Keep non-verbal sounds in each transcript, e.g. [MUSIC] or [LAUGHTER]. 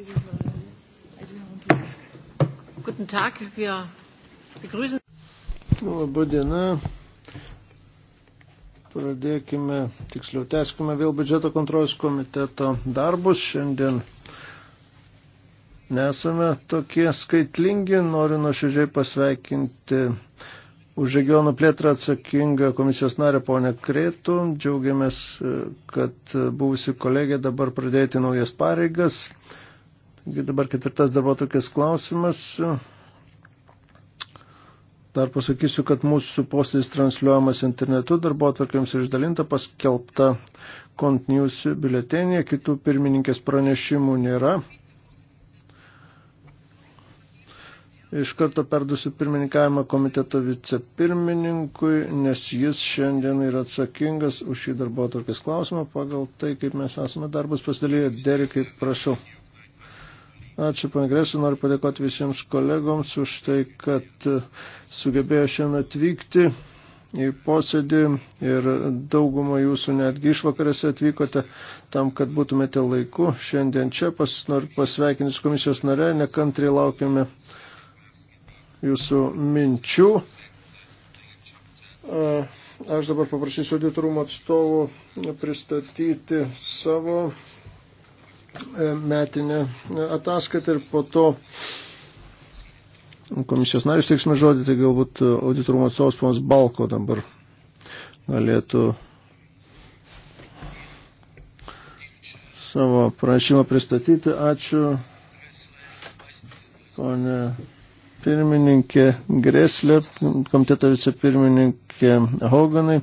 Äh, Guten Tag, wir begrüßen. Labą dieną. Pradėkime, tiksliau, teskime vėl biudžeto kontrolės komiteto darbus. Šiandien nesame tokie skaitlingi. Noriu nuoširdžiai pasveikinti už regionų plėtrą atsakingą komisijos narę ponę Kretų. Džiaugiamės, kad buvusi kolegė dabar pradėti naujas pareigas. Taigi dabar ketvirtas darbo tokias klausimas. Dar pasakysiu, kad mūsų posėdis transliuojamas internetu, darbo tokiams išdalinta, paskelbta Cont News biletenė, kitų pirmininkės pranešimų nėra. Iš karto perdusiu pirmininkavimą komiteto vicepirmininkui, nes jis šiandien yra atsakingas už šį darbo tokias klausimą pagal tai, kaip mes esame darbus pasidalyję. Derikai, prašau. Ačiū, pangresu, noriu padėkoti visiems kolegoms už tai, kad e, sugebėjo šiandien atvykti į posėdį ir daugumą jūsų netgi išvakarėse atvykote tam, kad būtumėte laiku. Šiandien čia pas, noriu pasveikinti su komisijos nare, nekantriai laukiame jūsų minčių. E, aš dabar paprašysiu auditorumo atstovų pristatyti savo E, metinę ataskaitą ir po to komisijos narius teiksime žodį, tai galbūt auditorumo atstovas ponas Balko dabar galėtų savo pranešimą pristatyti. Ačiū, ponė pirmininkė Greslė, komiteto vicepirmininkė Hoganai,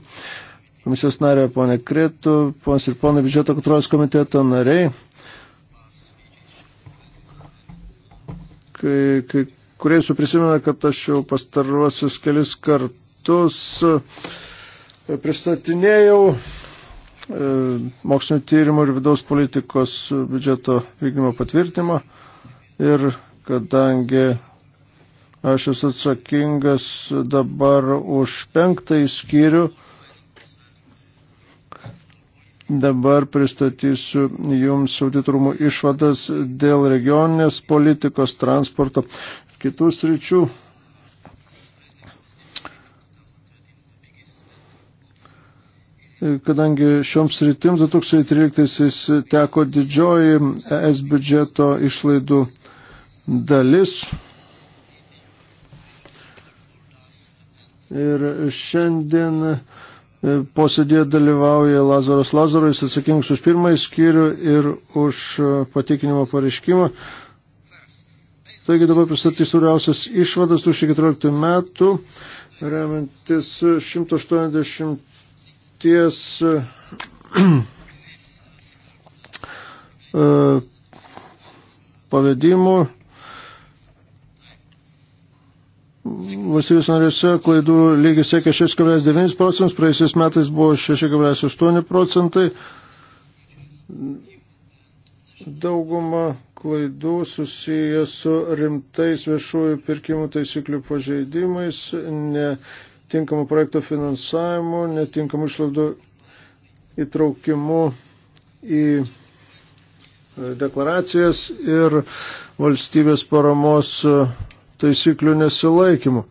komisijos narė ponė Kretų, ponas ir ponai biudžeto kontrolės komiteto nariai. kai, kai kurie jūsų prisimena, kad aš jau pastaruosius kelis kartus e, pristatinėjau e, mokslinio tyrimų ir vidaus politikos biudžeto vykdymo patvirtinimą ir kadangi aš esu atsakingas dabar už penktąjį skyrių, Dabar pristatysiu Jums auditorumų išvadas dėl regioninės politikos, transporto, kitų sričių. Kadangi šioms sritims 2013 teko didžioji ES biudžeto išlaidų dalis. Ir šiandien uh, E, posėdėje dalyvauja Lazaras Lazaras, jis atsakingas už pirmąjį skyrių ir už e, patikinimo pareiškimą. Taigi dabar pristatysiu riausias išvadas už 14 metų, remiantis 180 e, pavedimų valstybės narėse klaidų lygis siekia 6,9 procentus, praeisiais metais buvo 6,8 procentai. Dauguma klaidų susiję su rimtais viešųjų pirkimų taisyklių pažeidimais, netinkamų projekto finansavimu, netinkamų išlaidų įtraukimu į e, deklaracijas ir valstybės paramos e, taisyklių nesilaikymu.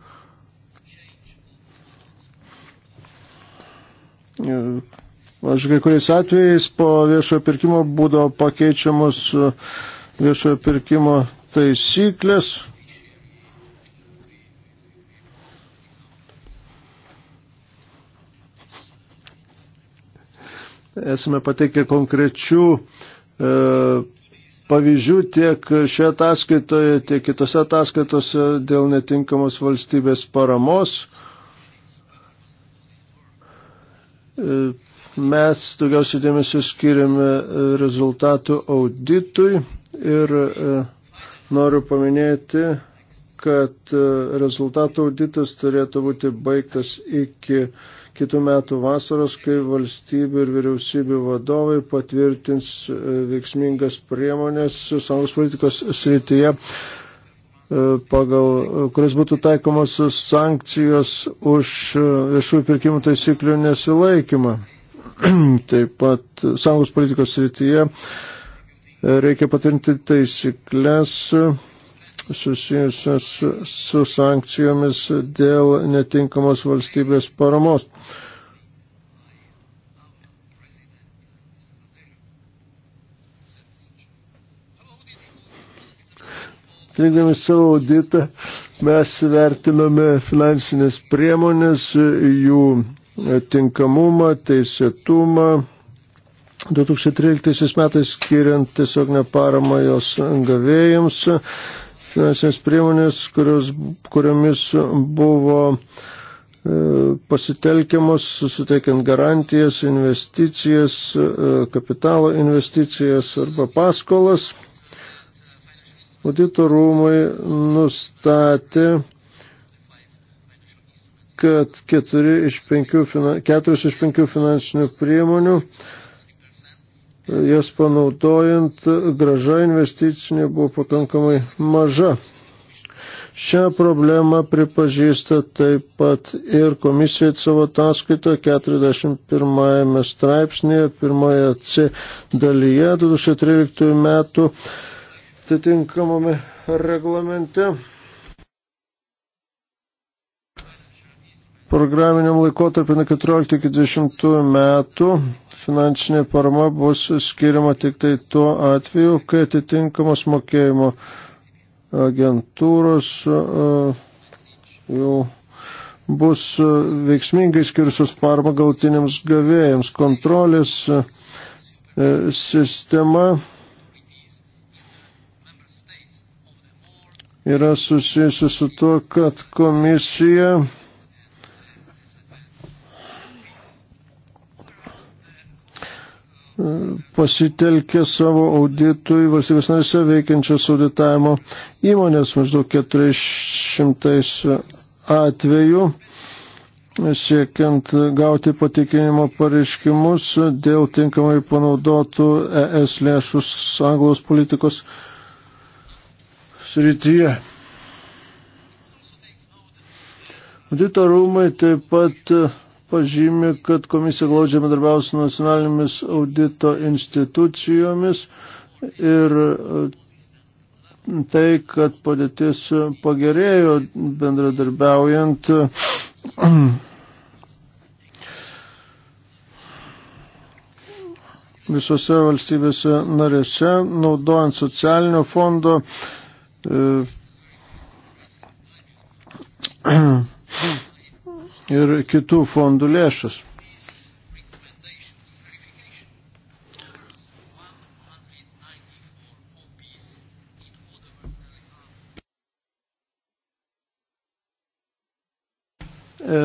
Aš kai kuriais atvejais po viešojo pirkimo būdavo pakeičiamos e, viešojo pirkimo taisyklės. Esame pateikę konkrečių e, pavyzdžių tiek šioje ataskaitoje, tiek kitose ataskaitose dėl netinkamos valstybės paramos. Mes daugiausiai dėmesio skiriame rezultatų auditui ir e, noriu paminėti, kad e, rezultatų auditas turėtų būti baigtas iki kitų metų vasaros, kai valstybių ir vyriausybių vadovai patvirtins e, veiksmingas priemonės sąjungos politikos srityje, e, pagal e, kuris būtų taikomos sankcijos už viešųjų pirkimų taisyklių nesilaikymą. [CLEARS THROAT] Taip pat sąjungos politikos srityje reikia patvirtinti taisyklės susijusios su, su sankcijomis dėl netinkamos valstybės paramos. Trikdami savo auditą mes vertiname finansinės priemonės, jų tinkamumą, teisėtumą. 2013 metais skiriant tiesiog neparamą jos gavėjams finansinės priemonės, kurios, kuriomis buvo e, pasitelkiamos, suteikiant garantijas, investicijas, e, kapitalo investicijas arba paskolas. Audito rūmai nustatė, kad keturi iš penkių, keturis iš penkių finansinių priemonių jas panaudojant, graža investicinė buvo pakankamai maža. Šią problemą pripažįsta taip pat ir komisija savo ataskaito 41 straipsnėje, pirmoje C dalyje 2013 metų atitinkamame reglamente. Programiniam laikotarpiu nuo 14 iki 20 metų finansinė parama bus skiriama tik tai tuo atveju, kai atitinkamos mokėjimo agentūros e, jau bus e, veiksmingai skirsius parma galtiniams gavėjams. Kontrolės e, sistema yra susijusi su tuo, kad komisija pasitelkė savo auditui valstybės narėse veikiančios auditavimo įmonės maždaug 400 atvejų siekiant gauti patikinimo pareiškimus dėl tinkamai panaudotų ES lėšų anglos politikos srityje. Audito rūmai taip pat pažymė, kad komisija glaudžiai bendarbiavo su nacionalinėmis audito institucijomis ir e, tai, kad padėtis pagerėjo bendradarbiaujant. E, visose valstybėse narėse, naudojant socialinio fondo e, ir kitų fondų lėšas. E,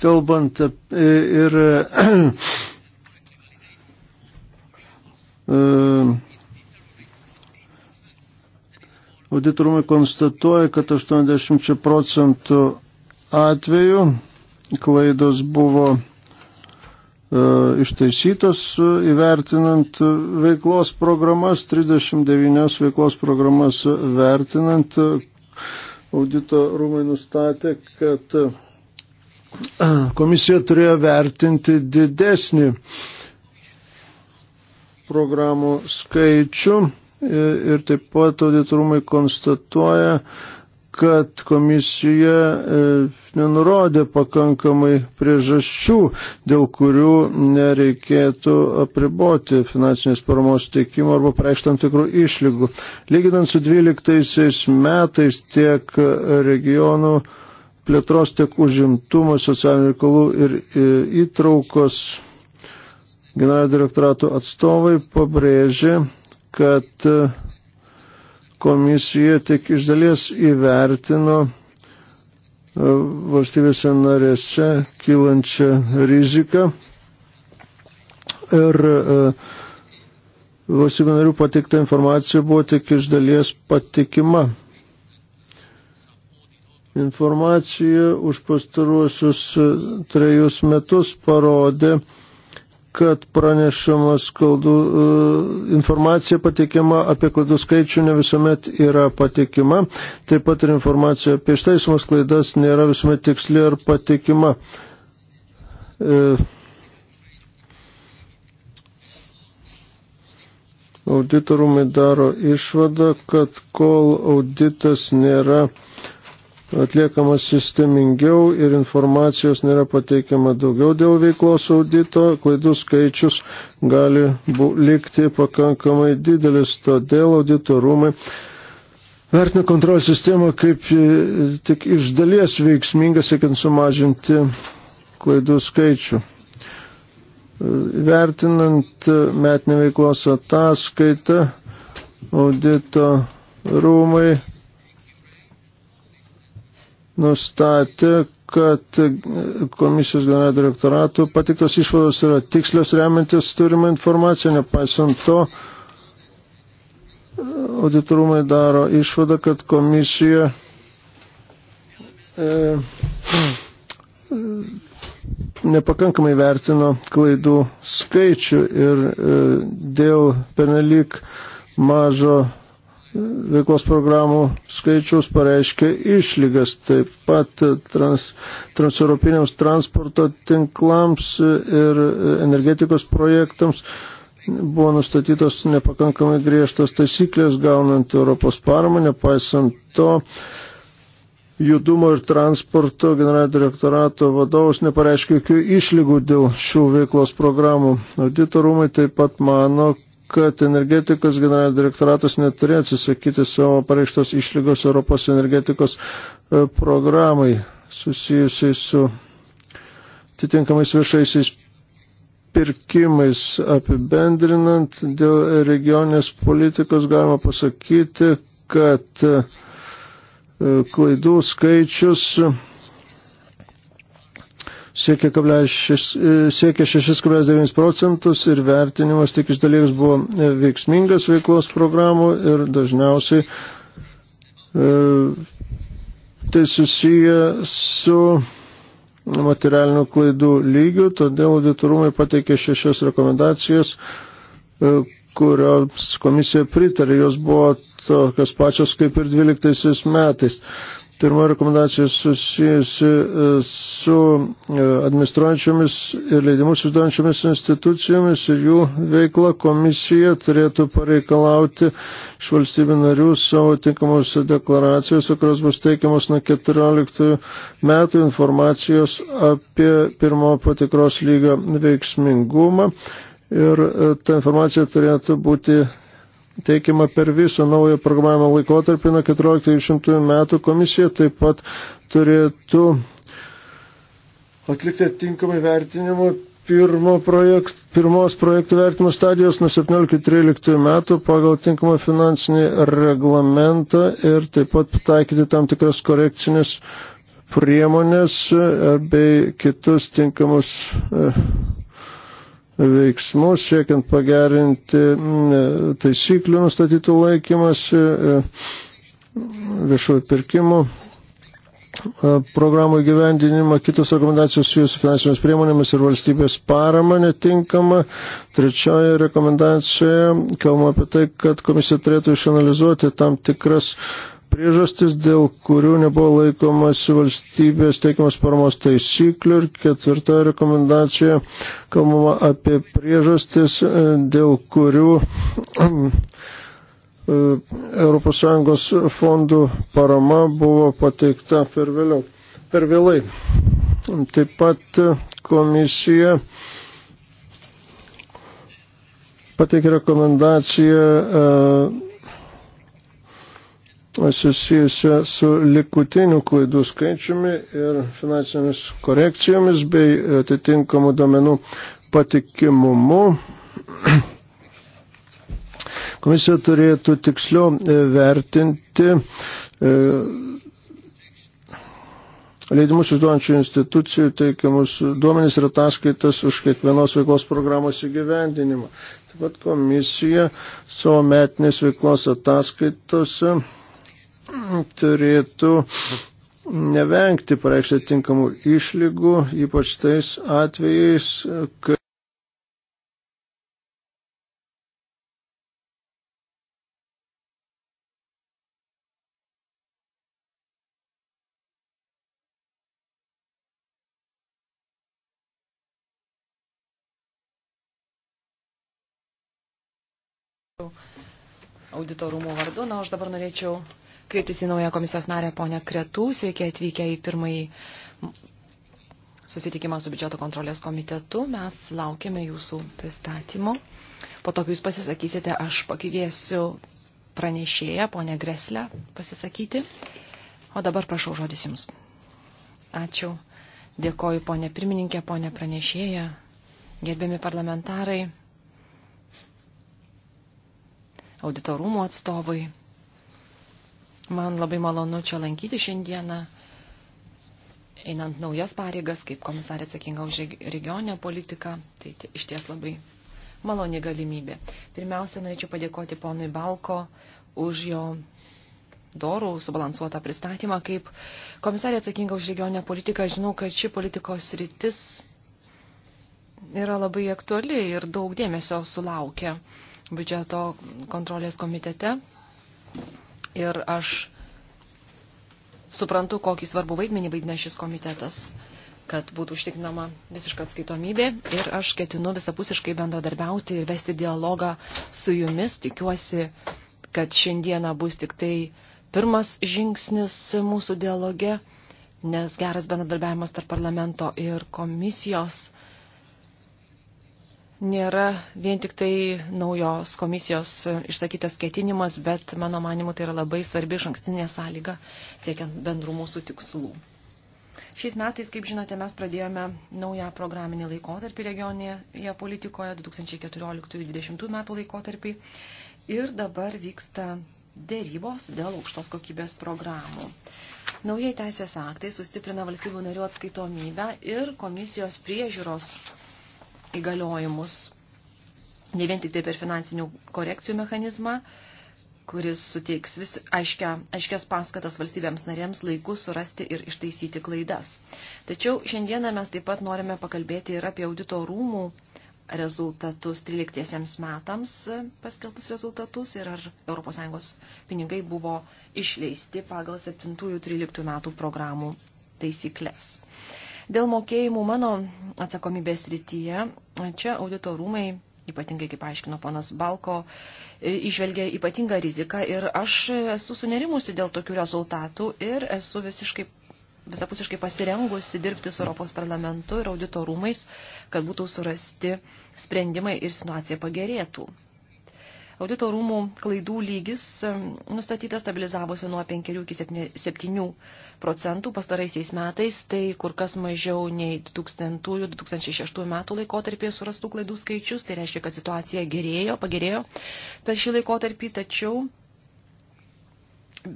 kalbant e, ir e, [CLEARS THROAT] auditorumai konstatuoja, kad 80 procentų atveju klaidos buvo e, ištaisytos e, įvertinant veiklos programas, 39 veiklos programas vertinant. Audito rūmai nustatė, kad e, komisija turėjo vertinti didesnį programų skaičių ir taip pat auditorumai konstatuoja, kad komisija e, nenurodė pakankamai priežasčių, dėl kurių nereikėtų apriboti finansinės paramos teikimo arba praeštam tikrų išlygų. Lyginant su 12 metais tiek regionų plėtros, tiek užimtumo, socialinių reikalų ir e, įtraukos generalinio direktorato atstovai pabrėžė, kad e, komisija tik iš dalies įvertino e, valstybėse narėse kylančią riziką ir e, valstybė narių pateikta informacija buvo tik iš dalies patikima. Informacija už pastaruosius e, trejus metus parodė, kad pranešamas klaidų e, informacija pateikiama apie klaidų skaičių ne visuomet yra patikima, taip pat ir informacija apie ištaisomas klaidas nėra visuomet tiksli ar patikima. E, auditorumai daro išvadą, kad kol auditas nėra atliekamas sistemingiau ir informacijos nėra pateikiama daugiau dėl veiklos audito, klaidų skaičius gali bu, likti pakankamai didelis, todėl auditorumai vertina kontrolės sistemą kaip e, tik iš dalies veiksmingą, siekiant sumažinti klaidų skaičių. E, vertinant metinę veiklos ataskaitą, audito rūmai nustatė, kad komisijos generalinio direktorato patiktos išvados yra tikslios remiantis turimą informaciją, nepaisant to, auditorumai daro išvadą, kad komisija e, nepakankamai vertino klaidų skaičių ir e, dėl penelik mažo veiklos programų skaičius pareiškia išlygas. Taip pat trans, transeuropiniams transporto tinklams ir energetikos projektams buvo nustatytos nepakankamai griežtos taisyklės gaunant Europos paramą, nepaisant to. Judumo ir transporto generalinio direktorato vadovas nepareiškia jokių išlygų dėl šių veiklos programų. Auditorumai taip pat mano, kad energetikos generalinio direktoratas neturėjo atsisakyti savo pareikštos išlygos Europos energetikos e, programai susijusiai su atitinkamais viešaisiais pirkimais apibendrinant dėl regioninės politikos galima pasakyti, kad e, klaidų skaičius siekia e, 6,9 procentus ir vertinimas tik iš dalies buvo e, veiksmingas veiklos programų ir dažniausiai e, tai susiję su materialinių klaidų lygių, todėl auditorumai pateikė šešias rekomendacijas, e, kurios komisija pritarė, jos buvo tokios pačios kaip ir 12 metais. Pirma rekomendacija susijusi e, su e, administruojančiomis ir leidimus išduojančiomis institucijomis ir jų veikla komisija turėtų pareikalauti iš valstybių narių savo tinkamos deklaracijos, kurios bus teikiamos nuo 14 metų informacijos apie pirmo patikros lygą veiksmingumą. Ir e, ta informacija turėtų būti teikiama per visą naują programavimo laikotarpį nuo 14-20 metų. Komisija taip pat turėtų atlikti tinkamai vertinimą pirmo projekt, pirmos projektų vertimo stadijos nuo 17-13 metų pagal tinkamą finansinį reglamentą ir taip pat taikyti tam tikras korekcinės priemonės e, bei kitus tinkamus e, veiksmus, siekiant pagerinti mm, taisyklių nustatytų laikymasi e, viešųjų pirkimų e, programų gyvendinimą, kitos rekomendacijos su jūsų finansinėmis priemonėmis ir valstybės parama netinkama. Trečioje rekomendacijoje kalbama apie tai, kad komisija turėtų išanalizuoti tam tikras uh, priežastis, dėl kurių nebuvo laikomas valstybės teikiamas paramos taisyklių. Ir ketvirta rekomendacija kalbama apie priežastis, e, dėl kurių ES fondų parama buvo pateikta per, vėliau, per vėlai. Taip pat komisija pateikė rekomendaciją e, susijusią su likutiniu klaidų skaičiumi ir finansinėmis korekcijomis bei atitinkamų domenų patikimumu. Komisija turėtų tiksliau e, vertinti e, leidimus išduodančių institucijų teikiamus duomenys ir ataskaitas už kiekvienos veiklos programos įgyvendinimą. Taip pat komisija savo metinės veiklos ataskaitose turėtų nevengti pareikšti tinkamų išlygų, ypač tais atvejais, kai auditorumo vardu. Na, aš dabar norėčiau kreiptis į naują komisijos narę ponę Kretų. Sveiki atvykę į pirmąjį susitikimą su biudžeto kontrolės komitetu. Mes laukiame jūsų pristatymo. Po to, kai jūs pasisakysite, aš pakviesiu pranešėją, ponę Greslę, pasisakyti. O dabar prašau žodis jums. Ačiū. Dėkoju, ponė pirmininkė, ponė pranešėja, gerbiami parlamentarai, auditorumų atstovai. Man labai malonu čia lankyti šiandieną, einant naujas pareigas, kaip komisarė atsakinga už regionę politiką. Tai iš ties labai maloni galimybė. Pirmiausia, norėčiau padėkoti ponui Balko už jo dorų, subalansuotą pristatymą. Kaip komisarė atsakinga už regionę politiką, žinau, kad ši politikos rytis yra labai aktuali ir daug dėmesio sulaukia biudžeto kontrolės komitete ir aš suprantu, kokį svarbų vaidmenį vaidina šis komitetas, kad būtų užtikrinama visiška atskaitomybė ir aš ketinu visapusiškai bendradarbiauti ir vesti dialogą su jumis. Tikiuosi, kad šiandieną bus tik tai pirmas žingsnis mūsų dialoge, nes geras bendradarbiavimas tarp parlamento ir komisijos nėra vien tik tai naujos komisijos išsakytas ketinimas, bet mano manimu tai yra labai svarbi šankstinė sąlyga siekiant bendrų mūsų tikslų. Šiais metais, kaip žinote, mes pradėjome naują programinį laikotarpį regionėje politikoje 2014-2020 metų laikotarpį ir dabar vyksta dėrybos dėl aukštos kokybės programų. Naujai teisės aktai sustiprina valstybių narių atskaitomybę ir komisijos priežiūros įgaliojimus. Ne vien tik tai per finansinių korekcijų mechanizmą, kuris suteiks vis aiškia, aiškias paskatas valstybėms narėms laiku surasti ir ištaisyti klaidas. Tačiau šiandieną mes taip pat norime pakalbėti ir apie audito rūmų rezultatus 13 metams paskelbtus rezultatus ir ar ES pinigai buvo išleisti pagal 7-13 metų programų taisyklės. Dėl mokėjimų mano atsakomybės rytyje, čia audito rūmai, ypatingai kaip aiškino ponas Balko, išvelgia ypatingą riziką ir aš esu sunerimusi dėl tokių rezultatų ir esu visiškai visapusiškai pasirengusi dirbti su Europos parlamentu ir audito rūmais, kad būtų surasti sprendimai ir situacija pagerėtų. Audito rūmų klaidų lygis nustatytas stabilizavosi nuo 5 iki 7 procentų pastaraisiais metais, tai kur kas mažiau nei 2000-2006 metų laikotarpėje surastų klaidų skaičius, tai reiškia, kad situacija gerėjo, pagerėjo per šį laikotarpį, tačiau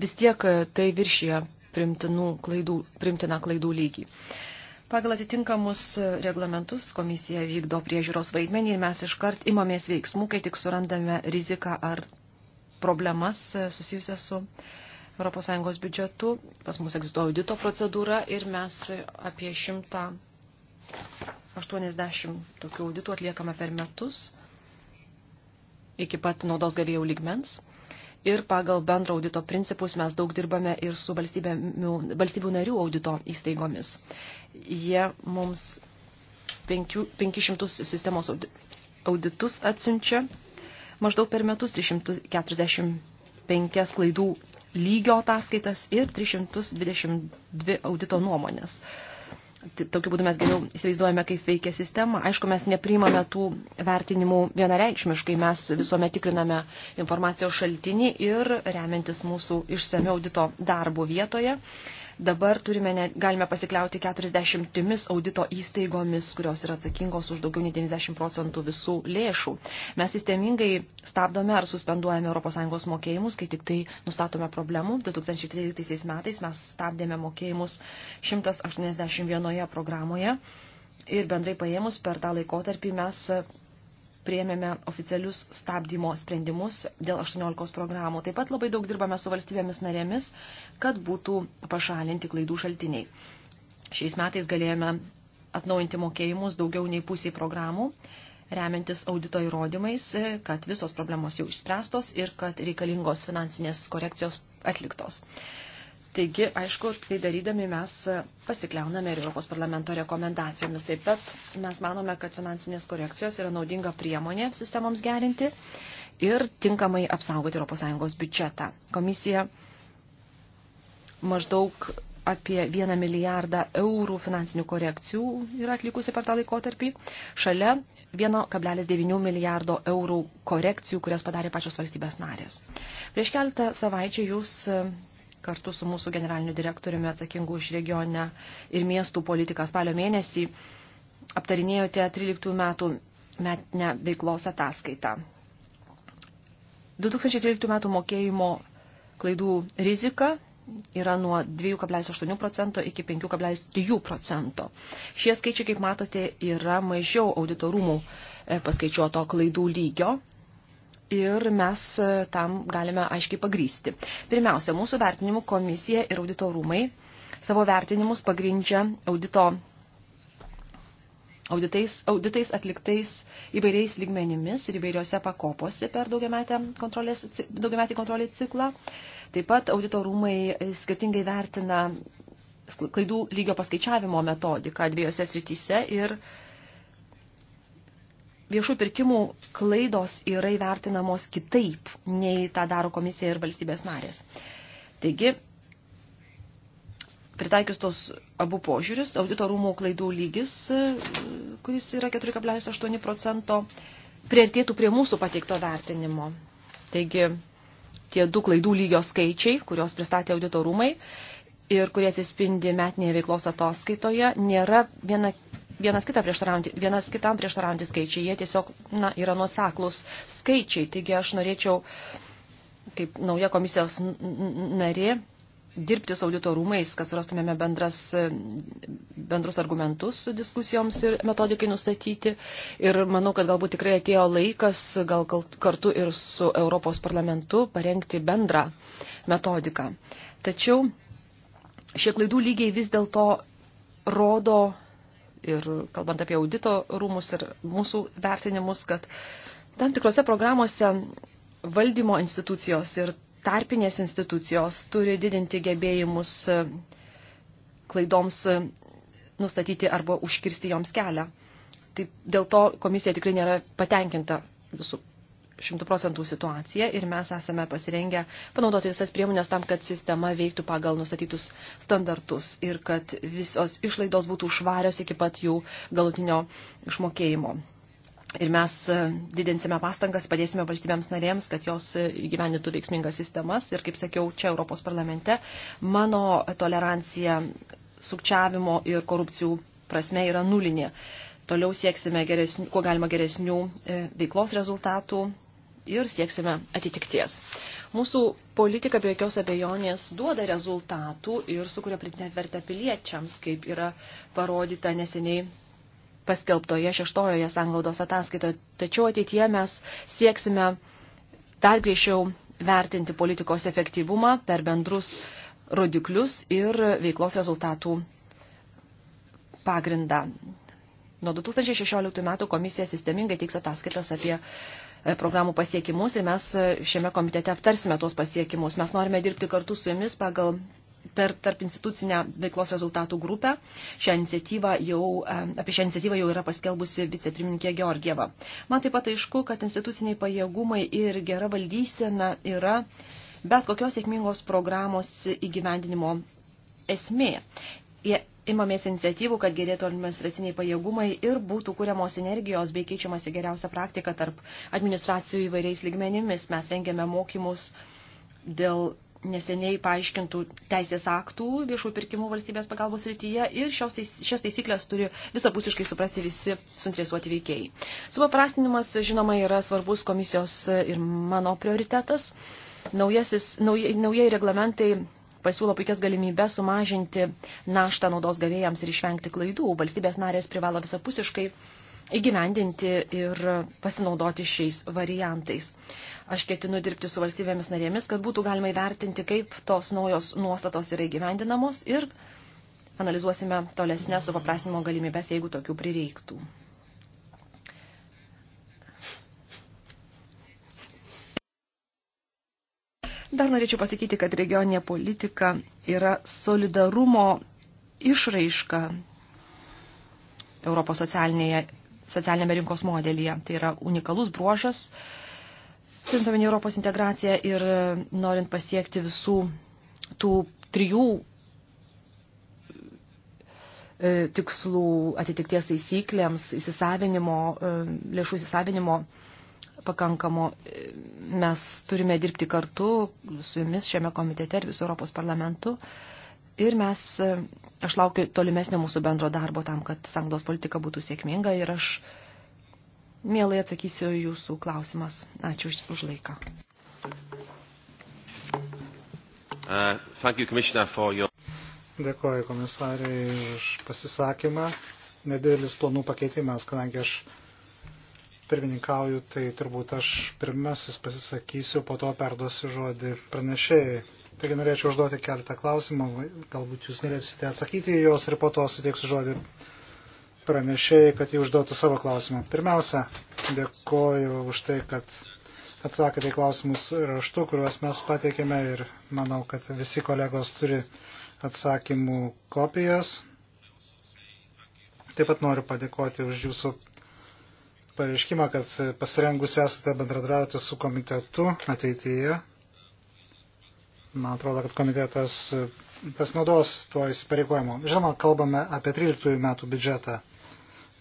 vis tiek tai viršyje primtinų klaidų, primtiną klaidų lygį. Pagal atitinkamus reglamentus komisija vykdo priežiūros vaidmenį ir mes iškart imamės veiksmų, kai tik surandame riziką ar problemas susijusias su ES biudžetu. Pas mus egzistuoja audito procedūra ir mes apie 180 tokių auditų atliekame per metus iki pat naudos gavėjų lygmens ir pagal bendro audito principus mes daug dirbame ir su valstybių narių audito įstaigomis. Jie mums 500 sistemos auditus atsiunčia, maždaug per metus 345 klaidų lygio ataskaitas ir 322 audito nuomonės. Tai tokiu būdu mes geriau įsivaizduojame, kaip veikia sistema. Aišku, mes nepriimame tų vertinimų vienareikšmiškai, mes visuomet tikriname informacijos šaltinį ir remiantis mūsų išsame audito darbo vietoje. Uh, Dabar turime, ne, galime pasikliauti 40 audito įstaigomis, kurios yra atsakingos už daugiau nei 90 procentų visų lėšų. Mes sistemingai stabdome ar suspenduojame ES mokėjimus, kai tik tai nustatome problemų. 2013 metais mes stabdėme mokėjimus 181 programoje ir bendrai paėmus per tą laikotarpį mes prieėmėme oficialius stabdymo sprendimus dėl 18 programų. Taip pat labai daug dirbame su valstybėmis narėmis, kad būtų pašalinti klaidų šaltiniai. Šiais metais galėjome atnaujinti mokėjimus daugiau nei pusiai programų, remiantis audito įrodymais, kad visos problemos jau išspręstos ir kad reikalingos finansinės korekcijos atliktos. Taigi, aišku, tai darydami mes pasikliauname ir Europos parlamento rekomendacijomis. Taip pat mes manome, kad finansinės korekcijos yra naudinga priemonė sistemoms gerinti ir tinkamai apsaugoti ES biudžetą. Komisija maždaug apie 1 milijardą eurų finansinių korekcijų yra atlikusi per tą laikotarpį, šalia 1,9 milijardo eurų korekcijų, kurias padarė pačios valstybės narės. Prieš keletą savaičių jūs kartu su mūsų generaliniu direktoriumi atsakingu už regionę ir miestų politiką spalio mėnesį aptarinėjote 13 metų metinę veiklos ataskaitą. 2013 metų mokėjimo klaidų rizika yra nuo 2,8 procento iki 5,3 procento. Šie skaičiai, kaip matote, yra mažiau auditorumų e, paskaičiuoto klaidų lygio ir mes e, tam galime aiškiai pagrysti. Pirmiausia, mūsų vertinimų komisija ir audito rūmai savo vertinimus pagrindžia audito, auditais, auditais atliktais įvairiais lygmenimis ir įvairiose pakopose per daugiametį kontrolį ciklą. Taip pat audito rūmai e, skirtingai vertina klaidų lygio paskaičiavimo metodiką dviejose srityse ir uh, viešų pirkimų klaidos yra įvertinamos kitaip, nei tą daro komisija ir valstybės narės. Taigi, pritaikius tos abu požiūrius, audito rūmų klaidų lygis, kuris yra 4,8 procento, priartėtų prie mūsų pateikto vertinimo. Taigi, tie du klaidų lygio skaičiai, kurios pristatė audito rūmai, ir kurie atsispindi metinėje veiklos ataskaitoje, nėra viena vienas, kita vienas kitam prieštaraujantys skaičiai, jie tiesiog na, yra nuoseklus skaičiai. Taigi aš norėčiau, kaip nauja komisijos narė, dirbti su audito rūmais, kad surastumėme bendras, bendrus argumentus diskusijoms ir metodikai nustatyti. Ir manau, kad galbūt tikrai atėjo laikas, gal kartu ir su Europos parlamentu, parengti bendrą metodiką. Tačiau šie klaidų lygiai vis dėlto rodo ir kalbant apie audito rūmus ir mūsų vertinimus, kad tam tikrose programuose valdymo institucijos ir tarpinės institucijos turi didinti gebėjimus e, klaidoms e, nustatyti arba užkirsti joms kelią. Taip, dėl to komisija tikrai nėra patenkinta visų šimtų procentų situacija ir mes esame pasirengę panaudoti visas priemonės tam, kad sistema veiktų pagal nustatytus standartus ir kad visos išlaidos būtų švarios iki pat jų galutinio išmokėjimo. Ir mes e, didinsime pastangas, padėsime valstybėms narėms, kad jos e, įgyvendintų veiksmingas sistemas. Ir kaip sakiau, čia Europos parlamente mano tolerancija sukčiavimo ir korupcijų prasme yra nulinė toliau sieksime geresnių, kuo galima geresnių e, veiklos rezultatų, ir sieksime atitikties. Mūsų politika be jokios abejonės duoda rezultatų ir sukuria pritinę vertę piliečiams, kaip yra parodyta neseniai paskelbtoje šeštojoje sanglaudos ataskaitoje. Tačiau ateityje mes sieksime dar griežčiau vertinti politikos efektyvumą per bendrus rodiklius ir veiklos rezultatų pagrindą. Nuo 2016 metų komisija sistemingai teiks ataskaitas apie E, programų pasiekimus ir mes e, šiame komitete aptarsime tuos pasiekimus. Mes norime dirbti kartu su jumis pagal per tarp institucinę veiklos rezultatų grupę. Šią iniciatyvą jau, e, apie šią iniciatyvą jau yra paskelbusi vicepirmininkė Georgieva. Man taip pat aišku, kad instituciniai pajėgumai ir gera valdysena yra bet kokios sėkmingos programos įgyvendinimo esmė. Jie imamės iniciatyvų, kad gerėtų administraciniai pajėgumai ir būtų kūriamos energijos bei keičiamasi geriausia praktika tarp administracijų įvairiais lygmenimis. Mes rengiame mokymus dėl neseniai paaiškintų teisės aktų viešų pirkimų valstybės pagalbos rytyje ir šios teis, šias taisyklės turi visapusiškai suprasti visi suinteresuoti veikėjai. Supaprastinimas, žinoma, yra svarbus komisijos ir mano prioritetas. Naujasis, nauj, naujai reglamentai pasiūlo puikias galimybės sumažinti naštą naudos gavėjams ir išvengti klaidų. Valstybės narės privalo visapusiškai įgyvendinti ir pasinaudoti šiais variantais. Aš ketinu dirbti su valstybėmis narėmis, kad būtų galima įvertinti, kaip tos naujos nuostatos yra įgyvendinamos ir analizuosime tolesnės supaprastinimo galimybės, jeigu tokių prireiktų. Dar norėčiau pasakyti, kad regioninė politika yra solidarumo išraiška Europos socialinėme rinkos modelyje. Tai yra unikalus bruožas, turintaminį Europos integraciją ir norint pasiekti visų tų trijų e, tikslų atitikties taisyklėms, įsisavinimo, e, lėšų įsisavinimo pakankamo. E, mes turime dirbti kartu su jumis šiame komitete ir visu Europos parlamentu. Ir mes, e, aš laukiu tolimesnio mūsų bendro darbo tam, kad sanglos politika būtų sėkminga ir aš mielai atsakysiu jūsų klausimas. Ačiū už laiką. Uh, you, your... Dėkuoju komisariai už pasisakymą. Nedėlis planų pakeitimas, kadangi aš pirmininkauju, tai turbūt aš pirmasis pasisakysiu, po to perduosiu žodį pranešėjai. Taigi norėčiau užduoti keletą klausimų, galbūt jūs norėsite atsakyti į juos ir po to suteiksiu žodį pranešėjai, kad jį užduotų savo klausimą. Pirmiausia, dėkoju už tai, kad atsakėte į klausimus raštu, kuriuos mes pateikėme ir manau, kad visi kolegos turi atsakymų kopijas. Taip pat noriu padėkoti už jūsų pareiškimą, kad pasirengus esate bendradarbiauti su komitetu ateityje. Man atrodo, kad komitetas pasinaudos tuo įsipareigojimu. Žinoma, kalbame apie 13 metų biudžetą,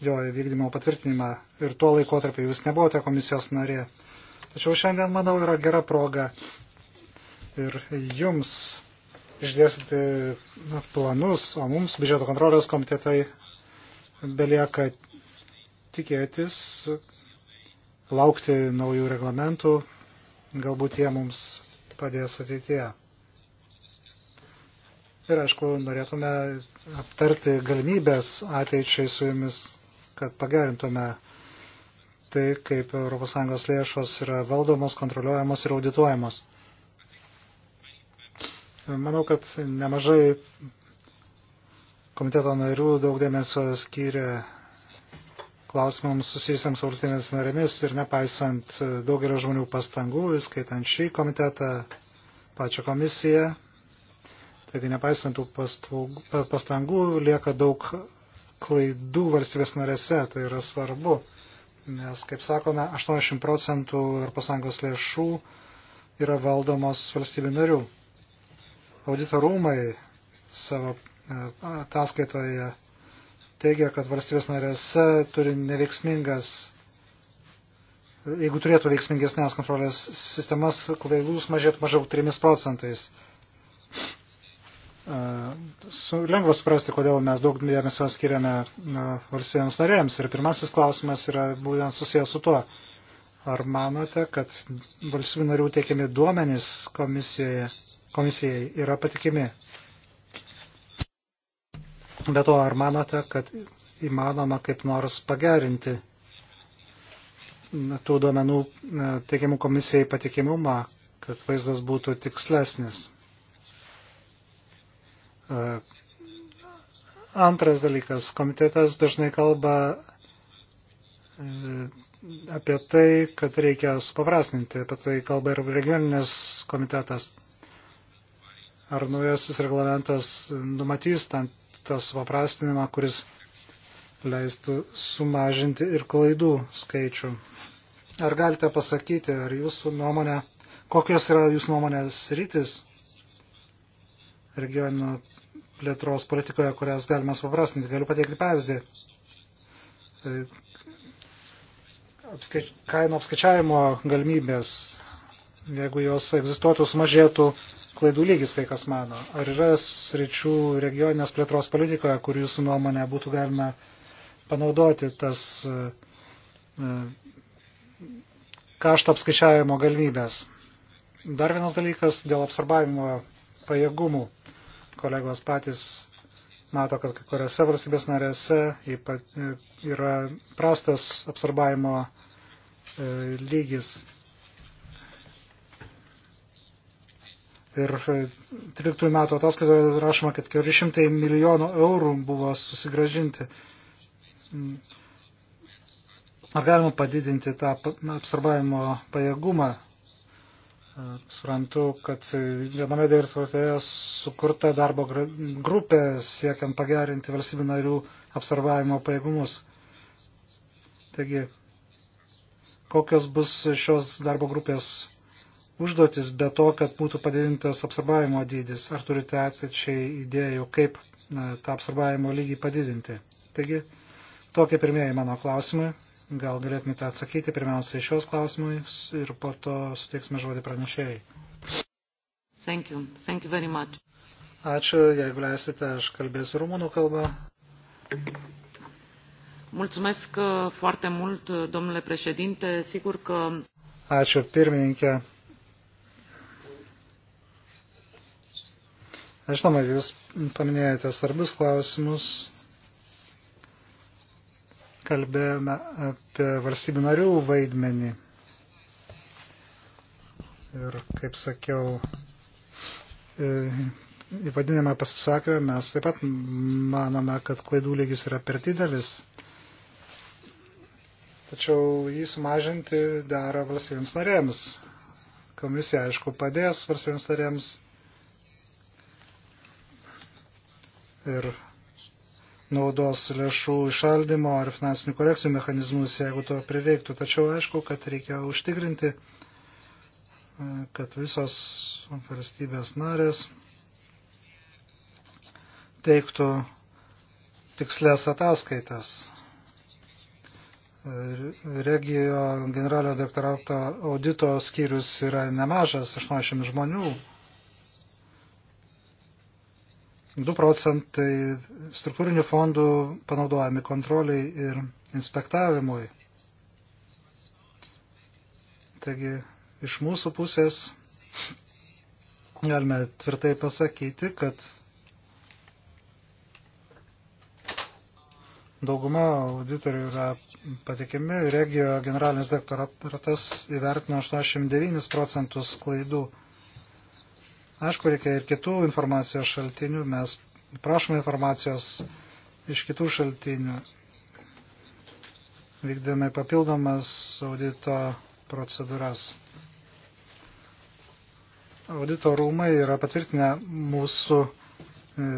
jo įvykdymo patvirtinimą ir tuo laikotarpiu jūs nebuvote komisijos narė. Tačiau šiandien, manau, yra gera proga ir jums išdėstyti planus, o mums biudžeto kontrolės komitetai belieka tikėtis, laukti naujų reglamentų, galbūt jie mums padės ateityje. Ir aišku, norėtume aptarti galimybės ateičiai su jumis, kad pagerintume tai, kaip ES lėšos yra valdomos, kontroliuojamos ir audituojamos. Manau, kad nemažai komiteto narių daug dėmesio skyrė klausimams susijusiams valstybės narėmis ir nepaisant e, daugelio žmonių pastangų, įskaitant šį komitetą, pačią komisiją. Taigi nepaisant tų pastangų, pastangų lieka daug klaidų valstybės narėse, tai yra svarbu, nes, kaip sakome, 80 procentų ES lėšų yra valdomos valstybių narių. Auditorumai savo e, ataskaitoje uh, teigia, kad valstybės narėse turi neveiksmingas, jeigu turėtų veiksmingesnės kontrolės sistemas, klaidus mažėtų mažiau 3 procentais. E, su, lengva suprasti, kodėl mes daug dėmesio skiriame valstybėms narėms. Ir pirmasis klausimas yra būtent susijęs su tuo. Ar manote, kad valstybių narių teikiami duomenys komisijoje, komisijai yra patikimi? Be to, ar manote, kad įmanoma kaip nors pagerinti tų duomenų teikiamų komisijai patikimumą, kad vaizdas būtų tikslesnis? E, antras dalykas. Komitetas dažnai kalba e, apie tai, kad reikia supaprasninti, apie tai kalba ir regioninės komitetas. Ar naujasis reglamentas numatys tam tą supaprastinimą, kuris leistų sumažinti ir klaidų skaičių. Ar galite pasakyti, ar jūsų nuomonė, kokios yra jūsų nuomonės rytis regionų plėtros politikoje, kurias galima suprastinti? Galiu pateikti pavyzdį. E, Apskai, kainų apskaičiavimo galimybės, jeigu jos egzistuotų, sumažėtų klaidų lygis, kai kas mano. Ar yra sričių regioninės plėtros politikoje, kur jūsų nuomonė būtų galima panaudoti tas e, kašto apskaičiavimo galimybės? Dar vienas dalykas dėl apsarbavimo pajėgumų. Kolegos patys mato, kad kai kuriuose valstybės narėse e, yra prastas apsarbavimo e, lygis Ir 13 metų ataskaitoje rašoma, kad 400 milijonų eurų buvo susigražinti. Ar galima padidinti tą apsarbavimo pajėgumą? E, suprantu, kad viename direktorėje sukurta darbo grupė siekiant pagerinti valstybių narių apsarbavimo pajėgumus. Taigi, kokios bus šios darbo grupės užduotis be to, kad būtų padidintas apsarbavimo dydis? Ar turite ateičiai idėjų, kaip tą apsarbavimo lygį padidinti? Taigi, tokie pirmieji mano klausimai. Gal galėtumėte atsakyti pirmiausia iš šios klausimus ir po to suteiksime žodį pranešėjai. Thank you. Thank you very much. Ačiū, jeigu leisite, aš kalbėsiu rumunų kalbą. Mulțumesc uh, foarte mult, uh, domnule președinte. Sigur că... Ačiū, pirmininkė. Žinoma, jūs paminėjote svarbius klausimus. Kalbėjome apie valstybių narių vaidmenį. Ir kaip sakiau, įvadinėme pasisakymę, mes taip pat manome, kad klaidų lygis yra per didelis. Tačiau jį sumažinti daro valstybėms narėms. Komisija, aišku, padės valstybėms narėms ir naudos lėšų išaldimo ar finansinių korekcijų mechanizmus, jeigu to prireiktų. Tačiau aišku, kad reikia užtikrinti, e, kad visos valstybės narės teiktų tikslės ataskaitas. Regijo generalinio doktorato audito skyrius yra nemažas, 80 žmonių 2 procentai struktūrinių fondų panaudojami kontroliai ir inspektavimui. Taigi iš mūsų pusės galime tvirtai pasakyti, kad dauguma auditorių yra patikimi. Regio generalinis direktoratas įvertino 89 procentus klaidų Aišku, reikia ir kitų informacijos šaltinių, mes prašome informacijos iš kitų šaltinių. Vykdėme papildomas audito procedūras. Audito rūmai yra patvirtinę mūsų e,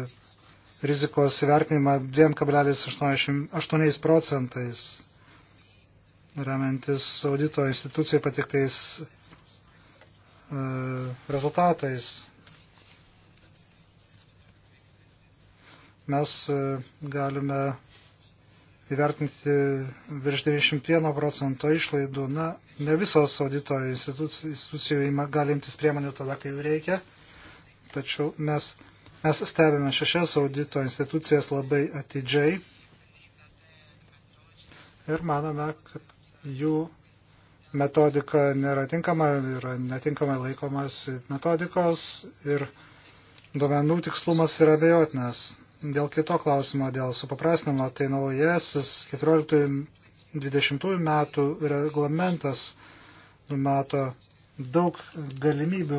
rizikos įvertinimą 2,88 procentais, remiantis audito institucijai patiktais e, rezultatais. mes e, galime įvertinti virš 91 procento išlaidų. Na, ne visos audito institucijų gali imtis priemonių tada, kai jų reikia, tačiau mes, mes stebime šešias audito institucijas labai atidžiai ir manome, kad jų metodika nėra tinkama, yra netinkamai laikomas metodikos ir duomenų tikslumas yra bejotinas. Dėl kito klausimo, dėl supaprastinimo, tai naujasis 14-20 metų reglamentas numato daug galimybių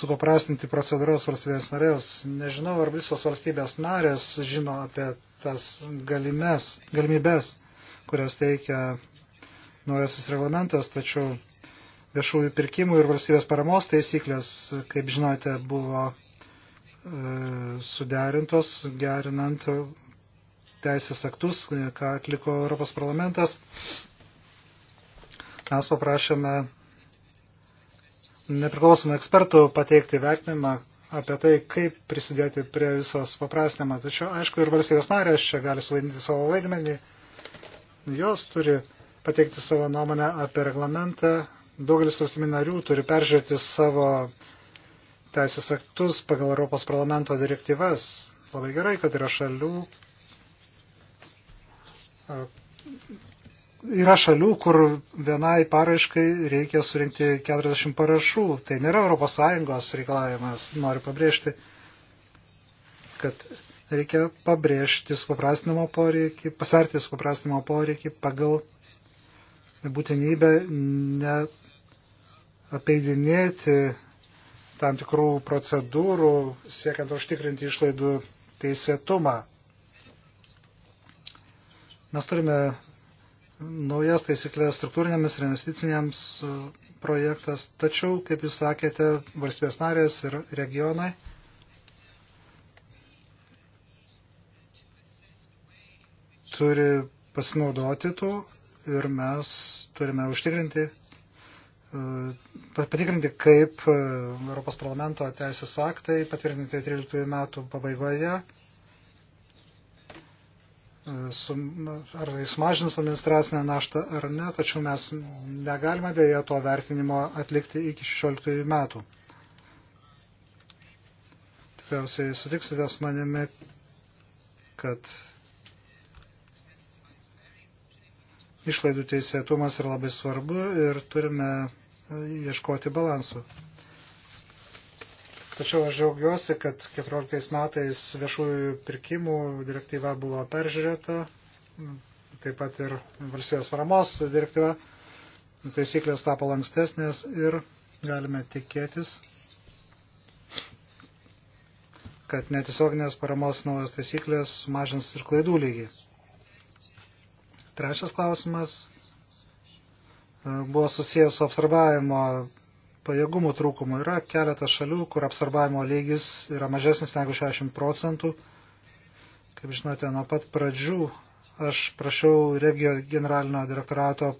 supaprastinti procedūras valstybės narės. Nežinau, ar visos valstybės narės žino apie tas galimes, galimybės, kurias teikia naujasis reglamentas, tačiau viešųjų pirkimų ir valstybės paramos taisyklės, kaip žinote, buvo E, suderintos, gerinant teisės aktus, ką atliko Europos parlamentas. Mes paprašėme nepriklausomų ekspertų pateikti vertinimą apie tai, kaip prisidėti prie visos paprastinimo. Tačiau, aišku, ir valstybės narės čia gali suvaidinti savo vaidmenį. Jos turi pateikti savo nuomonę apie reglamentą. Daugelis valstybių narių turi peržiūrėti savo uh, teisės aktus pagal Europos parlamento direktyvas. Labai gerai, kad yra šalių, yra šalių, kur vienai paraiškai reikia surinkti 40 parašų. Tai nėra ES reikalavimas, noriu pabrėžti, kad reikia pabrėžti supaprastinimo poreikį, pasarti supaprastinimo poreikį pagal būtinybę neapeidinėti tam tikrų procedūrų, siekiant užtikrinti išlaidų teisėtumą. Mes turime naujas taisyklės struktūrinėms ir investiciniams e, projektas, tačiau, kaip jūs sakėte, valstybės narės ir regionai turi pasinaudoti tų ir mes turime užtikrinti patikrinti, kaip e, Europos parlamento teisės aktai patvirtinti 13 metų pabaigoje e, sum, ar jis tai mažins administracinę naštą ar ne, tačiau mes negalime dėja to vertinimo atlikti iki 16 metų. Tikriausiai sutiksite su manimi, kad išlaidų teisėtumas yra labai svarbu ir turime ieškoti balansų. Tačiau aš džiaugiuosi, kad 14 metais viešųjų pirkimų direktyva buvo peržiūrėta, taip pat ir valstybės paramos direktyva, taisyklės tapo lankstesnės ir galime tikėtis, kad netiesioginės paramos naujas taisyklės mažins ir klaidų lygį. Trečias klausimas buvo susijęs su apsarbavimo pajėgumų trūkumu. Yra keletas šalių, kur apsarbavimo lygis yra mažesnis negu 60 procentų. Kaip žinote, nuo pat pradžių aš prašiau regio generalinio direktorato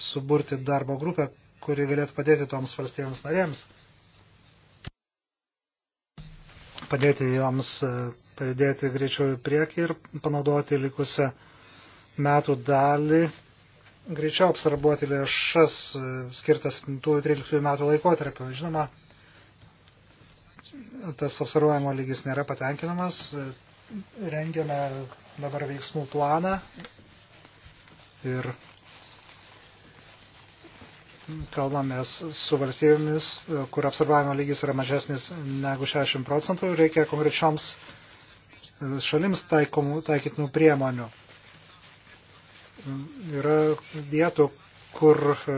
suburti darbo grupę, kuri galėtų padėti toms valstybėms narėms, padėti joms e, pajudėti greičiau į priekį ir panaudoti likusią metų dalį greičiau apsarbuoti lėšas e, skirtas 13 metų laikotarpio. Žinoma, tas apsarbuojimo lygis nėra patenkinamas. E, rengiame dabar veiksmų planą ir kalbamės su valstybėmis, e, kur apsarbuojimo lygis yra mažesnis negu 60 procentų. Reikia konkrečioms šalims taikomų, taikytinų priemonių Yra vietų, kur e,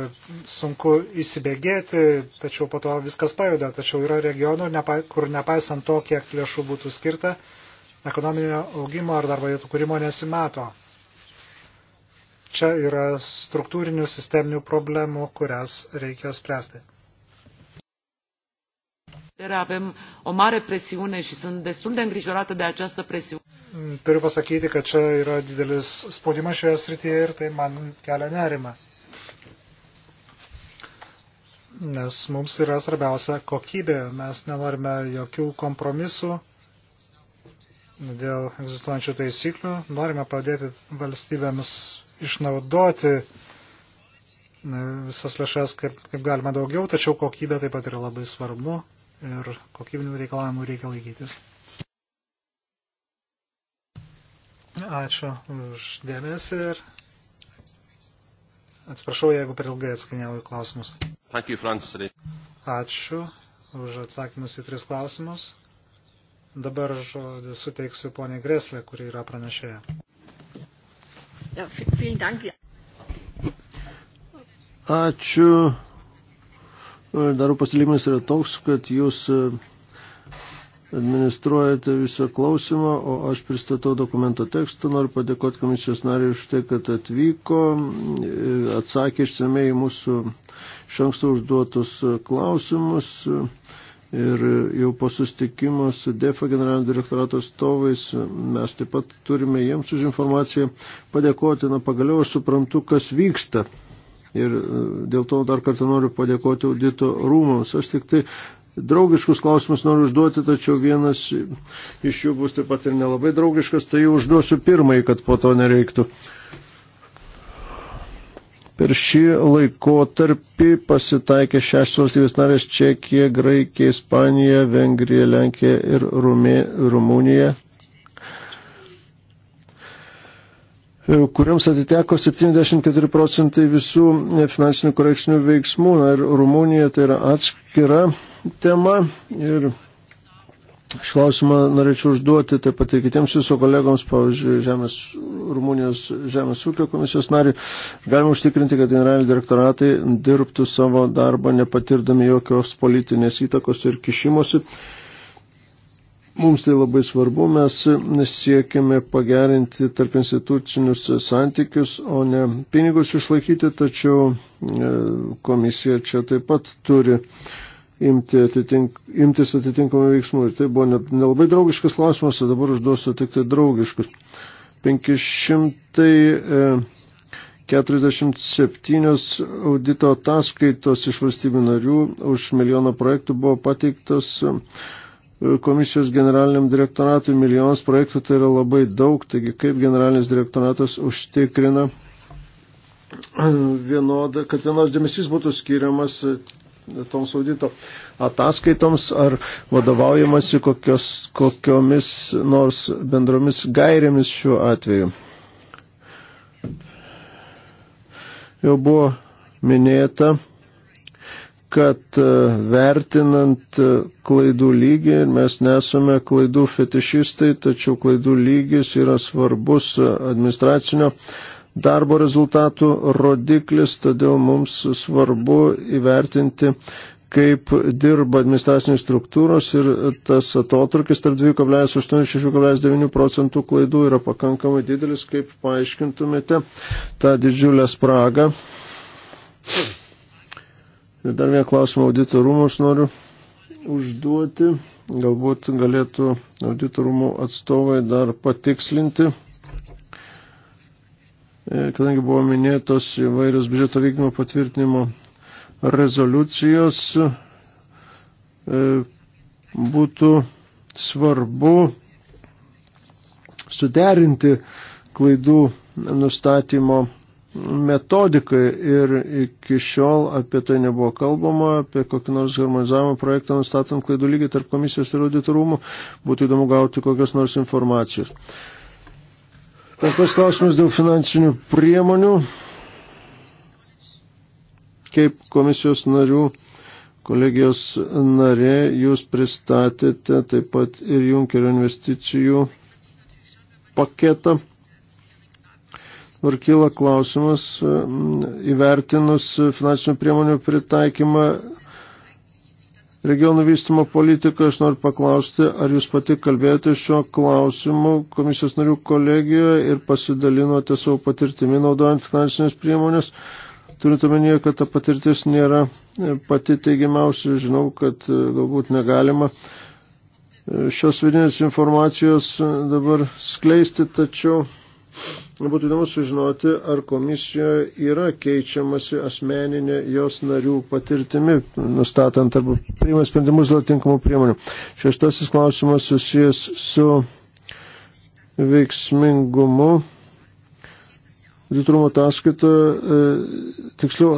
sunku įsibėgėti, tačiau po to viskas pajuda. Tačiau yra regionų, nepa, kur nepaisant to, kiek lėšų būtų skirta, ekonominio augimo ar darbo vietų kūrimo nesimato. Čia yra struktūrinių sisteminių problemų, kurias reikia spręsti. Avem o mare presiune și sunt destul de îngrijorată de această presiune turiu pasakyti, kad čia yra didelis spaudimas šioje srityje ir tai man kelia nerima. Nes mums yra svarbiausia kokybė, mes nenorime jokių kompromisų dėl egzistuojančių taisyklių, norime padėti valstybėms išnaudoti visas lėšas kaip, kaip galima daugiau, tačiau kokybė taip pat yra labai svarbu ir kokybinių reikalavimų reikia laikytis. Ačiū už dėmesį ir atsiprašau, jeigu per ilgai atsakinėjau į klausimus. You, Ačiū už atsakymus į tris klausimus. Dabar žodį suteiksiu poniai Greslė, kuri yra pranešėja. Ačiū. Darau pasilikimas yra toks, kad jūs administruojate visą klausimą, o aš pristatau dokumento tekstą. Noriu padėkoti komisijos nariui už tai, kad atvyko, atsakė išsamei mūsų šanksto užduotus klausimus. Ir jau po sustikimo su DEFA generalinio direktorato atstovais mes taip pat turime jiems už informaciją padėkoti. Na, pagaliau aš suprantu, kas vyksta. Ir e, dėl to dar kartą noriu padėkoti audito rūmams. Aš tik tai draugiškus klausimus noriu užduoti, tačiau vienas iš jų bus taip pat ir nelabai draugiškas, tai jų užduosiu pirmai, kad po to nereiktų. Per šį laikotarpį pasitaikė šešios valstybės narės Čekija, Graikija, Ispanija, Vengrija, Lenkija ir Rumė, Rumunija, kuriams atiteko 74 procentai visų finansinių korekcinių veiksmų. Na, ir Rumunija tai yra atskira tema ir aš klausimą norėčiau užduoti taip pat ir kitiems jūsų kolegoms, pavyzdžiui, Žemės, Rumunijos Žemės ūkio komisijos nariui. Galima užtikrinti, kad generaliniai direktoratai dirbtų savo darbą nepatirdami jokios politinės įtakos ir kišimosi. Mums tai labai svarbu, mes siekime pagerinti tarp institucinius santykius, o ne pinigus išlaikyti, tačiau e, komisija čia taip pat turi uh, imti atitink, imtis atitinkamų veiksmų. Ir tai buvo nelabai draugiškas klausimas, o dabar užduosiu tik tai draugiškus. 547 e, audito ataskaitos iš valstybių narių už milijoną projektų buvo pateiktos e, komisijos generaliniam direktoratui milijonas projektų, tai yra labai daug, taigi kaip generalinis direktoratas užtikrina vienodą, kad vienos dėmesys būtų skiriamas toms audito ataskaitoms, ar vadovaujamasi kokios, kokiomis nors bendromis gairėmis šiuo atveju. Jau buvo minėta, kad e, vertinant e, klaidų lygį, mes nesame klaidų fetišistai, tačiau klaidų lygis yra svarbus administracinio darbo rezultatų rodiklis, todėl mums svarbu įvertinti, kaip dirba administracinės struktūros ir tas atotrukis tarp 2,86,9 procentų klaidų yra pakankamai didelis, kaip paaiškintumėte tą didžiulę spragą. Ir dar vieną klausimą auditorumos noriu užduoti. Galbūt galėtų auditorumų atstovai dar patikslinti E, kadangi buvo minėtos įvairios biudžeto vykdymo patvirtinimo rezoliucijos, e, būtų svarbu suderinti klaidų nustatymo metodikai ir iki šiol apie tai nebuvo kalbama, apie kokį nors harmonizavimo projektą nustatant klaidų lygį tarp komisijos ir auditorumų, būtų įdomu gauti kokios nors informacijos. Kol kas klausimas dėl finansinių priemonių. Kaip komisijos narių, kolegijos narė, jūs pristatėte taip pat ir Junkerio investicijų paketą. Ir kyla klausimas, įvertinus finansinių priemonių pritaikymą regionų vystymo politiką, aš noriu paklausti, ar jūs pati kalbėjote šio klausimu komisijos narių kolegijoje ir pasidalinote savo patirtimi naudojant finansinės priemonės. Turint omenyje, kad ta patirtis nėra e, pati teigiamiausia, žinau, kad e, galbūt negalima e, šios vidinės informacijos dabar skleisti, tačiau Būtų įdomu sužinoti, ar komisijoje yra keičiamasi asmeninė jos narių patirtimi, nustatant arba priimant sprendimus dėl tinkamų priemonių. Šeštasis klausimas susijęs su veiksmingumu. Auditorumo ataskaita, e, tiksliau,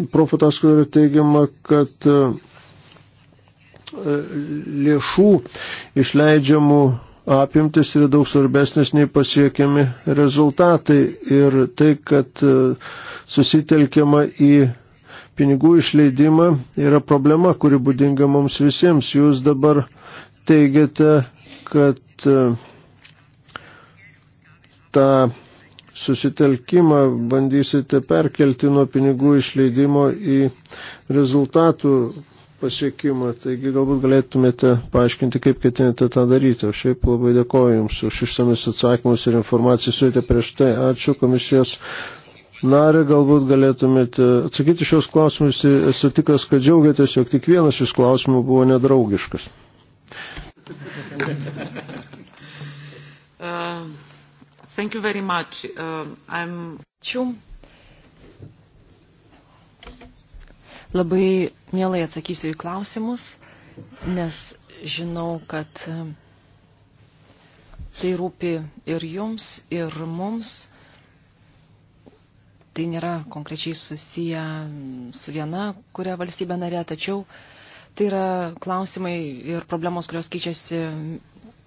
e, profo ataskaita yra teigiama, kad e, lėšų išleidžiamų apimtis yra daug svarbesnis nei pasiekiami rezultatai ir tai, kad e, susitelkiama į pinigų išleidimą yra problema, kuri būdinga mums visiems. Jūs dabar teigiate, kad e, tą susitelkimą bandysite perkelti nuo pinigų išleidimo į rezultatų pasiekimą. Taigi galbūt galėtumėte paaiškinti, kaip ketinate tą daryti. O šiaip labai dėkoju Jums už išsamius atsakymus ir informaciją suėtė prieš tai. Ačiū komisijos narė, galbūt galėtumėte atsakyti šios klausimus. Esu tikras, kad džiaugiatės, jog tik vienas iš klausimų buvo nedraugiškas. Uh, thank you very much. Uh, I'm... Ačiū. Labai mielai atsakysiu į klausimus, nes žinau, kad e, tai rūpi ir jums, ir mums. Tai nėra konkrečiai susiję su viena, kuria valstybė narė, tačiau tai yra klausimai ir problemos, kurios keičiasi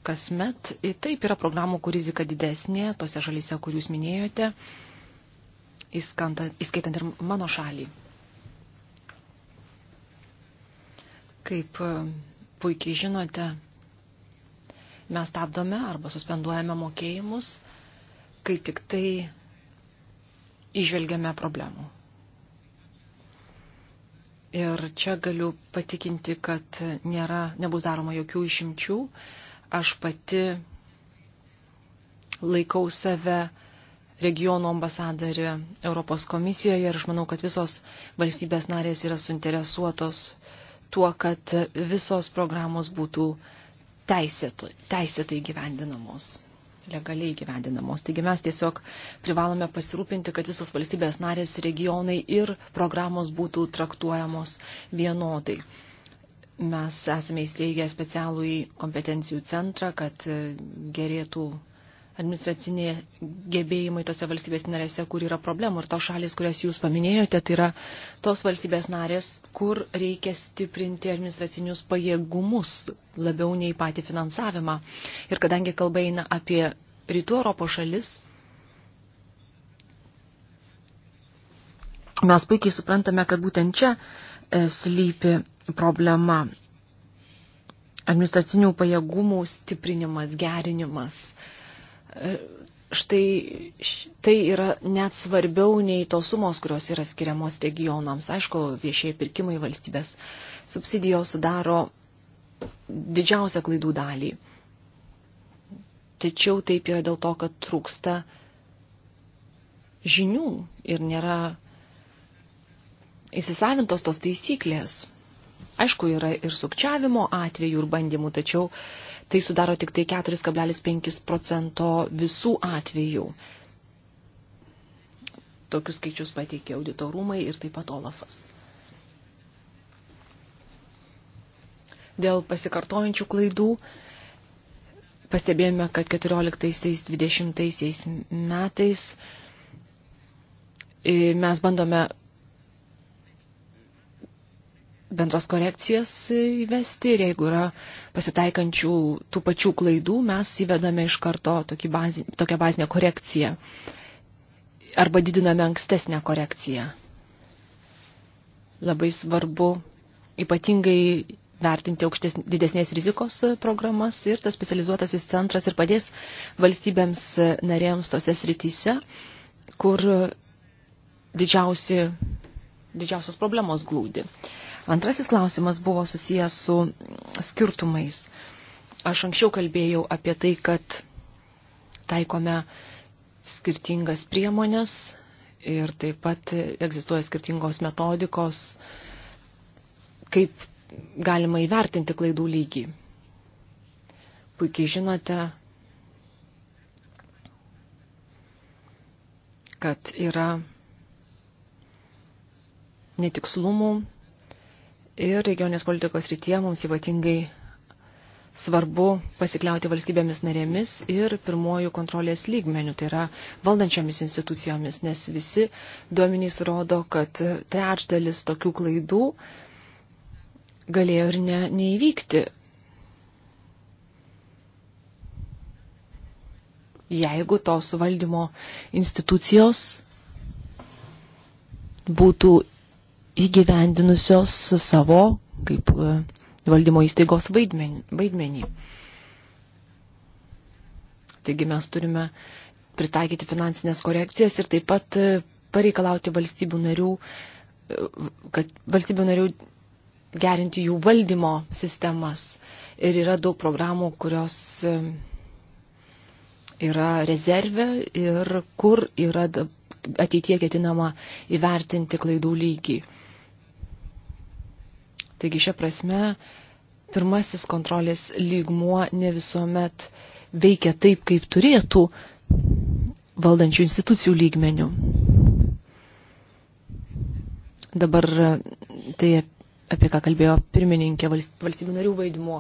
kasmet. Ir taip yra programų, kur rizika didesnė, tose šalyse, kur jūs minėjote, įskaitant ir mano šalį. Kaip e, puikiai žinote, mes stabdome arba suspenduojame mokėjimus, kai tik tai išvelgiame problemų. Ir čia galiu patikinti, kad nėra, nebus daroma jokių išimčių. Aš pati laikau save regiono ambasadorė Europos komisijoje ir aš manau, kad visos valstybės narės yra suinteresuotos tuo, kad visos programos būtų teisėtų, teisėtai gyvendinamos, legaliai gyvendinamos. Taigi mes tiesiog privalome pasirūpinti, kad visos valstybės narės, regionai ir programos būtų traktuojamos vienodai. Mes esame įsteigę specialų į kompetencijų centrą, kad gerėtų administraciniai gebėjimai tose valstybės narėse, kur yra problemų. Ir tos šalis, kurias jūs paminėjote, tai yra tos valstybės narės, kur reikia stiprinti administracinius pajėgumus labiau nei patį finansavimą. Ir kadangi kalba eina apie rytų Europos šalis, mes puikiai suprantame, kad būtent čia e, slypi problema. Administracinių pajėgumų stiprinimas, gerinimas štai tai yra net svarbiau nei tos sumos, kurios yra skiriamos regionams. Aišku, viešieji pirkimai valstybės subsidijos sudaro didžiausią klaidų dalį. Tačiau taip yra dėl to, kad trūksta žinių ir nėra įsisavintos tos taisyklės. Aišku, yra ir sukčiavimo atvejų ir bandymų, tačiau tai sudaro tik tai 4,5 procento visų atvejų. Tokius skaičius pateikė auditorumai ir taip pat Olafas. Dėl pasikartojančių klaidų pastebėjome, kad 14-20 metais e, mes bandome bendras korekcijas įvesti ir jeigu yra pasitaikančių tų pačių klaidų, mes įvedame iš karto bazį, tokią bazinę korekciją arba didiname ankstesnę korekciją. Labai svarbu ypatingai vertinti aukštesn, didesnės rizikos programas ir tas specializuotasis centras ir padės valstybėms narėms tose srityse, kur didžiausi, didžiausios problemos glūdi. Uh, Antrasis klausimas buvo susijęs su skirtumais. Aš anksčiau kalbėjau apie tai, kad taikome skirtingas priemonės ir taip pat egzistuoja skirtingos metodikos, kaip galima įvertinti klaidų lygį. Puikiai žinote, kad yra netikslumų ir regionės politikos rytyje mums ypatingai svarbu pasikliauti valstybėmis narėmis ir pirmojų kontrolės lygmenių, tai yra valdančiomis institucijomis, nes visi duomenys rodo, kad trečdalis tokių klaidų galėjo ir ne, neįvykti, jeigu tos valdymo institucijos būtų įgyvendinusios savo kaip e, valdymo įstaigos vaidmenį. Taigi mes turime pritaikyti finansinės korekcijas ir taip pat e, pareikalauti valstybių narių, e, kad valstybių narių gerinti jų valdymo sistemas. Ir yra daug programų, kurios yra rezervė ir kur yra ateitie ketinama įvertinti klaidų lygį. Taigi šią prasme pirmasis kontrolės lygmuo ne visuomet veikia taip, kaip turėtų valdančių institucijų lygmenių. Dabar tai apie ką kalbėjo pirmininkė valstybių narių vaidmuo.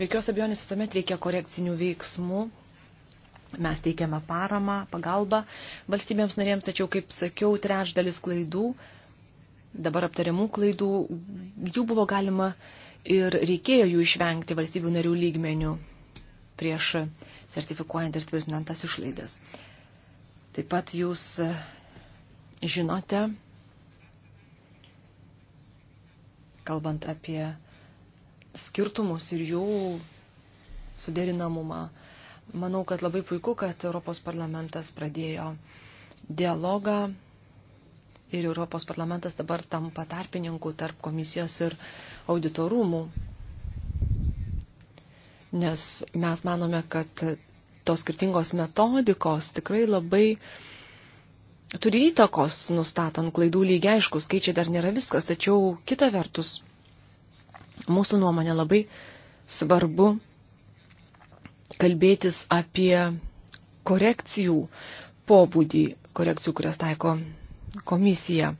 Veikios abejonės visuomet reikia korekcinių veiksmų. Mes teikiame paramą, pagalbą valstybėms narėms, tačiau, kaip sakiau, trečdalis klaidų dabar aptariamų klaidų, jų buvo galima ir reikėjo jų išvengti valstybių narių lygmenių prieš sertifikuojant ir tvirtinant tas išlaidas. Taip pat jūs e, žinote, kalbant apie skirtumus ir jų suderinamumą, manau, kad labai puiku, kad Europos parlamentas pradėjo dialogą ir Europos parlamentas dabar tampa tarpininku tarp komisijos ir auditorumų. Nes mes manome, kad tos skirtingos metodikos tikrai labai turi įtakos, nustatant klaidų lygiai, aišku, skaičiai dar nėra viskas, tačiau kita vertus, mūsų nuomonė labai svarbu kalbėtis apie korekcijų pobūdį, korekcijų, kurias taiko komisija.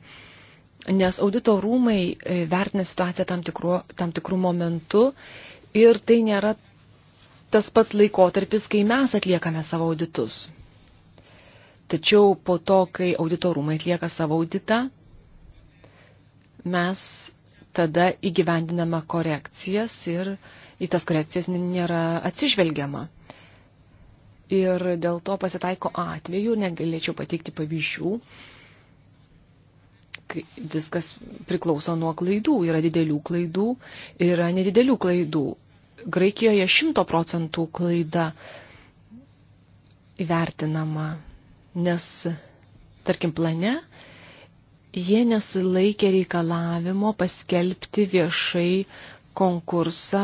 Nes audito rūmai e, vertina situaciją tam, tikru, tam tikrų momentų ir tai nėra tas pats laikotarpis, kai mes atliekame savo auditus. Tačiau po to, kai audito rūmai atlieka savo auditą, mes tada įgyvendiname korekcijas ir į tas korekcijas nėra atsižvelgiama. Ir dėl to pasitaiko atvejų, negalėčiau pateikti pavyzdžių, viskas priklauso nuo klaidų. Yra didelių klaidų, yra nedidelių klaidų. Graikijoje 100 procentų klaida įvertinama, nes, tarkim, plane jie nesilaikė reikalavimo paskelbti viešai konkursą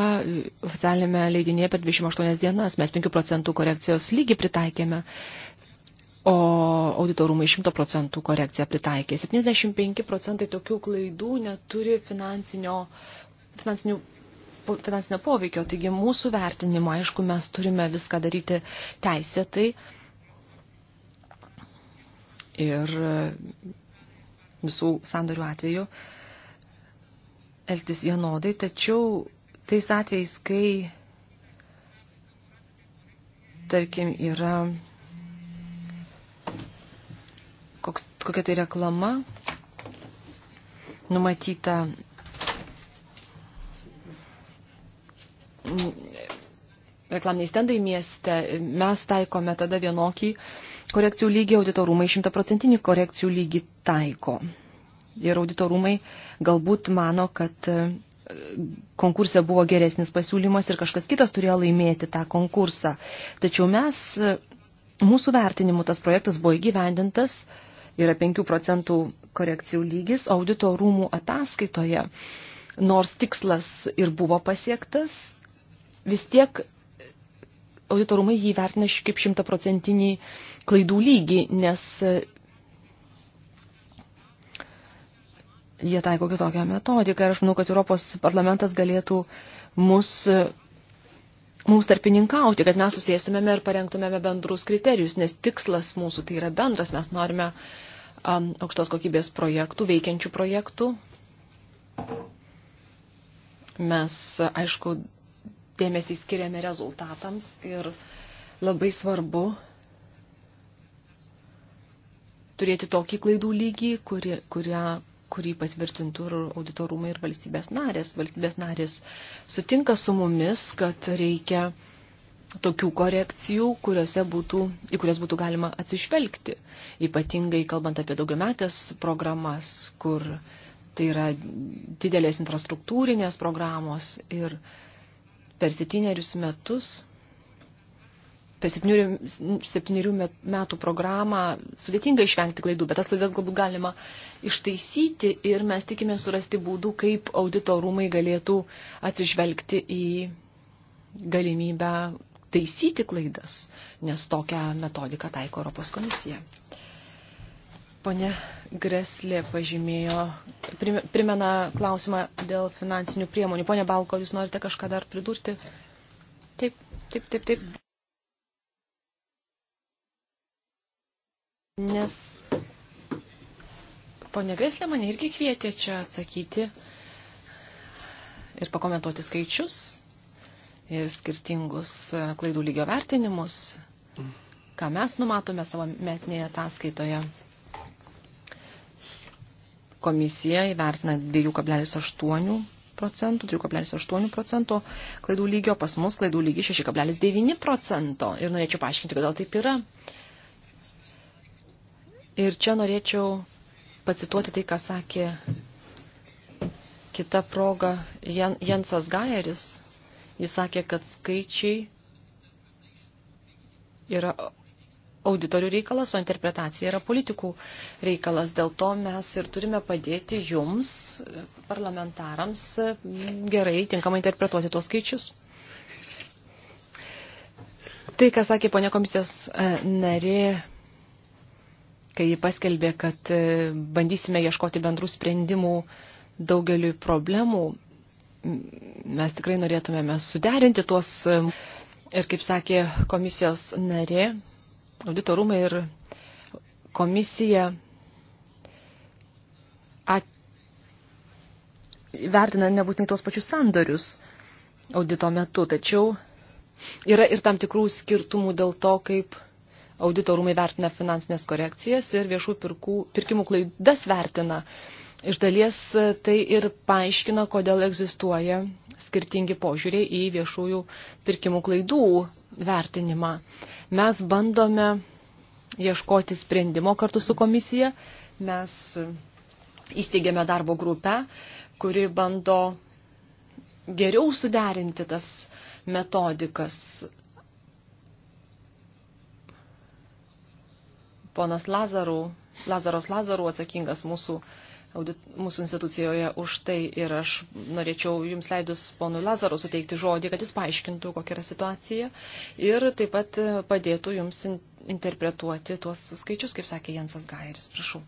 oficialiame leidinėje per 28 dienas. Mes 5 procentų korekcijos lygį pritaikėme o auditorumai 100 procentų korekciją pritaikė. 75 procentai tokių klaidų neturi finansinio, finansinių, finansinio poveikio. Taigi mūsų vertinimo, aišku, mes turime viską daryti teisėtai. Ir visų sandorių atveju elgtis vienodai, tačiau tais atvejais, kai, tarkim, yra koks, kokia tai reklama numatyta reklaminiai stendai mieste, mes taikome tada vienokį korekcijų lygį, auditorumai šimtaprocentinį korekcijų lygį taiko. Ir auditorumai galbūt mano, kad e, konkurse buvo geresnis pasiūlymas ir kažkas kitas turėjo laimėti tą konkursą. Tačiau mes, e, mūsų vertinimu, tas projektas buvo įgyvendintas yra 5 procentų korekcijų lygis, audito rūmų ataskaitoje, nors tikslas ir buvo pasiektas, vis tiek audito rūmai jį vertina kaip 100 procentinį klaidų lygį, nes jie taiko kitokią metodiką ir aš manau, kad Europos parlamentas galėtų mus, mums tarpininkauti, kad mes susėstumėme ir parengtumėme bendrus kriterijus, nes tikslas mūsų tai yra bendras, mes norime uh, Um, aukštos kokybės projektų, veikiančių projektų. Mes, aišku, dėmesį skiriame rezultatams ir labai svarbu turėti tokį klaidų lygį, kuri, kurią, kurį patvirtintų ir auditorumai ir valstybės narės. Valstybės narės sutinka su mumis, kad reikia uh, tokių korekcijų, būtų, į kurias būtų galima atsižvelgti, ypatingai kalbant apie daugiametės programas, kur tai yra didelės infrastruktūrinės programos ir per septynerius metus, per septynerių, septynerių metų programą sudėtinga išvengti klaidų, bet tas klaidas galbūt galima ištaisyti ir mes tikime surasti būdų, kaip auditorumai galėtų atsižvelgti į galimybę taisyti klaidas, nes tokią metodiką taiko Europos komisija. Pone Greslė pažymėjo, primena klausimą dėl finansinių priemonių. Pone Balko, jūs norite kažką dar pridurti? Taip, taip, taip, taip. Nes ponė Greslė mane irgi kvietė čia atsakyti ir pakomentuoti skaičius ir skirtingus e, klaidų lygio vertinimus, ką mes numatome savo metinėje ataskaitoje. Komisija įvertina 2,8 procentų, 3,8 procento klaidų lygio, pas mus klaidų lygi 6,9 procento. Ir norėčiau paaiškinti, kodėl taip yra. Ir čia norėčiau pacituoti tai, ką sakė kita proga Jensas Gajeris, Jis sakė, kad skaičiai yra auditorių reikalas, o interpretacija yra politikų reikalas. Dėl to mes ir turime padėti jums, parlamentarams, gerai, tinkamai interpretuoti tuos skaičius. Tai, ką sakė ponia komisijos e, narė, kai ji paskelbė, kad e, bandysime ieškoti bendrų sprendimų daugeliu problemų, mes tikrai norėtumėme suderinti tuos ir, kaip sakė komisijos narė, auditorumai ir komisija at... vertina nebūtinai tuos pačius sandorius audito metu, tačiau yra ir tam tikrų skirtumų dėl to, kaip audito rūmai vertina finansinės korekcijas ir viešų pirkų, pirkimų klaidas vertina. Uh, Iš dalies e, tai ir paaiškina, kodėl egzistuoja skirtingi požiūriai į viešųjų pirkimų klaidų vertinimą. Mes bandome ieškoti sprendimo kartu su komisija. Mes įsteigėme darbo grupę, kuri bando geriau suderinti tas metodikas. Ponas Lazarų, Lazaros Lazarų atsakingas mūsų uh, audit, mūsų institucijoje už tai ir aš norėčiau jums leidus ponui Lazaro suteikti žodį, kad jis paaiškintų, kokia yra situacija ir taip pat padėtų jums interpretuoti tuos skaičius, kaip sakė Jensas Gairis. Prašau.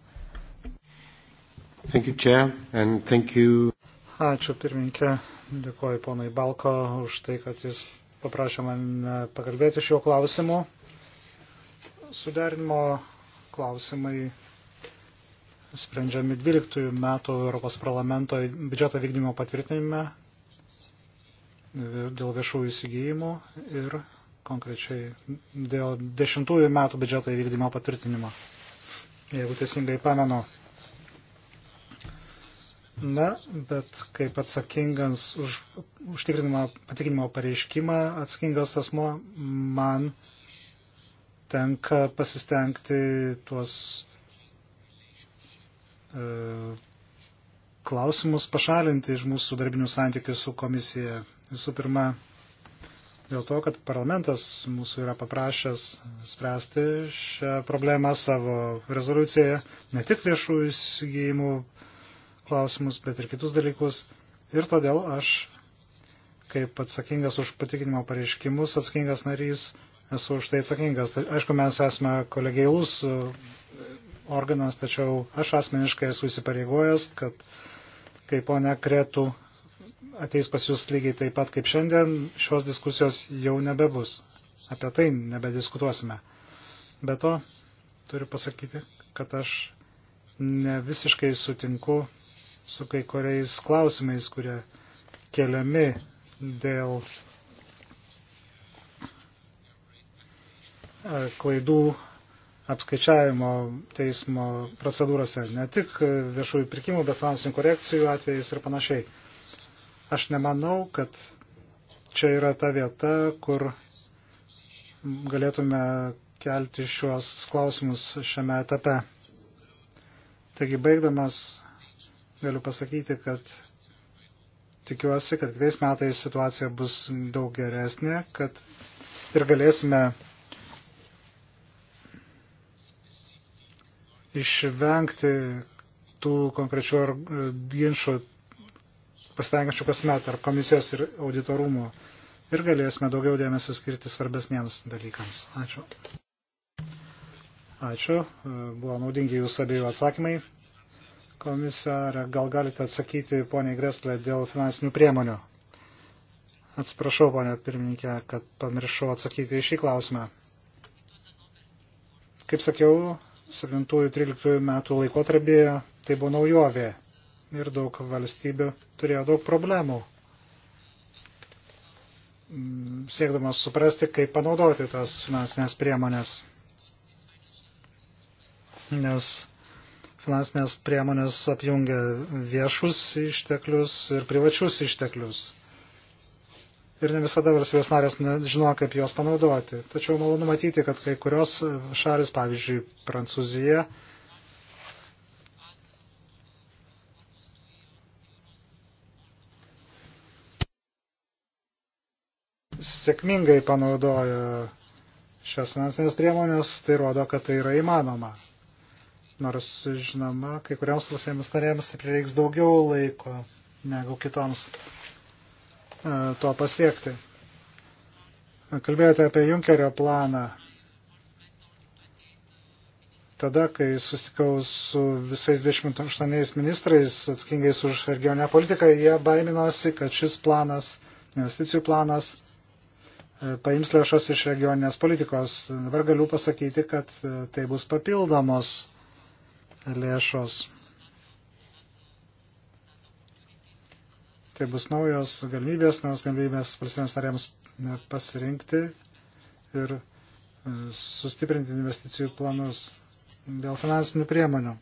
Thank you, Chair, and thank you. Ačiū pirminkė, dėkuoju ponai Balko už tai, kad jis paprašė man e, pakalbėti šiuo klausimu. Suderinimo klausimai sprendžiami 12 metų Europos parlamento biudžeto vykdymo patvirtinime dėl viešų įsigijimų ir konkrečiai dėl 10 metų biudžeto įvykdymo patvirtinimo, jeigu teisingai pamenu. Na, bet kaip atsakingas už užtikrinimą patikinimo pareiškimą, atsakingas asmo man tenka pasistengti tuos E, klausimus pašalinti iš mūsų darbinių santykių su komisija. Visų pirma, dėl to, kad parlamentas mūsų yra paprašęs spręsti šią problemą savo rezoliucijoje, ne tik viešų įsigijimų klausimus, bet ir kitus dalykus. Ir todėl aš, kaip atsakingas už patikinimo pareiškimus, atsakingas narys, esu už tai atsakingas. Tai, aišku, mes esame kolegialus organas, tačiau aš asmeniškai esu įsipareigojęs, kad kaip ponia Kretų ateis pas jūs lygiai taip pat kaip šiandien, šios diskusijos jau nebebus. Apie tai nebediskutuosime. Be to, turiu pasakyti, kad aš ne visiškai sutinku su kai kuriais klausimais, kurie keliami dėl e, klaidų apskaičiavimo teismo procedūrose, ne tik viešųjų pirkimų, bet finansinių korekcijų atvejais ir panašiai. Aš nemanau, kad čia yra ta vieta, kur galėtume kelti šiuos klausimus šiame etape. Taigi baigdamas galiu pasakyti, kad tikiuosi, kad kitais metais situacija bus daug geresnė, kad ir galėsime išvengti tų konkrečių e, ginčių pasitengiančių kasmet tarp komisijos ir auditorumo ir galėsime daugiau dėmesio skirti svarbesniems dalykams. Ačiū. Ačiū. E, buvo naudingi jūsų abiejų atsakymai. Komisarė, gal galite atsakyti poniai Greslė dėl finansinių priemonių? Atsiprašau, ponė pirmininkė, kad pamiršau atsakyti į šį klausimą. Kaip sakiau, 7-13 metų laikotarpyje tai buvo naujovė ir daug valstybių turėjo daug problemų mm, siekdamas suprasti, kaip panaudoti tas finansinės priemonės. Nes finansinės priemonės apjungia viešus išteklius ir privačius išteklius ir ne visada valstybės narės žino, kaip juos panaudoti. Tačiau malonu matyti, kad kai kurios šalis, pavyzdžiui, Prancūzija, sėkmingai panaudoja šias finansinės priemonės, tai rodo, kad tai yra įmanoma. Nors, žinoma, kai kuriams valstybėms narėms prireiks daugiau laiko negu kitoms. E, to pasiekti. Kalbėjote apie Junkerio planą. Tada, kai susikau su visais 28 ministrais atskingais už regionę politiką, jie baiminosi, kad šis planas, investicijų planas, e, paims lėšas iš regioninės politikos. Dabar galiu pasakyti, kad e, tai bus papildomos lėšos Tai bus naujos galimybės, naujos galimybės valstybėms narėms e, pasirinkti ir e, sustiprinti investicijų planus dėl finansinių priemonių.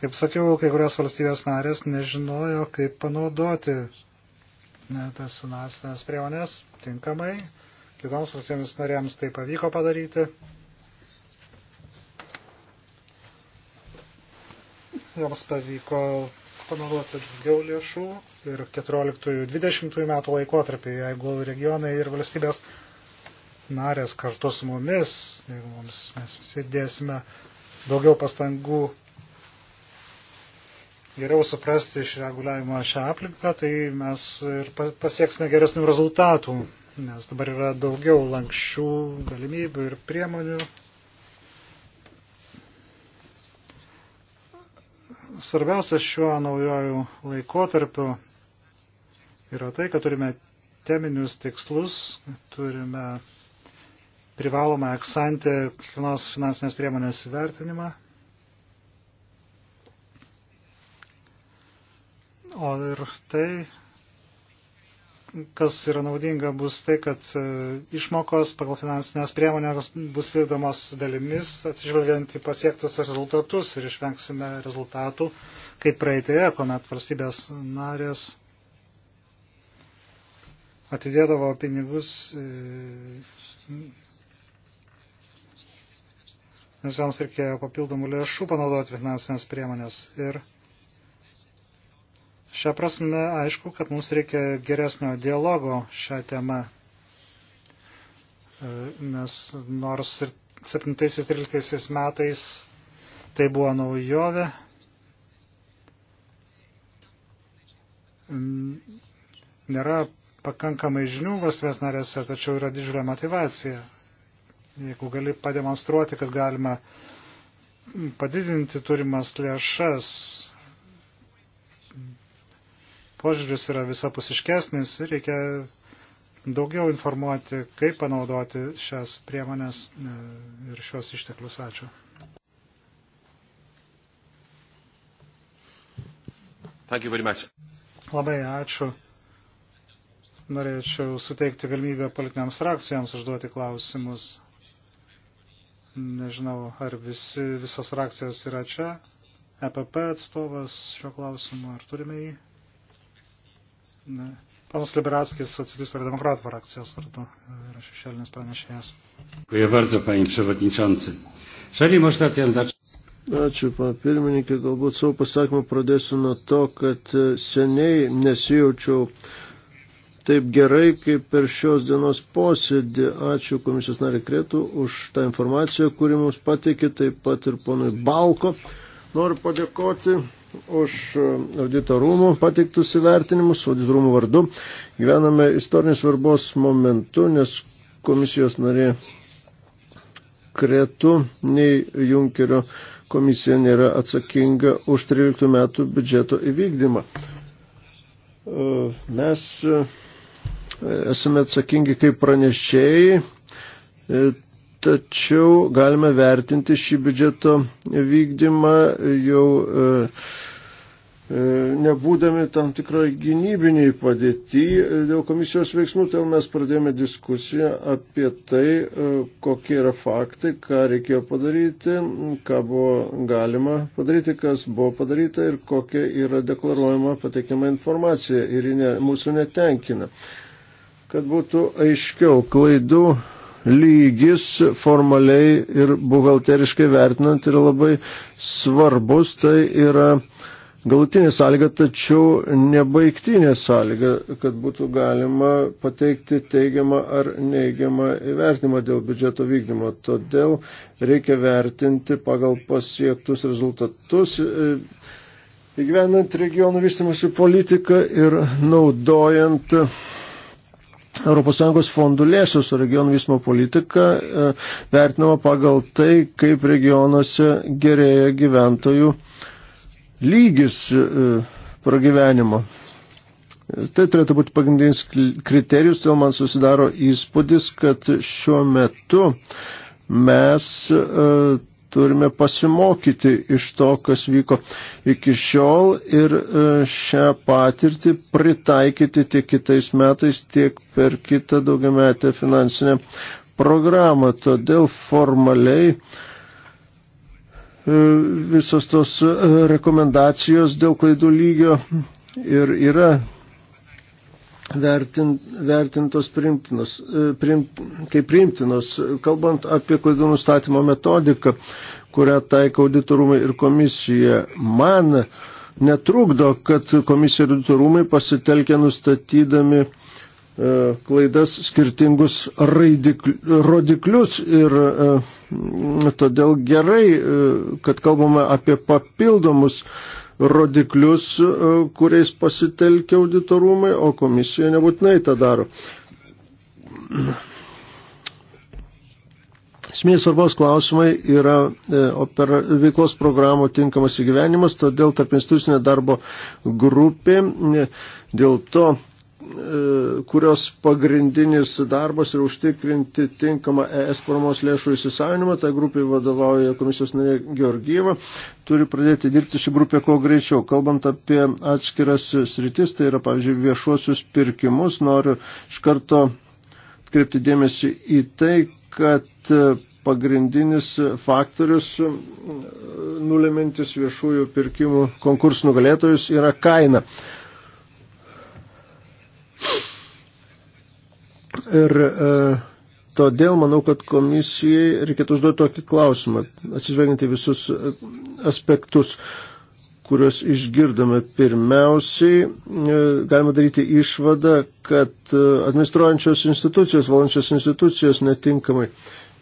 Kaip sakiau, kai kurios valstybės narės nežinojo, kaip panaudoti e, tas finansinės priemonės tinkamai. Kitoms valstybėms narėms tai pavyko padaryti. joms pavyko panaudoti daugiau lėšų ir 14-20 metų laikotarpį, jeigu regionai ir valstybės narės kartu su mumis, jeigu mums, mes visi dėsime daugiau pastangų geriau suprasti iš reguliavimo šią aplinką, tai mes ir pasieksime geresnių rezultatų, nes dabar yra daugiau lankščių galimybių ir priemonių Svarbiausia šiuo naujojų laikotarpiu yra tai, kad turime teminius tikslus, turime privalomą eksantę kiekvienos finansinės priemonės vertinimą. O ir tai kas yra naudinga, bus tai, kad e, išmokos pagal finansinės priemonės bus vykdomos dalimis, atsižvelgiant į pasiektus rezultatus ir išvengsime rezultatų, kaip praeitėje, kuomet valstybės narės atidėdavo pinigus e, nes joms reikėjo papildomų lėšų panaudoti finansinės priemonės. Ir Šią prasme, aišku, kad mums reikia geresnio dialogo šią temą, e, nes nors ir 7-13 metais tai buvo naujovė, nėra pakankamai žinių vasvės narėse, tačiau yra didžiulė motivacija. Jeigu gali pademonstruoti, kad galima padidinti turimas lėšas požiūris yra visapusiškesnis ir reikia daugiau informuoti, kaip panaudoti šias priemonės e, ir šios išteklius. Ačiū. Labai ačiū. Norėčiau suteikti galimybę politiniams frakcijams užduoti klausimus. Nežinau, ar visi, visos frakcijos yra čia. EPP atstovas šio klausimu, ar turime jį? Panas Liberatskis, socialistų ir demokratų frakcijos vardu, yra šešėlinis pranešėjas. Dziękuję bardzo, panie przewodniczący. Szanowni można ten zacząć. Ačiū, pana pirmininkė, galbūt savo pasakymą pradėsiu nuo to, kad e, seniai nesijaučiau taip gerai, kaip per šios dienos posėdį. Ačiū komisijos narį Kretų už tą informaciją, kuri mums pateikė, taip pat ir ponui Balko. Noriu padėkoti už e, auditorumų pateiktus įvertinimus, auditorumų vardu. Gyvename istorinės svarbos momentu, nes komisijos narė Kretu nei Junkerio komisija nėra atsakinga už 13 metų biudžeto įvykdymą. E, mes e, esame atsakingi kaip pranešėjai Tačiau galime vertinti šį biudžeto vykdymą jau e, e, nebūdami tam tikrai gynybiniai padėti dėl komisijos veiksmų, todėl tai mes pradėjome diskusiją apie tai, e, kokie yra faktai, ką reikėjo padaryti, ką buvo galima padaryti, kas buvo padaryta ir kokia yra deklaruojama pateikiama informacija ir ne, mūsų netenkina. Kad būtų aiškiau klaidų lygis formaliai ir buhalteriškai vertinant yra labai svarbus, tai yra galutinė sąlyga, tačiau nebaigtinė sąlyga, kad būtų galima pateikti teigiamą ar neigiamą įvertinimą dėl biudžeto vykdymo. Todėl reikia vertinti pagal pasiektus rezultatus. E, Įgyvenant regionų vystimosi politiką ir naudojant ES fondų lėšų su regionų vysmo politika e, vertinama pagal tai, kaip regionuose gerėja gyventojų lygis e, pragyvenimo. E, tai turėtų būti pagrindinis kriterijus, todėl man susidaro įspūdis, kad šiuo metu mes turime pasimokyti iš to, kas vyko iki šiol ir e, šią patirtį pritaikyti tiek kitais metais, tiek per kitą daugiametę finansinę programą. Todėl formaliai e, visos tos e, rekomendacijos dėl klaidų lygio ir yra vertint, vertintos primtinos, e, prim, kaip primtinos. Kalbant apie klaidų nustatymo metodiką, kurią taiko auditorumai ir komisija, man netrukdo, kad komisija ir auditorumai pasitelkia nustatydami e, klaidas skirtingus raidikl, rodiklius ir e, todėl gerai, kad kalbame apie papildomus rodiklius, e, kuriais pasitelkia auditorumai, o komisija nebūtinai tą daro. Esmės svarbos klausimai yra e, opera, veiklos programų tinkamas įgyvenimas, todėl tarp institucinė darbo grupė e, dėl to kurios pagrindinis darbas yra užtikrinti tinkamą ES paramos lėšų įsisavinimą. Ta grupė vadovauja komisijos narė Georgieva, turi pradėti dirbti šį grupę kuo greičiau. Kalbant apie atskiras sritis, tai yra, pavyzdžiui, viešuosius pirkimus, noriu iš karto atkreipti dėmesį į tai, kad pagrindinis faktorius nulemintis viešųjų pirkimų konkursų nugalėtojus yra kaina. Ir e, todėl manau, kad komisijai reikėtų užduoti tokį klausimą, atsižvelgiant į visus e, aspektus, kuriuos išgirdome. Pirmiausiai, e, galima daryti išvadą, kad e, administruojančios institucijos, valančios institucijos netinkamai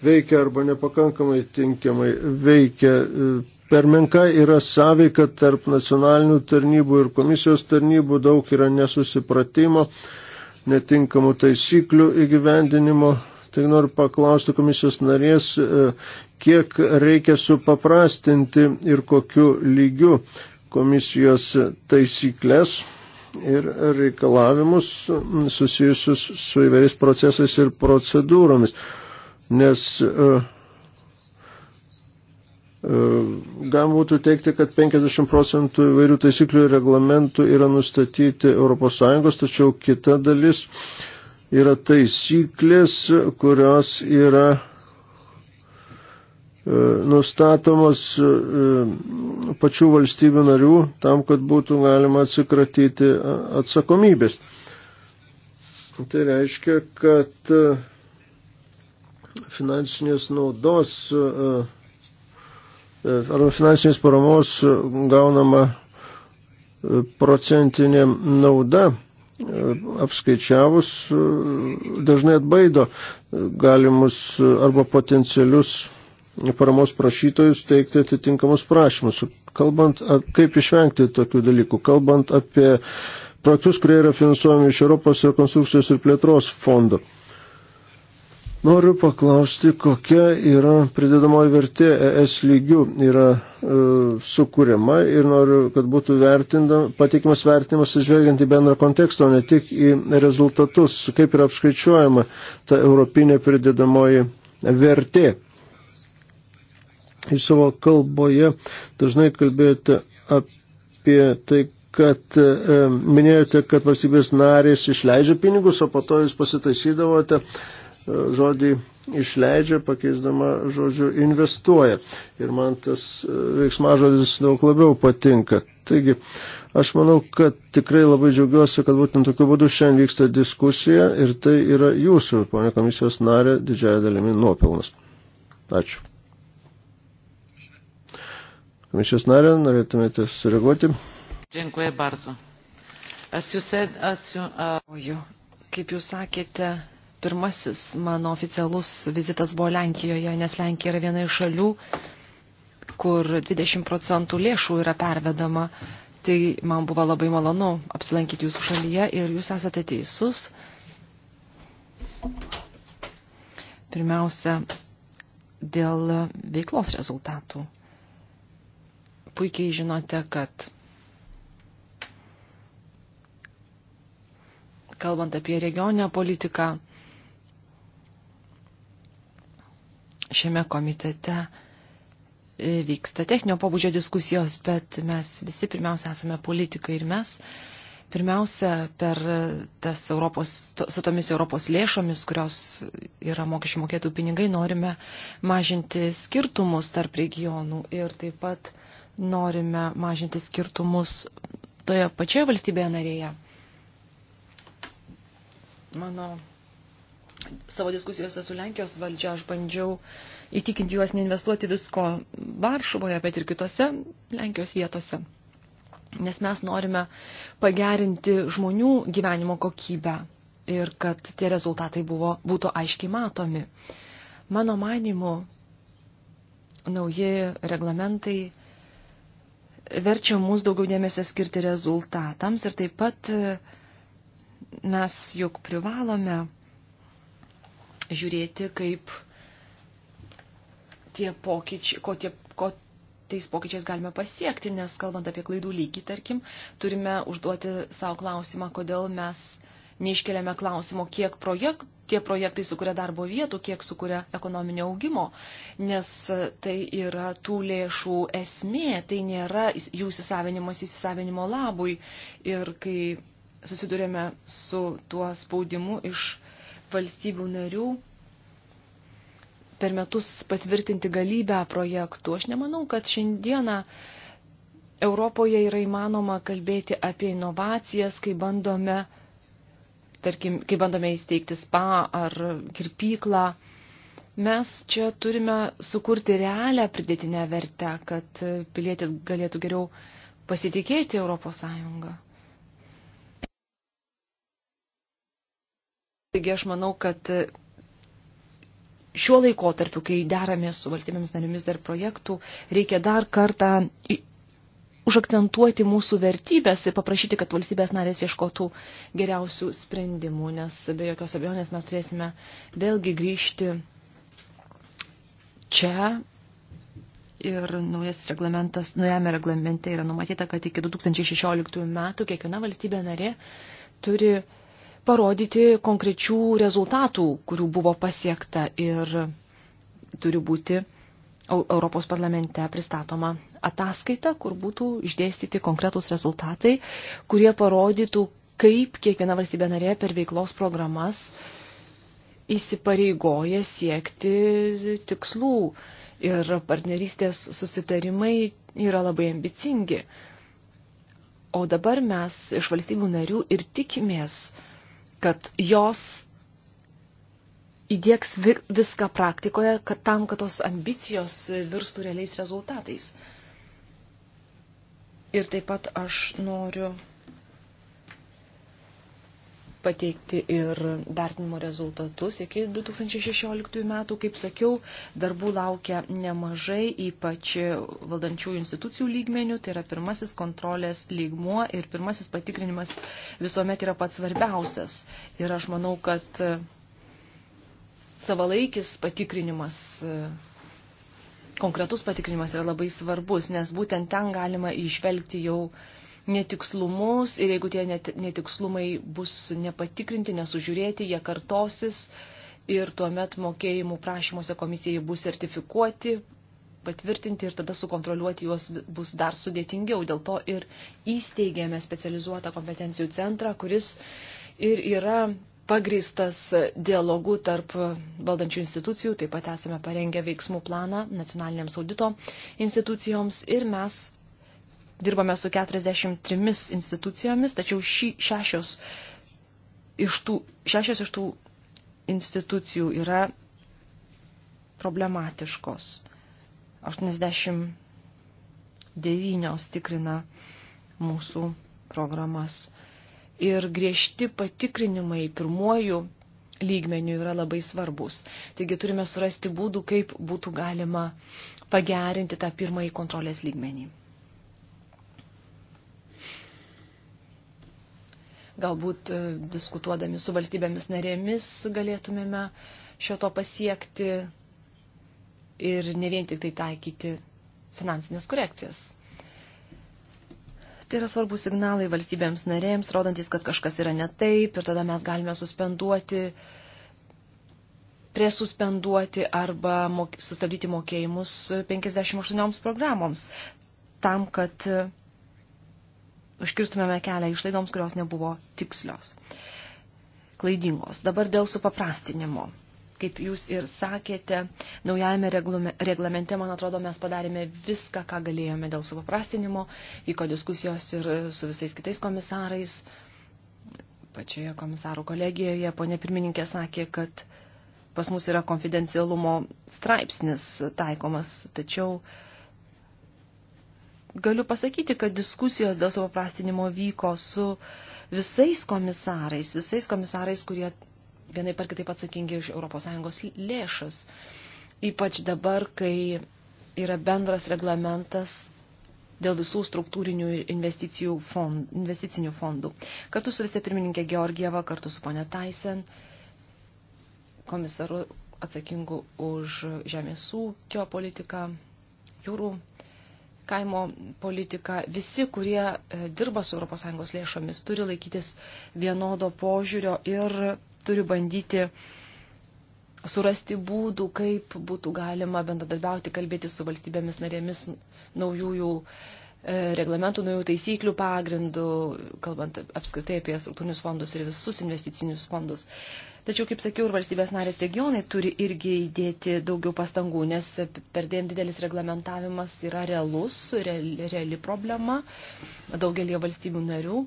veikia arba nepakankamai tinkamai veikia. E, per menka yra sąveika tarp nacionalinių tarnybų ir komisijos tarnybų, daug yra nesusipratimo. E, netinkamų taisyklių įgyvendinimo. Tai noriu paklausti komisijos narės, e, kiek reikia supaprastinti ir kokiu lygiu komisijos taisyklės ir reikalavimus susijusius su įvairiais procesais ir procedūromis. Nes uh, Galima būtų teikti, kad 50 procentų įvairių taisyklių ir reglamentų yra nustatyti ES, tačiau kita dalis yra taisyklės, kurios yra e, nustatomos e, pačių valstybių narių tam, kad būtų galima atsikratyti e, atsakomybės. Tai reiškia, kad finansinės naudos uh, E, arba finansinės paramos e, gaunama e, procentinė nauda apskaičiavus dažnai atbaido galimus arba potencialius paramos prašytojus teikti atitinkamus prašymus. Kalbant, kaip išvengti tokių dalykų, kalbant apie projektus, kurie yra finansuojami iš Europos rekonstrukcijos ir plėtros fondo. Noriu paklausti, kokia yra pridedamoji vertė ES lygių yra e, sukūriama ir noriu, kad būtų pateikimas vertinimas žvelgiant į bendrą kontekstą, o ne tik į rezultatus, kaip yra apskaičiuojama ta europinė pridedamoji vertė. Jūs savo kalboje dažnai kalbėjote apie tai, kad e, minėjote, kad valstybės narės išleidžia pinigus, o po to jūs pasitaisydavote. E, E, žodį išleidžia, pakeisdama žodžiu investuoja. Ir man tas e, veiksmažodis daug labiau patinka. Taigi, aš manau, kad tikrai labai džiaugiuosi, kad būtent tokiu būdu šiandien vyksta diskusija ir tai yra jūsų, ponė komisijos narė, didžiaja dalimi nuopilnas. Ačiū. Komisijos narė, norėtumėte sureaguoti? Dziękuję bardzo. As you said, as you, uh... Kaip jūs sakėte, pirmasis mano oficialus vizitas buvo Lenkijoje, nes Lenkija yra viena iš šalių, kur 20 procentų lėšų yra pervedama. Tai man buvo labai malonu apsilankyti jūsų šalyje ir jūs esate teisus. Pirmiausia, dėl veiklos rezultatų. Puikiai žinote, kad kalbant apie regioninę politiką, šiame komitete e, vyksta techninio pabudžio diskusijos, bet mes visi pirmiausia esame politikai ir mes pirmiausia per tas Europos, su tomis Europos lėšomis, kurios yra mokesčių mokėtų pinigai, norime mažinti skirtumus tarp regionų ir taip pat norime mažinti skirtumus toje pačioje valstybėje narėje. Mano Savo diskusijose su Lenkijos valdžia aš bandžiau įtikinti juos neinvestuoti visko Varšuvoje, bet ir kitose Lenkijos vietose. Nes mes norime pagerinti žmonių gyvenimo kokybę ir kad tie rezultatai buvo, būtų aiškiai matomi. Mano manimu, nauji reglamentai verčia mus daugiau dėmesio skirti rezultatams ir taip pat mes juk privalome žiūrėti, kaip tie pokyčiai, ko, tie, ko tais pokyčiais galime pasiekti, nes kalbant apie klaidų lygį, tarkim, turime užduoti savo klausimą, kodėl mes neiškeliame klausimo, kiek projekt, tie projektai sukuria darbo vietų, kiek sukuria ekonominio augimo, nes tai yra tų lėšų esmė, tai nėra jų įsisavinimas įsisavinimo labui. Ir kai susidurėme su tuo spaudimu iš valstybių narių per metus patvirtinti galybę projektų. Aš nemanau, kad šiandieną Europoje yra įmanoma kalbėti apie inovacijas, kai bandome, tarkim, kai bandome įsteigti spa ar kirpyklą. Mes čia turime sukurti realią pridėtinę vertę, kad pilietis galėtų geriau pasitikėti Europos Sąjungą. Taigi aš manau, kad e, šiuo laikotarpiu, kai deramės su valstybėmis narėmis dar projektų, reikia dar kartą užakcentuoti mūsų vertybės ir paprašyti, kad valstybės narės ieškotų geriausių sprendimų, nes be jokios abejonės mes turėsime vėlgi grįžti čia. Ir naujas reglamentas, naujame reglamente yra numatyta, kad iki 2016 metų kiekviena valstybė narė turi parodyti konkrečių rezultatų, kurių buvo pasiekta ir turi būti Europos parlamente pristatoma ataskaita, kur būtų išdėstyti konkretūs rezultatai, kurie parodytų, kaip kiekviena valstybė narė per veiklos programas įsipareigoja siekti tikslų. Ir partnerystės susitarimai yra labai ambicingi. O dabar mes iš valstybių narių ir tikimės kad jos įdėks viską praktikoje, kad tam, kad tos ambicijos virstų realiais rezultatais. Ir taip pat aš noriu pateikti ir vertinimo rezultatus iki 2016 metų. Kaip sakiau, darbų laukia nemažai, ypač valdančiųjų institucijų lygmenių. Tai yra pirmasis kontrolės lygmuo ir pirmasis patikrinimas visuomet yra pats svarbiausias. Ir aš manau, kad savalaikis patikrinimas konkretus patikrinimas yra labai svarbus, nes būtent ten galima išvelgti jau netikslumus ir jeigu tie netikslumai bus nepatikrinti, nesužiūrėti, jie kartosis ir tuomet mokėjimų prašymuose komisijai bus sertifikuoti, patvirtinti ir tada sukontroliuoti juos bus dar sudėtingiau. Dėl to ir įsteigėme specializuotą kompetencijų centrą, kuris ir yra pagristas dialogu tarp valdančių institucijų, taip pat esame parengę veiksmų planą nacionaliniams audito institucijoms ir mes dirbame su 43 institucijomis, tačiau ši, šešios, iš tų, šešios iš tų institucijų yra problematiškos. 89 tikrina mūsų programas. Ir griežti patikrinimai pirmojų lygmenių yra labai svarbus. Taigi turime surasti būdų, kaip būtų galima pagerinti tą pirmąjį kontrolės lygmenį. Galbūt e, diskutuodami su valstybėmis narėmis galėtumėme šio to pasiekti ir ne vien tik tai taikyti finansinės korekcijas. Tai yra svarbus signalai valstybėms narėms, rodantis, kad kažkas yra ne taip ir tada mes galime suspenduoti, presuspenduoti arba mok sustabdyti mokėjimus 58 programoms tam, kad užkirstumėme kelią išlaidoms, kurios nebuvo tikslios, klaidingos. Dabar dėl supaprastinimo. Kaip jūs ir sakėte, naujajame reglamente, man atrodo, mes padarėme viską, ką galėjome dėl supaprastinimo, vyko diskusijos ir su visais kitais komisarais, pačioje komisarų kolegijoje, ponė pirmininkė sakė, kad pas mus yra konfidencialumo straipsnis taikomas, tačiau uh, galiu pasakyti, kad diskusijos dėl supaprastinimo vyko su visais komisarais, visais komisarais, kurie vienai par kitaip atsakingi už ES lėšas. Ypač dabar, kai yra bendras reglamentas dėl visų struktūrinių investicijų fond, investicinių fondų. Kartu su vicepirmininkė Georgieva, kartu su ponė Tyson, komisaru atsakingu už žemės ūkio politiką, jūrų kaimo politiką, visi, kurie e, dirba su ES lėšomis, turi laikytis vienodo požiūrio ir turi bandyti surasti būdų, kaip būtų galima bendradarbiauti, kalbėti su valstybėmis narėmis naujųjų e, reglamentų, naujų taisyklių pagrindų, kalbant apskritai apie struktūrinius fondus ir visus investicinius fondus. Tačiau, kaip sakiau, ir valstybės narės regionai turi irgi įdėti daugiau pastangų, nes perdėm didelis reglamentavimas yra realus, reali, reali problema daugelie valstybių narių.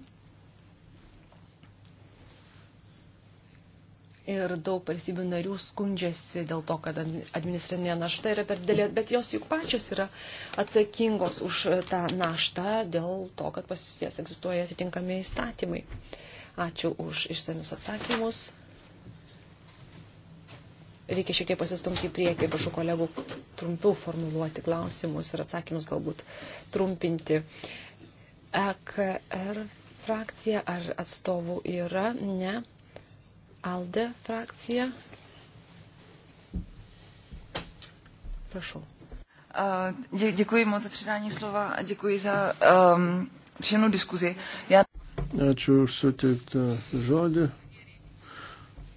Ir daug valstybių narių skundžiasi dėl to, kad administrinė našta yra per didelė, bet jos juk pačios yra atsakingos už tą naštą dėl to, kad pas jas egzistuoja atitinkami įstatymai. Ačiū už išsamius atsakymus reikia šiek tiek pasistumti į priekį, prašau kolegų trumpiau formuluoti klausimus ir atsakymus galbūt trumpinti. EKR frakcija ar atstovų yra? Ne. ALDE frakcija? Prašau. Dě, děkuji moc za předání slova a děkuji za um, příjemnou diskuzi. Já... Ačiū už suteiktą žodį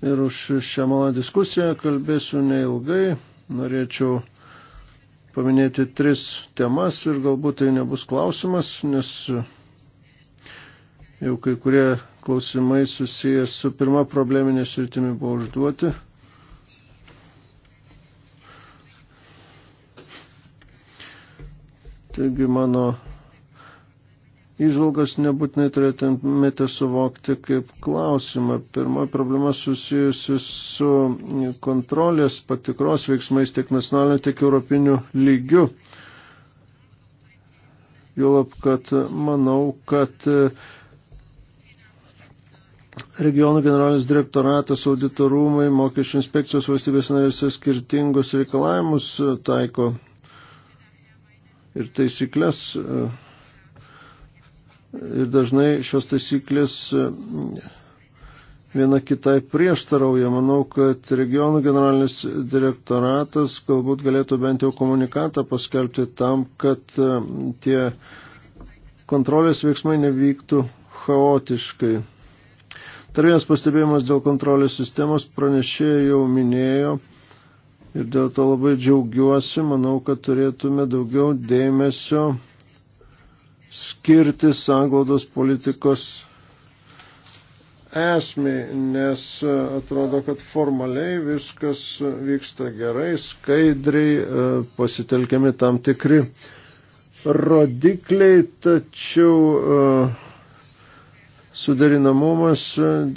ir už šią mano diskusiją. Kalbėsiu neilgai. Norėčiau paminėti tris temas ir galbūt tai nebus klausimas, nes jau kai kurie klausimai susijęs su pirma probleminė sritimi buvo užduoti. Taigi mano Įžvalgas nebūtinai turėtumėte suvokti kaip klausimą. Pirmoji problema susijusi su kontrolės patikros veiksmais tiek nacionaliniu, tiek europiniu lygiu. Juolab, kad manau, kad regionų generalinis direktoratas, auditorumai, mokesčių inspekcijos valstybės narėse skirtingus reikalavimus taiko ir taisyklės. Uh, Ir dažnai šios taisyklės e, viena kitai prieštarauja. Manau, kad regionų generalinis direktoratas galbūt galėtų bent jau komunikatą paskelbti tam, kad e, tie kontrolės veiksmai nevyktų chaotiškai. Dar vienas pastebėjimas dėl kontrolės sistemos pranešėjai jau minėjo ir dėl to labai džiaugiuosi. Manau, kad turėtume daugiau dėmesio skirti sanglaudos politikos esmį, nes atrodo, kad formaliai viskas vyksta gerai, skaidriai, e, pasitelkiami tam tikri rodikliai, tačiau e, suderinamumas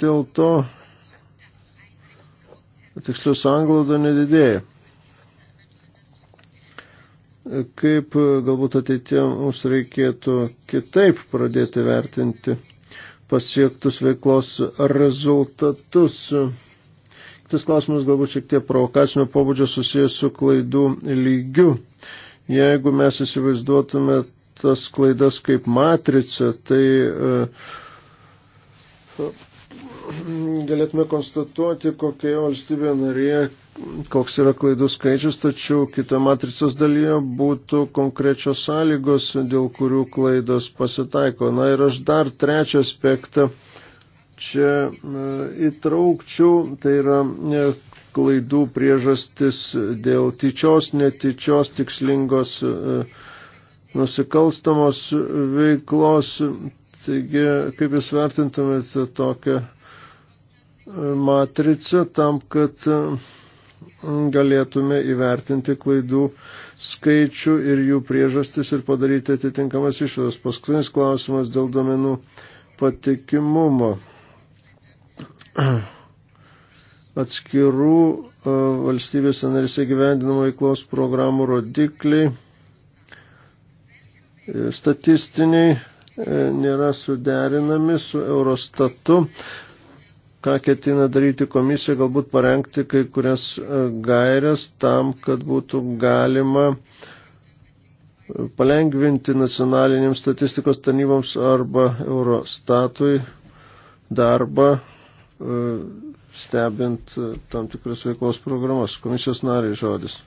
dėl to, tiksliau, sanglauda nedidėja kaip e, galbūt ateitie mums reikėtų kitaip pradėti vertinti pasiektus veiklos rezultatus. Kitas klausimas galbūt šiek tiek provokacinio pobūdžio susijęs su klaidų lygiu. Jeigu mes įsivaizduotume tas klaidas kaip matricą, tai uh, galėtume konstatuoti, kokioje valstybėje narėje, koks yra klaidų skaičius, tačiau kita matricos dalyje būtų konkrečios sąlygos, dėl kurių klaidos pasitaiko. Na ir aš dar trečią aspektą čia e, įtraukčiau, tai yra e, klaidų priežastis dėl tyčios, netyčios, tikslingos e, nusikalstamos veiklos. Taigi, kaip Jūs vertintumėte tokią matricą tam, kad e, galėtume įvertinti klaidų skaičių ir jų priežastis ir padaryti atitinkamas išvadas. Paskutinis klausimas dėl domenų patikimumo. [CLEARS THROAT] Atskirų e, valstybės narėse gyvendinamo veiklos programų rodikliai e, statistiniai nėra suderinami su Eurostatu ką ketina daryti komisija, galbūt parengti kai kurias e, gairias tam, kad būtų galima e, palengvinti nacionaliniams statistikos tarnyboms arba Eurostatui darbą e, stebint tam tikras veiklos programas. Komisijos nariai žodis.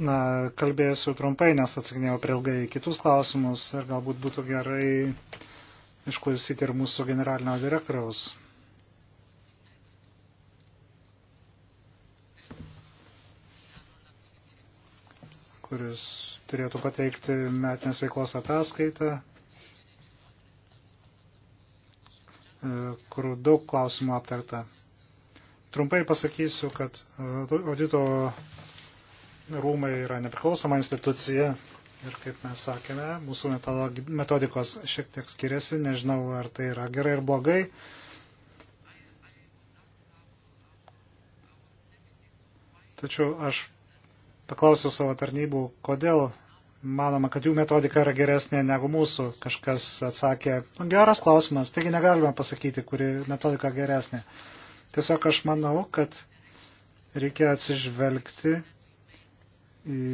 Na, kalbėsiu trumpai, nes atsakinėjau prie ilgai kitus klausimus ir galbūt būtų gerai išklausyti ir mūsų generalinio direktoriaus. kuris turėtų pateikti metinės veiklos ataskaitą, e, kur daug klausimų aptarta. Trumpai pasakysiu, kad audito rūmai yra nepriklausoma institucija ir kaip mes sakėme, mūsų metodikos šiek tiek skiriasi, nežinau ar tai yra gerai ir blogai. Tačiau aš paklausiau savo tarnybų, kodėl manoma, kad jų metodika yra geresnė negu mūsų. Kažkas atsakė, nu, geras klausimas, taigi negalime pasakyti, kuri metodika geresnė. Tiesiog aš manau, kad reikia atsižvelgti į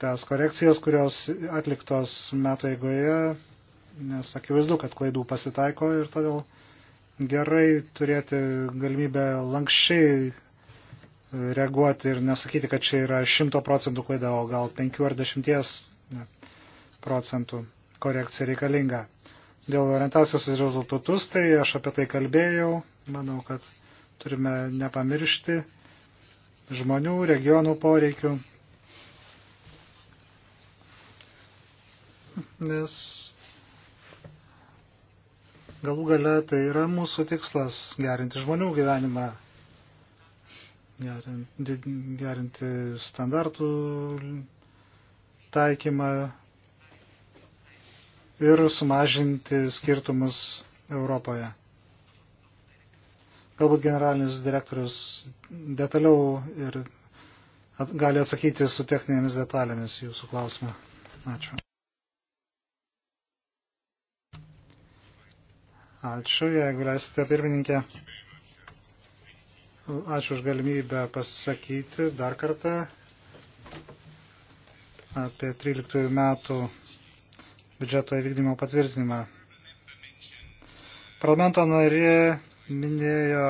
tas korekcijas, kurios atliktos metų eigoje, nes akivaizdu, kad klaidų pasitaiko ir todėl gerai turėti galimybę lankščiai reaguoti ir nesakyti, kad čia yra 100 procentų klaida, o gal 5 ar 10 procentų korekcija reikalinga. Dėl orientacijos į rezultatus, tai aš apie tai kalbėjau, manau, kad turime nepamiršti žmonių, regionų poreikių, nes galų gale tai yra mūsų tikslas gerinti žmonių gyvenimą gerinti standartų taikymą ir sumažinti skirtumus Europoje. Galbūt generalinis direktorius detaliau ir at, gali atsakyti su techninėmis detalėmis jūsų klausimą. Ačiū. Ačiū, jeigu leisite pirmininkę. Ačiū už galimybę pasakyti dar kartą apie 13 metų biudžeto įvykdymo patvirtinimą. Parlamento narė minėjo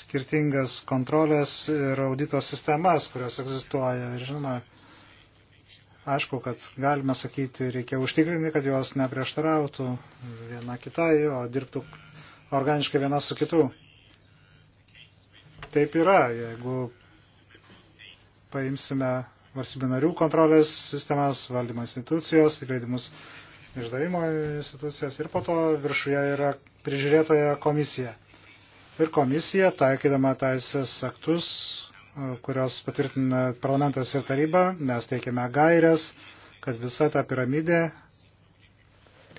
skirtingas kontrolės ir audito sistemas, kurios egzistuoja. Ir žinoma, aišku, kad galime sakyti, reikia užtikrinti, kad jos neprieštarautų viena kitai, o dirbtų organiškai viena su kitu taip yra. Jeigu paimsime varsybių narių kontrolės sistemas, valdymo institucijos, leidimus išdavimo institucijas ir po to viršuje yra prižiūrėtoja komisija. Ir komisija, taikydama teisės aktus, kurios patvirtina parlamentas ir taryba, mes teikiame gairias, kad visa ta piramidė,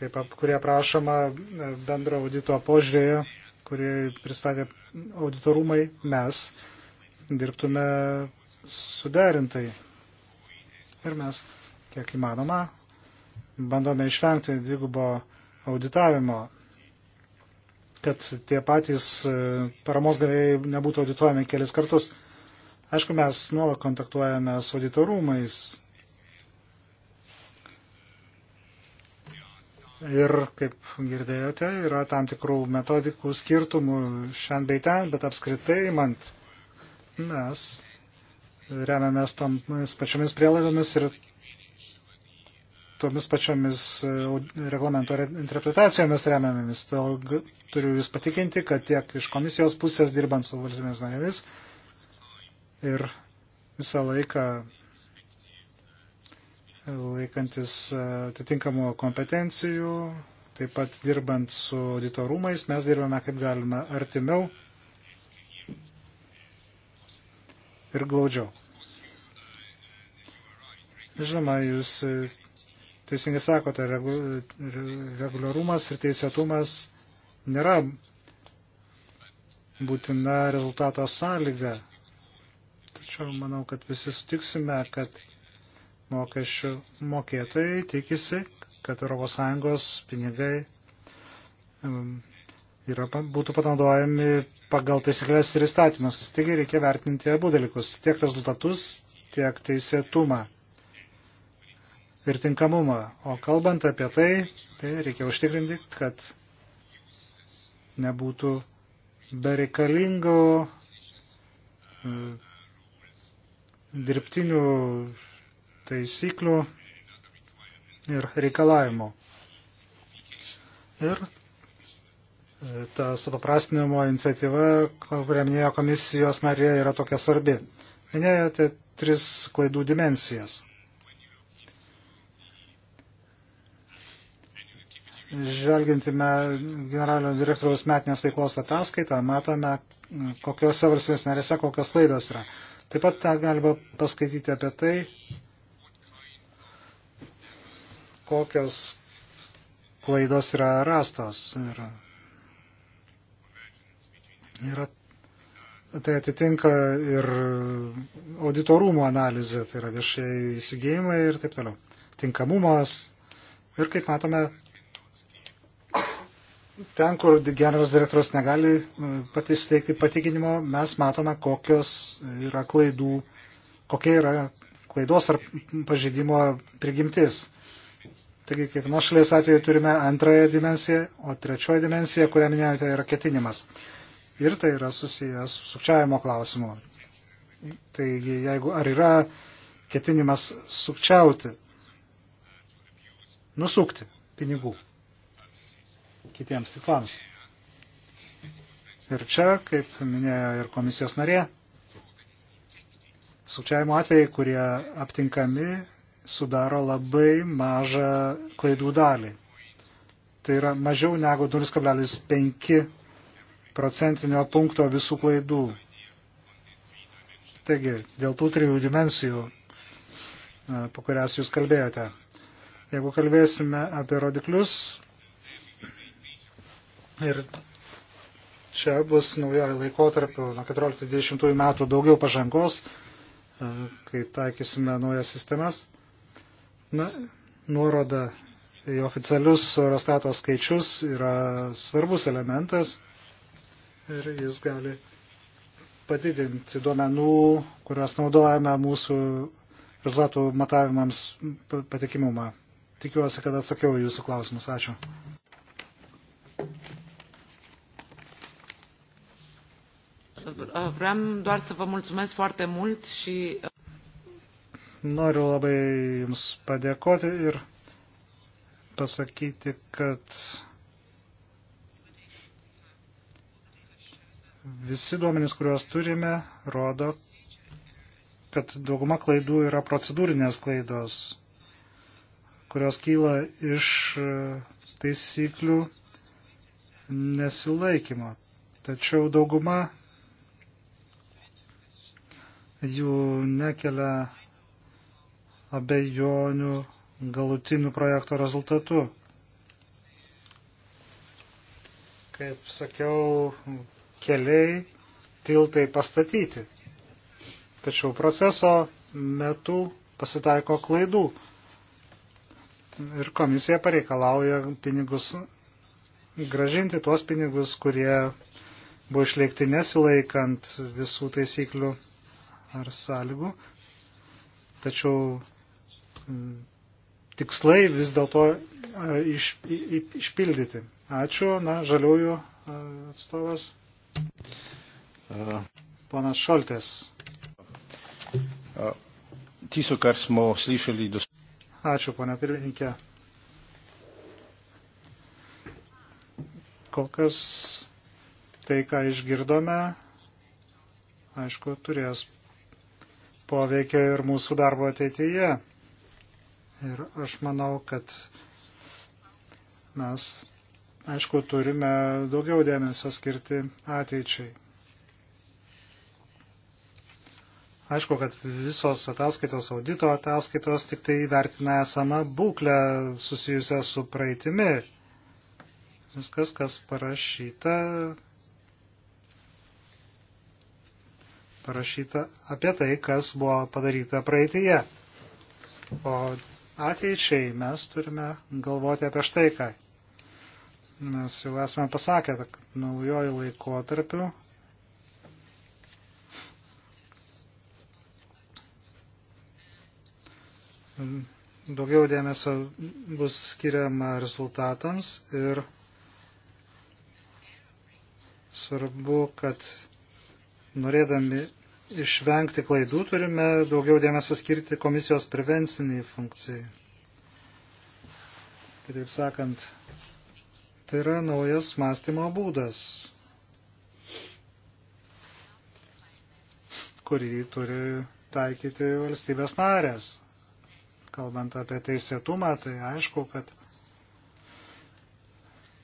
kaip, kurie prašoma bendro audito požiūrėje, kurie pristatė auditorumai, mes dirbtume suderintai. Ir mes, kiek įmanoma, bandome išvengti dvigubo auditavimo, kad tie patys e, paramos gavėjai nebūtų audituojami kelis kartus. Aišku, mes nuolat kontaktuojame su auditorumais, Ir kaip girdėjote, yra tam tikrų metodikų skirtumų šiandien bei ten, bet apskritai imant mes remiamės tomis pačiomis prielaidomis ir tomis pačiomis e, reglamento interpretacijomis remiamėmis. Todėl turiu Jūs patikinti, kad tiek iš komisijos pusės dirbant su valstybės narėmis ir visą laiką laikantis e, atitinkamų kompetencijų, taip pat dirbant su auditorumais, mes dirbame kaip galima artimiau ir glaudžiau. Žinoma, jūs teisingai sakote, reguliarumas ir teisėtumas nėra būtina rezultato sąlyga. Tačiau manau, kad visi sutiksime, kad mokesčių mokėtojai tikisi, kad ES pinigai yra, būtų panaudojami pagal taisyklės ir įstatymus. Taigi reikia vertinti abu dalykus - tiek rezultatus, tiek teisėtumą ir tinkamumą. O kalbant apie tai, tai reikia užtikrinti, kad nebūtų bereikalingų e, dirbtinių taisyklių ir reikalavimų. Ir e, ta supaprastinimo iniciatyva, kurią minėjo komisijos narė, yra tokia svarbi. Minėjote tris klaidų dimensijas. Žvelgintime generalinio direktoriaus metinės veiklos ataskaitą, matome, kokios valstybės narėse kokios klaidos yra. Taip pat galima paskaityti apie tai, kokios klaidos yra rastos. Ir, yra, tai atitinka ir auditorumo analizė, tai yra viešieji įsigėjimai ir taip toliau. Tinkamumas ir kaip matome, ten, kur generos direktorius negali e, patys suteikti patikinimo, mes matome, kokios yra klaidų, kokia yra klaidos ar pažeidimo prigimtis. Taigi kiekvienos šalies atveju turime antrąją dimensiją, o trečioji dimensija, kurią minėjote, yra ketinimas. Ir tai yra susijęs su sukčiavimo klausimu. Taigi jeigu ar yra ketinimas sukčiauti, nusukti pinigų kitiems tiklams. Ir čia, kaip minėjo ir komisijos narė, sukčiavimo atvejai, kurie aptinkami sudaro labai mažą klaidų dalį. Tai yra mažiau negu 0,5 procentinio punkto visų klaidų. Taigi, dėl tų trijų dimensijų, po kurias jūs kalbėjote. Jeigu kalbėsime apie rodiklius, ir čia bus naujojo laikotarpio nuo 14-20 metų daugiau pažangos, kai taikysime naujas sistemas. Na, nuoroda į oficialius Eurostato skaičius yra svarbus elementas ir jis gali padidinti duomenų, kuriuos naudojame mūsų rezultatų matavimams patikimumą. Tikiuosi, kad atsakiau jūsų klausimus. Ačiū. Vreau doar să vă mulțumesc foarte mult și... Noriu labai Jums padėkoti ir pasakyti, kad visi duomenys, kuriuos turime, rodo, kad dauguma klaidų yra procedūrinės klaidos, kurios kyla iš taisyklių nesilaikymo. Tačiau dauguma jų nekelia abejonių galutiniu projekto rezultatu. Kaip sakiau, keliai, tiltai pastatyti. Tačiau proceso metu pasitaiko klaidų. Ir komisija pareikalauja pinigus gražinti tuos pinigus, kurie buvo išleikti nesilaikant visų taisyklių ar sąlygų. Tačiau Mm, tikslai vis dėlto e, iš, išpildyti. Ačiū, na, žaliųjų e, atstovas. E. Ponas Šoltės. Tiso, kar smo slišali do... Ačiū, ponia pirmininkė. Kol kas tai, ką išgirdome, aišku, turės poveikia ir mūsų darbo ateityje. Ir aš manau, kad mes, aišku, turime daugiau dėmesio skirti ateičiai. Aišku, kad visos ataskaitos, audito ataskaitos tik tai vertina esamą būklę susijusią su praeitimi. Viskas, kas parašyta, parašyta apie tai, kas buvo padaryta praeitėje. O ateičiai mes turime galvoti apie štai ką. Mes jau esame pasakę, kad naujoji laikotarpiu daugiau dėmesio bus skiriama rezultatams ir svarbu, kad norėdami išvengti klaidų, turime daugiau dėmesio skirti komisijos prevenciniai funkcijai. Kitaip sakant, tai yra naujas mąstymo būdas, kurį turi taikyti valstybės narės. Kalbant apie teisėtumą, tai aišku, kad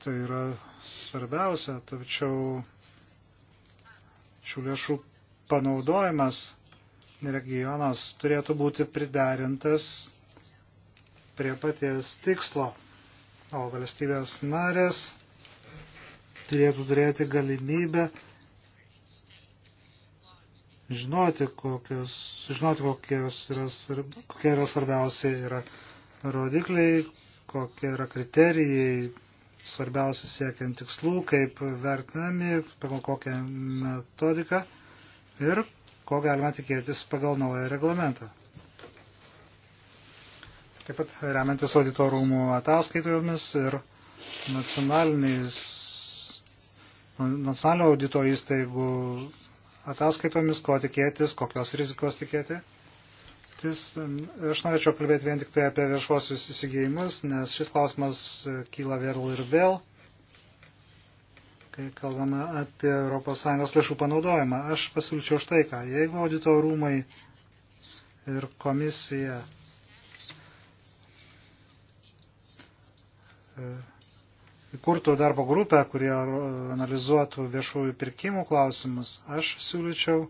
tai yra svarbiausia, tačiau šių lėšų panaudojimas regionas turėtų būti priderintas prie paties tikslo, o valstybės narės turėtų turėti galimybę žinoti, kokios, žinoti kokios yra, svarb, kokie yra svarbiausi yra rodikliai, kokie yra kriterijai svarbiausi siekiant tikslų, kaip vertinami, pagal kokią metodiką ir ko galima tikėtis pagal naują reglamentą. Taip pat remiantis auditorumų ataskaitojomis ir nacionalinio audito įstaigų ataskaitomis, ko tikėtis, kokios rizikos tikėti. Tis, aš norėčiau kalbėti vien tik tai apie viešuosius įsigijimus, nes šis klausimas kyla vėl ir vėl kai kalbame apie ES lėšų panaudojimą. Aš pasiūlyčiau štai ką. Jeigu audito rūmai ir komisija e, įkurtų darbo grupę, kurie analizuotų viešųjų pirkimų klausimus, aš siūlyčiau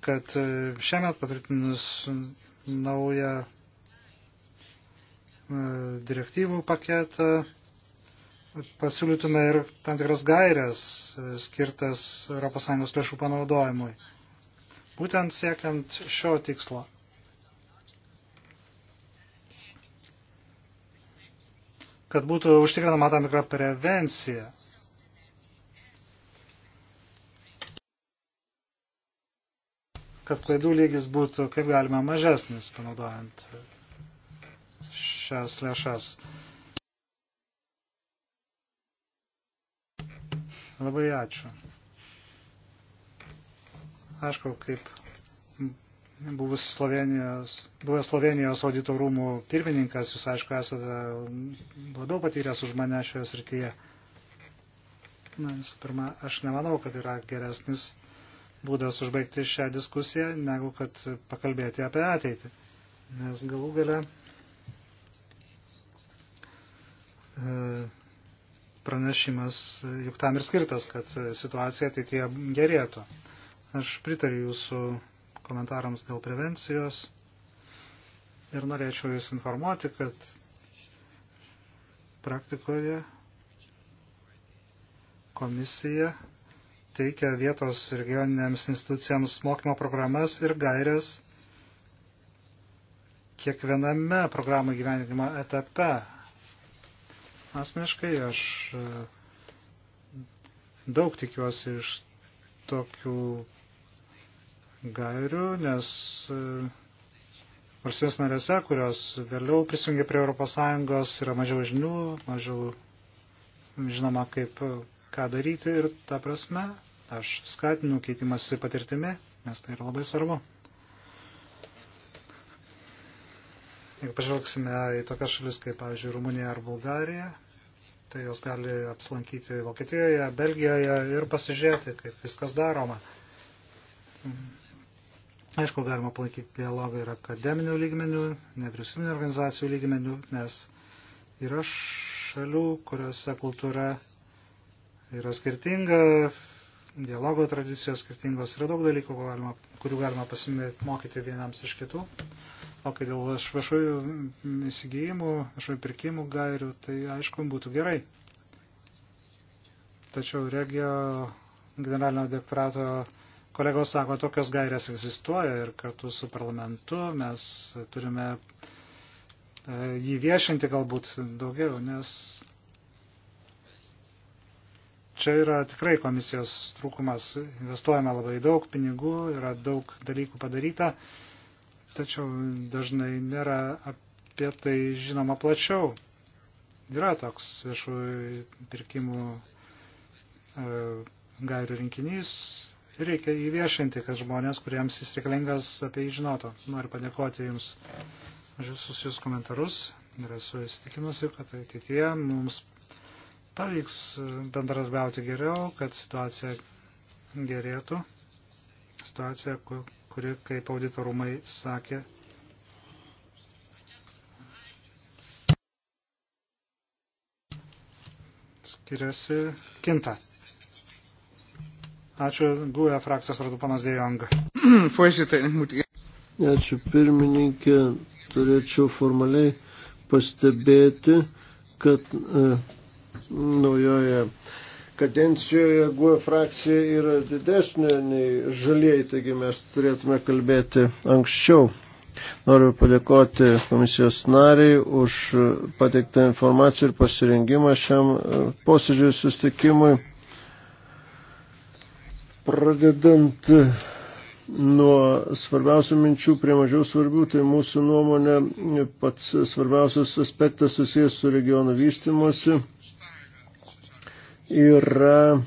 kad e, šiame patvirtinus naują e, direktyvų paketą, pasiūlytume ir tam tikras gairias e, skirtas ES lėšų panaudojimui. Būtent siekiant šio tikslo. Kad būtų užtikrinama tam tikra prevencija. kad klaidų lygis būtų kaip galima mažesnis, panaudojant šias lėšas. Labai ačiū. Aišku, kaip buvęs Slovenijos, buvęs Slovenijos audito rūmų pirmininkas, jūs aišku esate labiau patyręs už mane šioje srityje. Na, visų pirma, aš nemanau, kad yra geresnis būdas užbaigti šią diskusiją, negu kad pakalbėti apie ateitį. Nes galų gale e, pranešimas juk tam ir skirtas, kad situacija ateityje gerėtų. Aš pritariu jūsų komentarams dėl prevencijos ir norėčiau jūs informuoti, kad praktikoje komisija teikia vietos regioninėms institucijams mokymo programas ir gairias kiekviename programų gyvenimo etape. Asmeniškai aš e, daug tikiuosi iš tokių gairių, nes e, valstybės narėse, kurios vėliau prisijungia prie ES, yra mažiau žinių, mažiau žinoma kaip ką daryti ir ta prasme aš skatinu keitimąsi patirtimi, nes tai yra labai svarbu. Jeigu pažvelgsime į tokias šalis kaip, pavyzdžiui, Rumunija ar Bulgarija, tai jos gali apsilankyti Vokietijoje, Belgijoje ir pasižiūrėti, kaip viskas daroma. Aišku, galima palaikyti dialogą ir akademinių lygmenių, nevyriausybinių organizacijų lygmenių, nes yra šalių, kuriuose kultūra yra skirtinga, dialogo tradicijos skirtingos, yra daug dalykų, galima, kurių galima pasimokyti vienams iš kitų. O kai dėl viešųjų įsigijimų, viešųjų pirkimų gairių, tai aišku, būtų gerai. Tačiau regio generalinio dektorato kolegos sako, tokios gairės egzistuoja ir kartu su parlamentu mes turime e, jį viešinti galbūt daugiau, nes Čia yra tikrai komisijos trūkumas, investuojame labai daug pinigų, yra daug dalykų padaryta, tačiau dažnai nėra apie tai žinoma plačiau. Yra toks viešųjų pirkimų e, gairių rinkinys, reikia įviešinti, kad žmonės, kuriems jis reikalingas, apie jį žinotų. Noriu padėkoti Jums už visus Jūsų komentarus ir esu įstikinusi, kad ateityje mums pavyks e, bendradarbiauti geriau, kad situacija gerėtų. Situacija, kuri, kaip auditorumai sakė, skiriasi kinta. Ačiū, GUE frakcijos vardu panas Dejong. [CLEARS THROAT] Ačiū pirmininkė, turėčiau formaliai pastebėti, kad e, naujoje kadencijoje GUE frakcija yra didesnė nei žalieji, taigi mes turėtume kalbėti anksčiau. Noriu padėkoti komisijos nariai už pateiktą informaciją ir pasirengimą šiam e, posėdžiui sustikimui. Pradedant nuo svarbiausių minčių prie mažiau svarbių, tai mūsų nuomonė pats svarbiausias aspektas susijęs su regionų vystimuose yra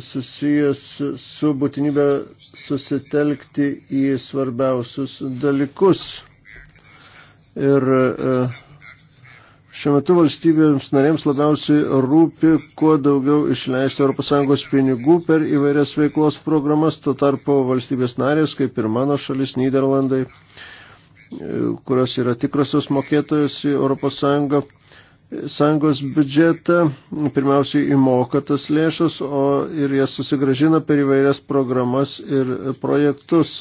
susijęs su būtinybė susitelkti į svarbiausius dalykus. Ir e, šiuo metu valstybėms narėms labiausiai rūpi, kuo daugiau išleisti ES pinigų per įvairias veiklos programas, tuo tarpu valstybės narės, kaip ir mano šalis Niderlandai, e, kurios yra tikrosios mokėtojos į ES, sąjungos biudžetą, pirmiausiai įmoka tas lėšas, o ir jas susigražina per įvairias programas ir projektus.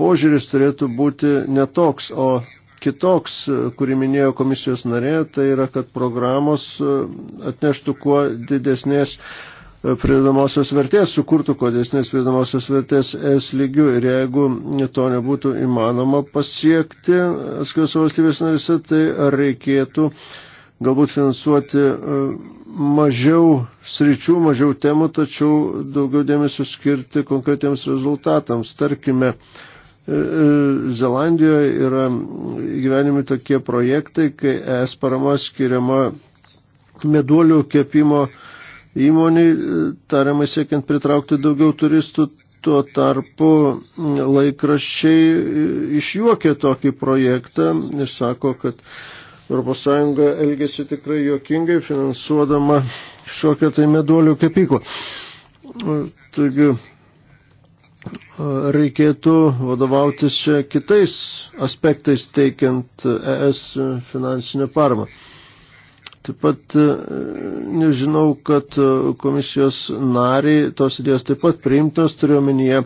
Požiūris turėtų būti netoks, o kitoks, kurį minėjo komisijos narė, tai yra, kad programos atneštų kuo didesnės pridamosios vertės, sukurtų kodėsnės pridamosios vertės es lygių ir jeigu to nebūtų įmanoma pasiekti atskiruose valstybės narise, tai reikėtų galbūt finansuoti e, mažiau sričių, mažiau temų, tačiau daugiau dėmesio skirti konkretiems rezultatams. Tarkime, e, e, Zelandijoje yra gyvenimi tokie projektai, kai es parama skiriama meduolių kepimo uh, įmoniai, e, tariamai siekiant pritraukti daugiau turistų, tuo tarpu laikraščiai e, išjuokė tokį projektą ir sako, kad ES elgėsi tikrai juokingai finansuodama šiokią tai meduolių kepyklą. Taigi e, reikėtų vadovautis čia kitais aspektais teikiant ES finansinę paramą. Taip pat e, nežinau, kad e, komisijos nariai tos idėjos taip pat priimtos, turiuomenyje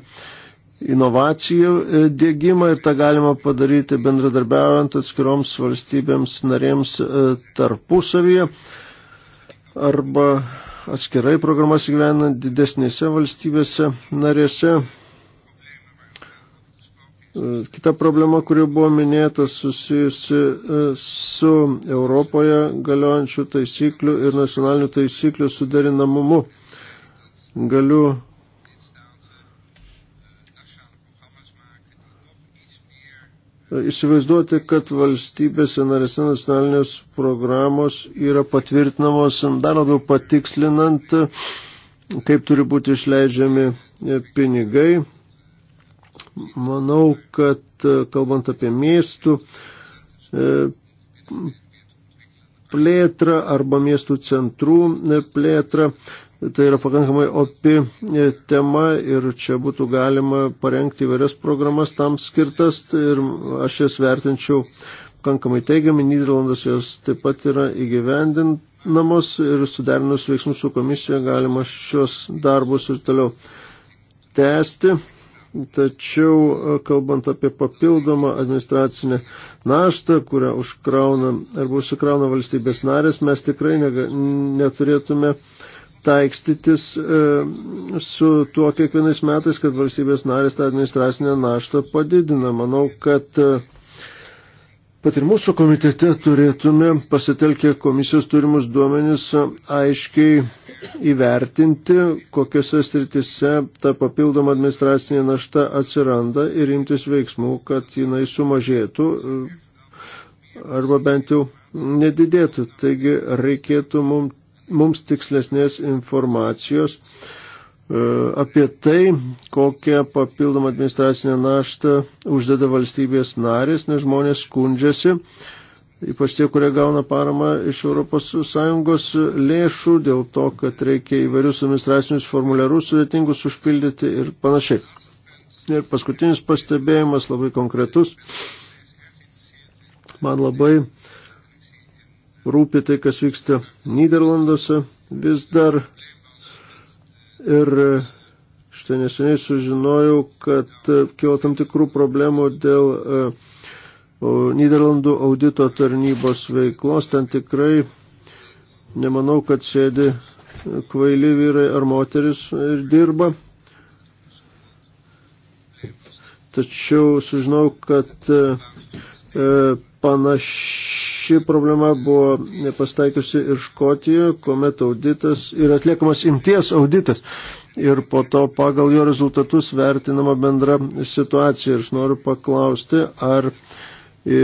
inovacijų e, dėgymą ir tą galima padaryti bendradarbiaujant atskiroms valstybėms narėms tarpusavyje arba atskirai programas gyvenant didesnėse valstybėse narėse. E, kita problema, kuri buvo minėta, susijusi e, su Europoje galiojančių taisyklių ir nacionalinių taisyklių suderinamumu. Galiu įsivaizduoti, kad valstybėse narėse nacionalinės programos yra patvirtinamos dar labiau patikslinant, kaip turi būti išleidžiami pinigai Manau, kad e, kalbant apie miestų e, plėtrą arba miestų centrų e, plėtrą, tai yra pakankamai opi tema ir čia būtų galima parengti įvairias programas tam skirtas ir aš jas vertinčiau pakankamai teigiamai. Niderlandas jos taip pat yra įgyvendinamos ir suderinus veiksmus su komisija galima šios darbus ir toliau tęsti. Tačiau, e, kalbant apie papildomą administracinę naštą, kurią užkrauna arba užsikrauna valstybės narės, mes tikrai neturėtume taikstytis e, su tuo kiekvienais metais, kad valstybės narės tą administracinę naštą padidina. Manau, kad e, Bet ir mūsų komitete turėtume pasitelkę komisijos turimus duomenis aiškiai įvertinti, kokiuose sritise ta papildoma administracinė našta atsiranda ir imtis veiksmų, kad jinai sumažėtų arba bent jau nedidėtų. Taigi reikėtų mums tikslesnės informacijos E, apie tai, kokią papildomą administracinę naštą uždeda valstybės narės, nes žmonės skundžiasi, ypač tie, kurie gauna paramą iš ES lėšų dėl to, kad reikia įvairius administracinius formuliarus sudėtingus užpildyti ir panašiai. Ir paskutinis pastebėjimas labai konkretus. Man labai rūpi tai, kas vyksta Niderlanduose. Vis dar Ir e, štai neseniai sužinojau, kad e, kilo tam tikrų problemų dėl e, Niderlandų audito tarnybos veiklos. Ten tikrai nemanau, kad sėdi kvaili vyrai ar moteris ir dirba. Tačiau sužinau, kad e, panašiai Ši problema buvo nepastaikiusi ir Škotijoje, kuomet auditas ir atliekamas imties auditas. Ir po to pagal jo rezultatus vertinama bendra situacija. Ir aš noriu paklausti, ar e,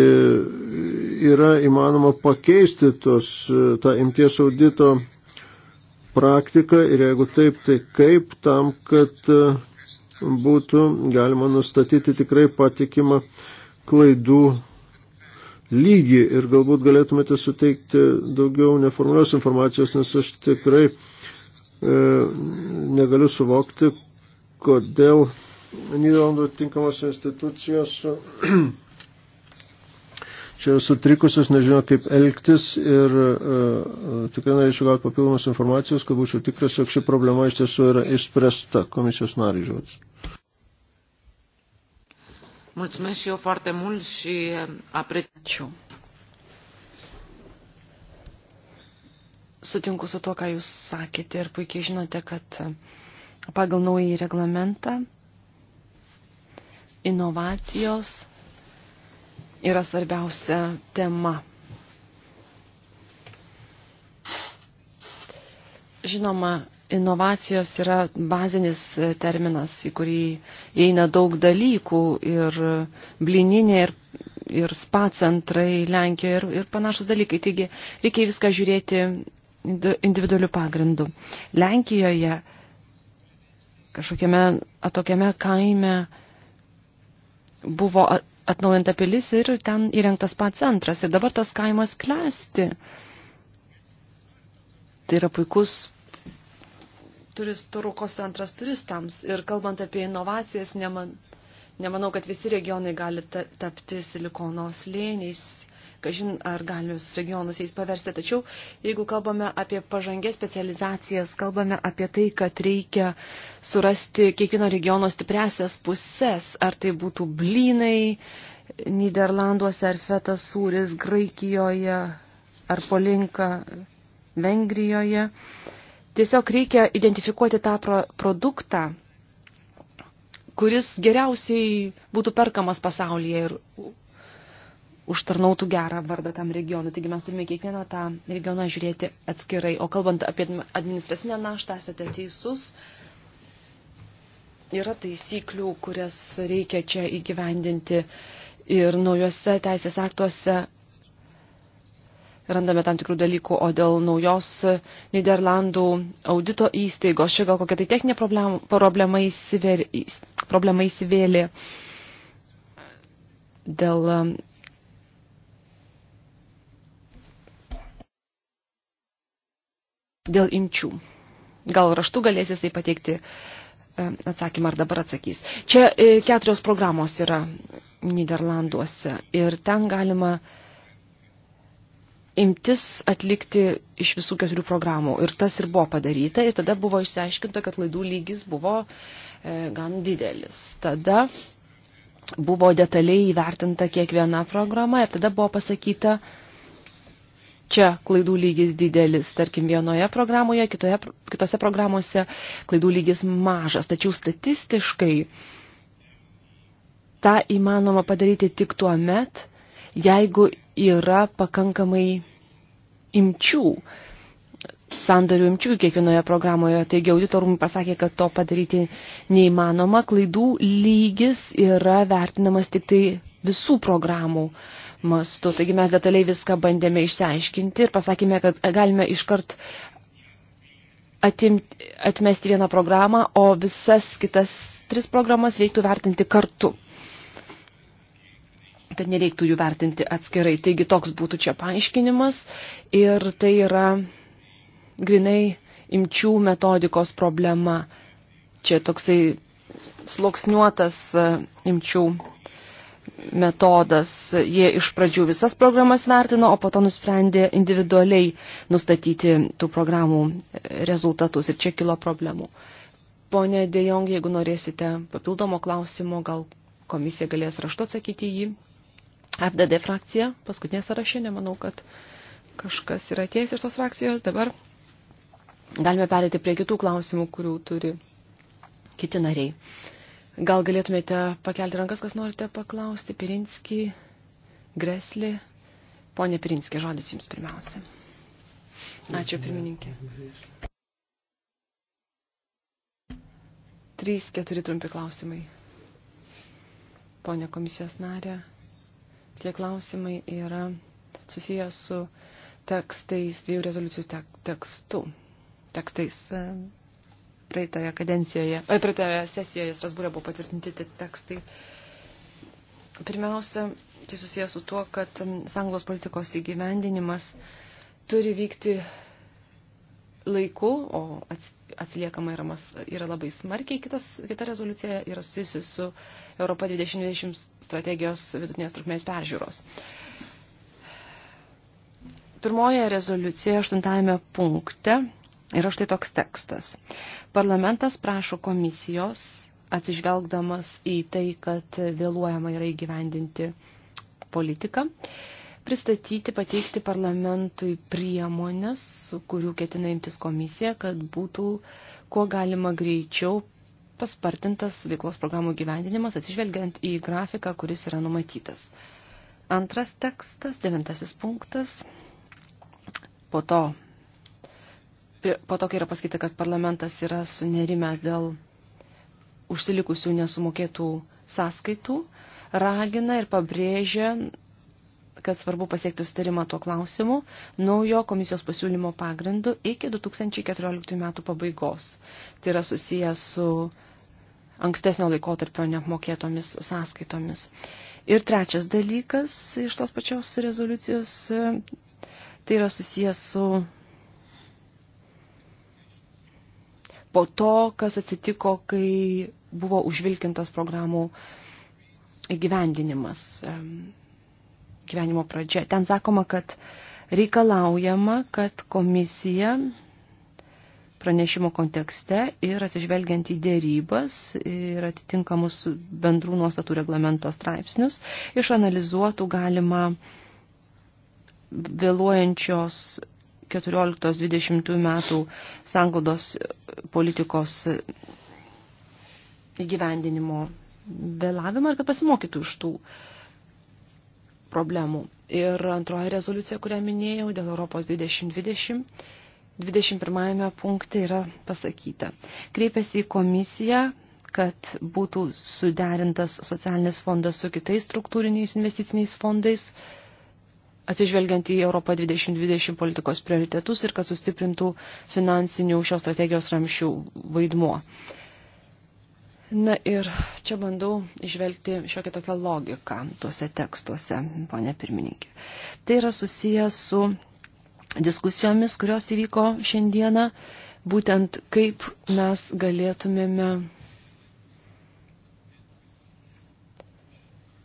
yra įmanoma pakeisti tos, e, tą imties audito praktiką ir jeigu taip, tai kaip tam, kad e, būtų galima nustatyti tikrai patikimą klaidų lygį ir galbūt galėtumėte suteikti daugiau neformalios informacijos, nes aš tikrai e, negaliu suvokti, kodėl Niderlandų tinkamos institucijos [CLEARS THROAT] čia sutrikusios, nežino kaip elgtis ir e, e, tikrai norėčiau gauti papildomos informacijos, kad būčiau tikras, jog ši problema iš tiesų yra išspręsta komisijos nariai žodis. Mulțumesc și eu foarte mult și uh, apreciu. Sutinku su to, ką jūs sakėte ir puikiai žinote, kad uh, pagal naują reglamentą inovacijos yra svarbiausia tema. Žinoma, Inovacijos yra bazinis e, terminas, į kurį įeina daug dalykų ir blininė ir, ir spa centrai Lenkijoje ir, ir panašus dalykai. Taigi reikia viską žiūrėti individualių pagrindų. Lenkijoje kažkokiame atokiame kaime buvo atnaujinta pilis ir ten įrengtas pats centras. Ir dabar tas kaimas klesti. Tai yra puikus turistų rūkos centras turistams. Ir kalbant apie inovacijas, neman, nemanau, kad visi regionai gali ta, tapti silikono slėniais. Kažin, ar galime visus regionus jais paversti. Tačiau, jeigu kalbame apie pažangę specializacijas, kalbame apie tai, kad reikia surasti kiekvieno regiono stipresias pusės, ar tai būtų blynai, Niderlanduose ar fetas sūris Graikijoje ar polinka Vengrijoje. Uh, Tiesiog reikia identifikuoti tą pro produktą, kuris geriausiai būtų perkamas pasaulyje ir užtarnautų gerą vardą tam regionui. Taigi mes turime kiekvieną tą regioną žiūrėti atskirai. O kalbant apie administracinę naštą, esate teisus. Yra taisyklių, kurias reikia čia įgyvendinti ir naujuose teisės aktuose randame tam tikrų dalykų, o dėl naujos Niderlandų audito įstaigos, čia gal kokia tai techninė problema, problema, įsiver, problema įsivėlė dėl dėl imčių. Gal raštu galės jisai pateikti e, atsakymą ar dabar atsakys. Čia e, keturios programos yra Niderlanduose ir ten galima uh, imtis atlikti iš visų keturių programų. Ir tas ir buvo padaryta. Ir tada buvo išsiaiškinta, kad laidų lygis buvo e, gan didelis. Tada buvo detaliai įvertinta kiekviena programa ir tada buvo pasakyta, čia klaidų lygis didelis, tarkim, vienoje programoje, kitoje, kitose programuose klaidų lygis mažas. Tačiau statistiškai tą įmanoma padaryti tik tuo met, jeigu yra pakankamai imčių, sandorių imčių kiekvienoje programoje. Taigi auditorumai pasakė, kad to padaryti neįmanoma. Klaidų lygis yra vertinamas tik tai visų programų mastu. Taigi mes detaliai viską bandėme išsiaiškinti ir pasakėme, kad galime iškart atimti, atmesti vieną programą, o visas kitas tris programas reiktų vertinti kartu kad nereiktų jų vertinti atskirai. Taigi toks būtų čia paaiškinimas ir tai yra grinai imčių metodikos problema. Čia toksai sloksniuotas e, imčių metodas. Jie iš pradžių visas programas vertino, o po to nusprendė individualiai nustatyti tų programų e, rezultatus ir čia kilo problemų. Pone Dejong, jeigu norėsite papildomo klausimo, gal komisija galės raštu atsakyti jį. FDD frakcija, paskutinė sąrašė, nemanau, kad kažkas yra atėjęs iš tos frakcijos. Dabar galime perėti prie kitų klausimų, kurių turi kiti nariai. Gal galėtumėte pakelti rankas, kas norite paklausti, Pirinski, Greslį. Pone Pirinski, žodis jums pirmiausia. Ačiū, pirmininkė. Trys, keturi trumpi klausimai. Pone komisijos narė, Tie klausimai yra susijęs su tekstais, dviejų rezoliucijų tek, tekstu. Tekstais e, praeitoje kadencijoje, o, e, praeitoje sesijoje Strasbūrė buvo patvirtinti tekstai. Pirmiausia, tai susijęs su tuo, kad sanglos politikos įgyvendinimas turi vykti laiku, o atsiliekama yra, mas, yra labai smarkiai. Kitas, kita rezoliucija yra susijusi su Europa 2020 strategijos vidutinės trukmės peržiūros. Pirmoje rezoliucijoje, aštuntame punkte, yra štai toks tekstas. Parlamentas prašo komisijos, atsižvelgdamas į tai, kad vėluojama yra įgyvendinti politiką, uh, pristatyti, pateikti parlamentui priemonės, kurių ketina imtis komisija, kad būtų kuo galima greičiau paspartintas veiklos programų gyvendinimas, atsižvelgiant į grafiką, kuris yra numatytas. Antras tekstas, devintasis punktas. Po to, po to kai yra pasakyta, kad parlamentas yra sunerimęs dėl užsilikusių nesumokėtų sąskaitų, ragina ir pabrėžia kad svarbu pasiekti sustarimą tuo klausimu naujo komisijos pasiūlymo pagrindu iki 2014 metų pabaigos. Tai yra susiję su ankstesnio laikotarpio neapmokėtomis sąskaitomis. Ir trečias dalykas iš tos pačios rezoliucijos, tai yra susijęs su po to, kas atsitiko, kai buvo užvilkintas programų įgyvendinimas gyvenimo pradžia. Ten sakoma, kad reikalaujama, kad komisija pranešimo kontekste ir atsižvelgiant į dėrybas ir atitinkamus bendrų nuostatų reglamento straipsnius, išanalizuotų galima vėluojančios 14-20 metų sanglaudos politikos įgyvendinimo vėlavimą ir kad pasimokytų iš tų uh, problemų. Ir antroji rezoliucija, kurią minėjau, dėl Europos 2020, 21 punkte yra pasakyta. Kreipiasi į komisiją, kad būtų suderintas socialinis fondas su kitais struktūriniais investiciniais fondais, atsižvelgiant į Europą 2020 politikos prioritetus ir kad sustiprintų finansinių šios strategijos ramšių vaidmuo. Uh, Na ir čia bandau išvelgti šiokią tokią logiką tuose tekstuose, ponė pirmininkė. Tai yra susijęs su diskusijomis, kurios įvyko šiandieną, būtent kaip mes galėtumėme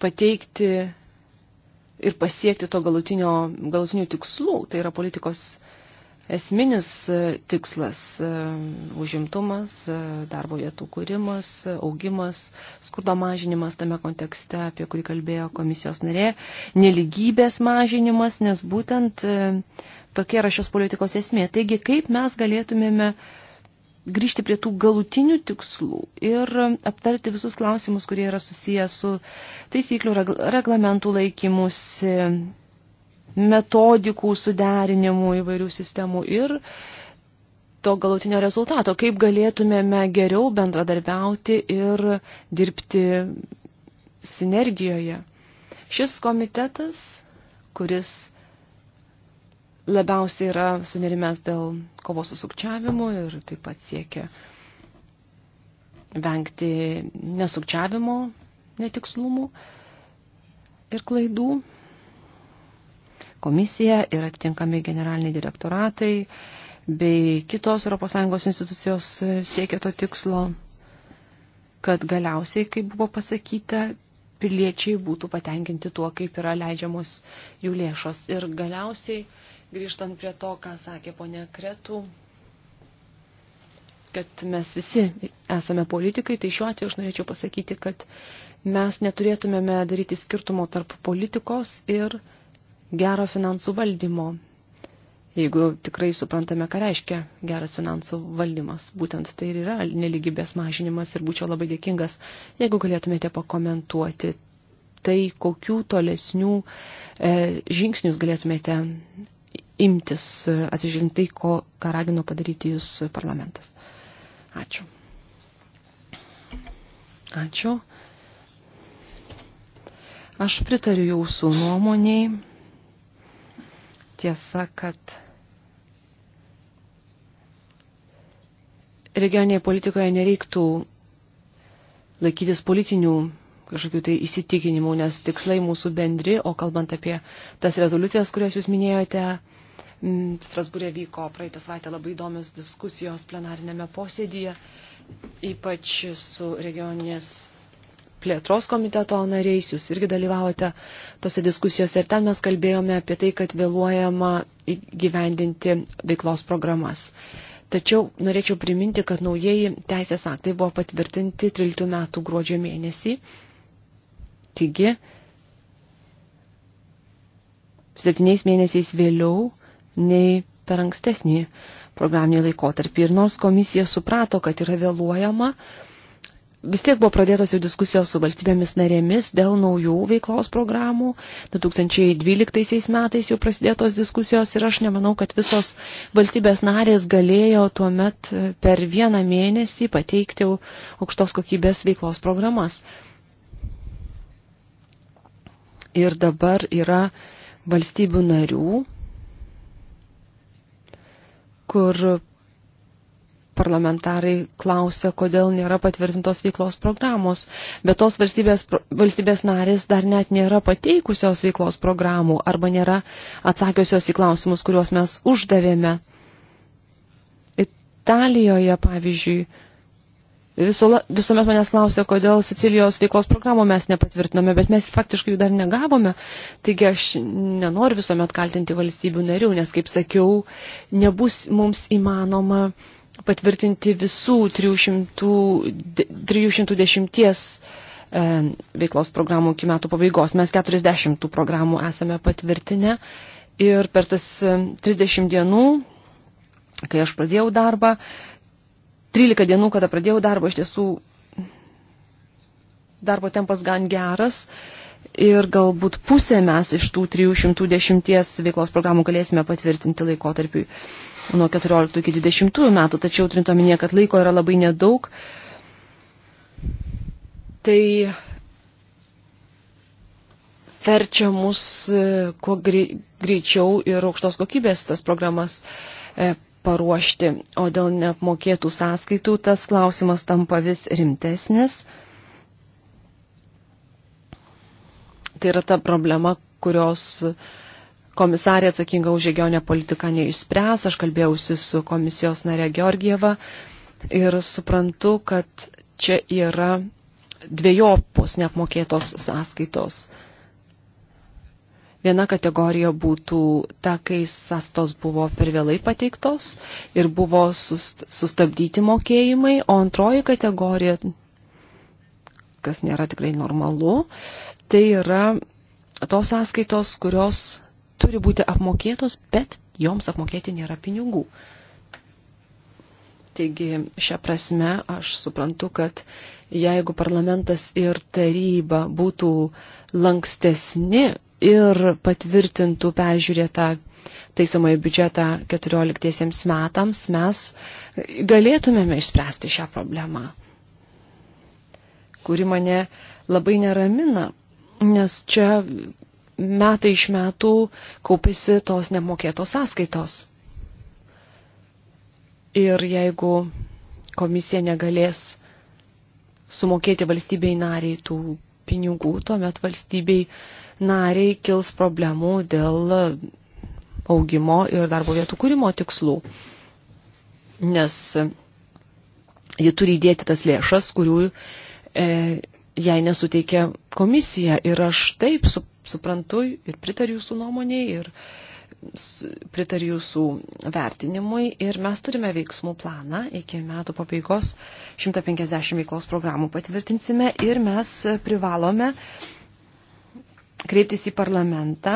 pateikti ir pasiekti to galutinio, galutinių tikslų, tai yra politikos esminis e, tikslas e, - užimtumas, e, darbo vietų kūrimas, augimas, skurdo mažinimas tame kontekste, apie kurį kalbėjo komisijos narė, neligybės mažinimas, nes būtent tokia yra šios politikos esmė. Taigi, kaip mes galėtumėme grįžti prie tų galutinių tikslų ir aptarti visus klausimus, kurie yra susiję su taisyklių reglamentų laikymusi metodikų suderinimų įvairių sistemų ir to galutinio rezultato, kaip galėtumėme geriau bendradarbiauti ir dirbti sinergijoje. Šis komitetas, kuris labiausiai yra sunerimęs dėl kovos su sukčiavimu ir taip pat siekia vengti nesukčiavimo netikslumų ir klaidų komisija ir atitinkami generaliniai direktoratai bei kitos ES institucijos siekia to tikslo, kad galiausiai, kaip buvo pasakyta, piliečiai būtų patenkinti tuo, kaip yra leidžiamos jų lėšos. Ir galiausiai, grįžtant prie to, ką sakė ponė Kretų, kad mes visi esame politikai, tai šiuo atveju aš norėčiau pasakyti, kad mes neturėtumėme daryti skirtumo tarp politikos ir politikos gero finansų valdymo, jeigu tikrai suprantame, ką reiškia geras finansų valdymas. Būtent tai ir yra neligybės mažinimas ir būčiau labai dėkingas, jeigu galėtumėte pakomentuoti tai, kokių tolesnių e, žingsnius galėtumėte imtis, atsižiūrint tai, ko, ką ragino padaryti jūs parlamentas. Ačiū. Ačiū. Aš pritariu jūsų nuomoniai. Tiesa, kad regioninėje politikoje nereiktų laikytis politinių kažkokių tai įsitikinimų, nes tikslai mūsų bendri, o kalbant apie tas rezoliucijas, kurias jūs minėjote, Strasbūrė vyko praeitą savaitę labai įdomios diskusijos plenarinėme posėdyje, ypač su regioninės plėtros komiteto nariais, jūs irgi dalyvavote tose diskusijose ir ten mes kalbėjome apie tai, kad vėluojama gyvendinti veiklos programas. Tačiau norėčiau priminti, kad naujieji teisės aktai buvo patvirtinti 13 metų gruodžio mėnesį. Taigi, septyniais mėnesiais vėliau nei per ankstesnį programinį laikotarpį. Ir nors komisija suprato, kad yra vėluojama, vis tiek buvo pradėtos jau diskusijos su valstybėmis narėmis dėl naujų veiklos programų. 2012 metais jau prasidėtos diskusijos ir aš nemanau, kad visos valstybės narės galėjo tuo met e, per vieną mėnesį pateikti aukštos kokybės veiklos programas. Ir dabar yra valstybių narių, kur parlamentarai klausia, kodėl nėra patvirtintos veiklos programos, bet tos valstybės, valstybės narės dar net nėra pateikusios veiklos programų arba nėra atsakiusios į klausimus, kuriuos mes uždavėme. Italijoje, pavyzdžiui, Visola, visuomet manęs klausia, kodėl Sicilijos veiklos programų mes nepatvirtinome, bet mes faktiškai jų dar negavome. Taigi aš nenoriu visuomet kaltinti valstybių narių, nes, kaip sakiau, nebus mums įmanoma uh, patvirtinti visų 300, 310 e, veiklos programų iki metų pabaigos. Mes 40 tų programų esame patvirtinę ir per tas 30 e, dienų, kai aš pradėjau darbą, 13 dienų, kada pradėjau darbą, iš tiesų darbo tempas gan geras ir galbūt pusę mes iš tų 310 veiklos programų galėsime patvirtinti laikotarpiui nuo 14 iki 20 metų, tačiau turint omenyje, kad laiko yra labai nedaug, tai verčia mus e, kuo greičiau ir aukštos kokybės tas programas e, paruošti. O dėl neapmokėtų sąskaitų tas klausimas tampa vis rimtesnis. Tai yra ta problema, kurios uh, komisarė atsakinga už regionę politiką neišspręs. Aš kalbėjausi su komisijos nare Georgieva ir suprantu, kad čia yra dviejopos neapmokėtos sąskaitos. Viena kategorija būtų ta, kai sastos buvo per vėlai pateiktos ir buvo sustabdyti mokėjimai, o antroji kategorija, kas nėra tikrai normalu, tai yra tos sąskaitos, kurios turi būti apmokėtos, bet joms apmokėti nėra pinigų. Taigi, šią prasme, aš suprantu, kad jeigu parlamentas ir taryba būtų lankstesni ir patvirtintų peržiūrėtą taisomąjį biudžetą 14 metams, mes galėtumėme išspręsti šią problemą, kuri mane labai neramina, nes čia metai iš metų kaupėsi tos nemokėtos sąskaitos. Ir jeigu komisija negalės sumokėti valstybei nariai tų pinigų, tuomet valstybei nariai kils problemų dėl augimo ir darbo vietų kūrimo tikslų. Nes ji turi įdėti tas lėšas, kurių e, jai nesuteikia komisija. Ir aš taip su, suprantu ir pritariu jūsų nuomonėje ir pritariu jūsų vertinimui ir mes turime veiksmų planą iki metų pabaigos 150 veiklos programų patvirtinsime ir mes privalome kreiptis į parlamentą,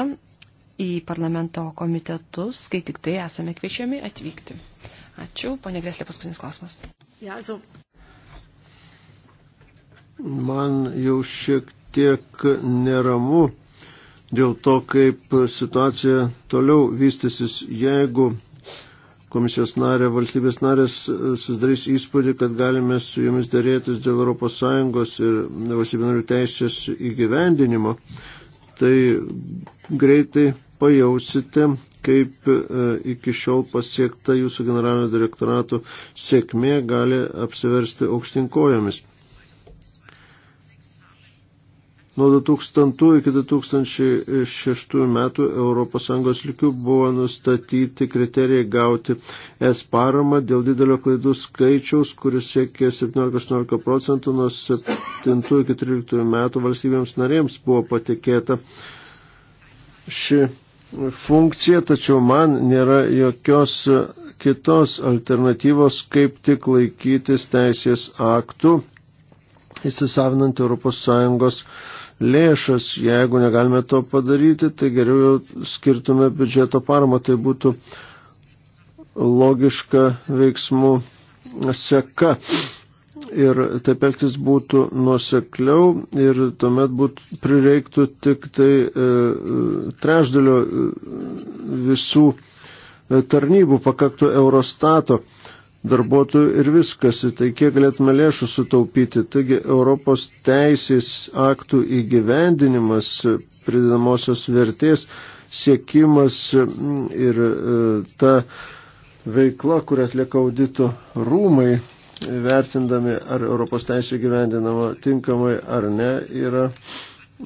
į parlamento komitetus, kai tik tai esame kviečiami atvykti. Ačiū. Pane Greslė, paskutinis klausimas. Jazu. Man jau šiek tiek neramu dėl to, kaip situacija toliau vystysis, jeigu komisijos narė, valstybės narės e, susidarys įspūdį, kad galime su jumis dėrėtis dėl ES ir valstybių narių teisės įgyvendinimo, tai greitai pajausite, kaip e, iki šiol pasiekta jūsų generalinio direktorato sėkmė gali apsiversti aukštinkojomis. Nuo 2000 iki 2006 metų ES likių buvo nustatyti kriterijai gauti S paramą dėl didelio klaidų skaičiaus, kuris siekė 17-18 procentų, nuo 7 iki 13 metų valstybėms narėms buvo patikėta ši funkcija, tačiau man nėra jokios kitos alternatyvos, kaip tik laikytis teisės aktų įsisavinant ES lėšas. Jeigu negalime to padaryti, tai geriau jau skirtume biudžeto paramą. Tai būtų logiška veiksmų seka. Ir taip elgtis būtų nusekliau ir tuomet būtų prireiktų tik tai e, e trešdalio e, visų e, tarnybų, pakaktų Eurostato darbuotojų ir viskas, tai kiek galėtume lėšų sutaupyti. Taigi Europos teisės aktų įgyvendinimas, pridedamosios vertės siekimas ir e, ta veikla, kurią atlieka audito rūmai, vertindami ar Europos teisė gyvendinama tinkamai ar ne, yra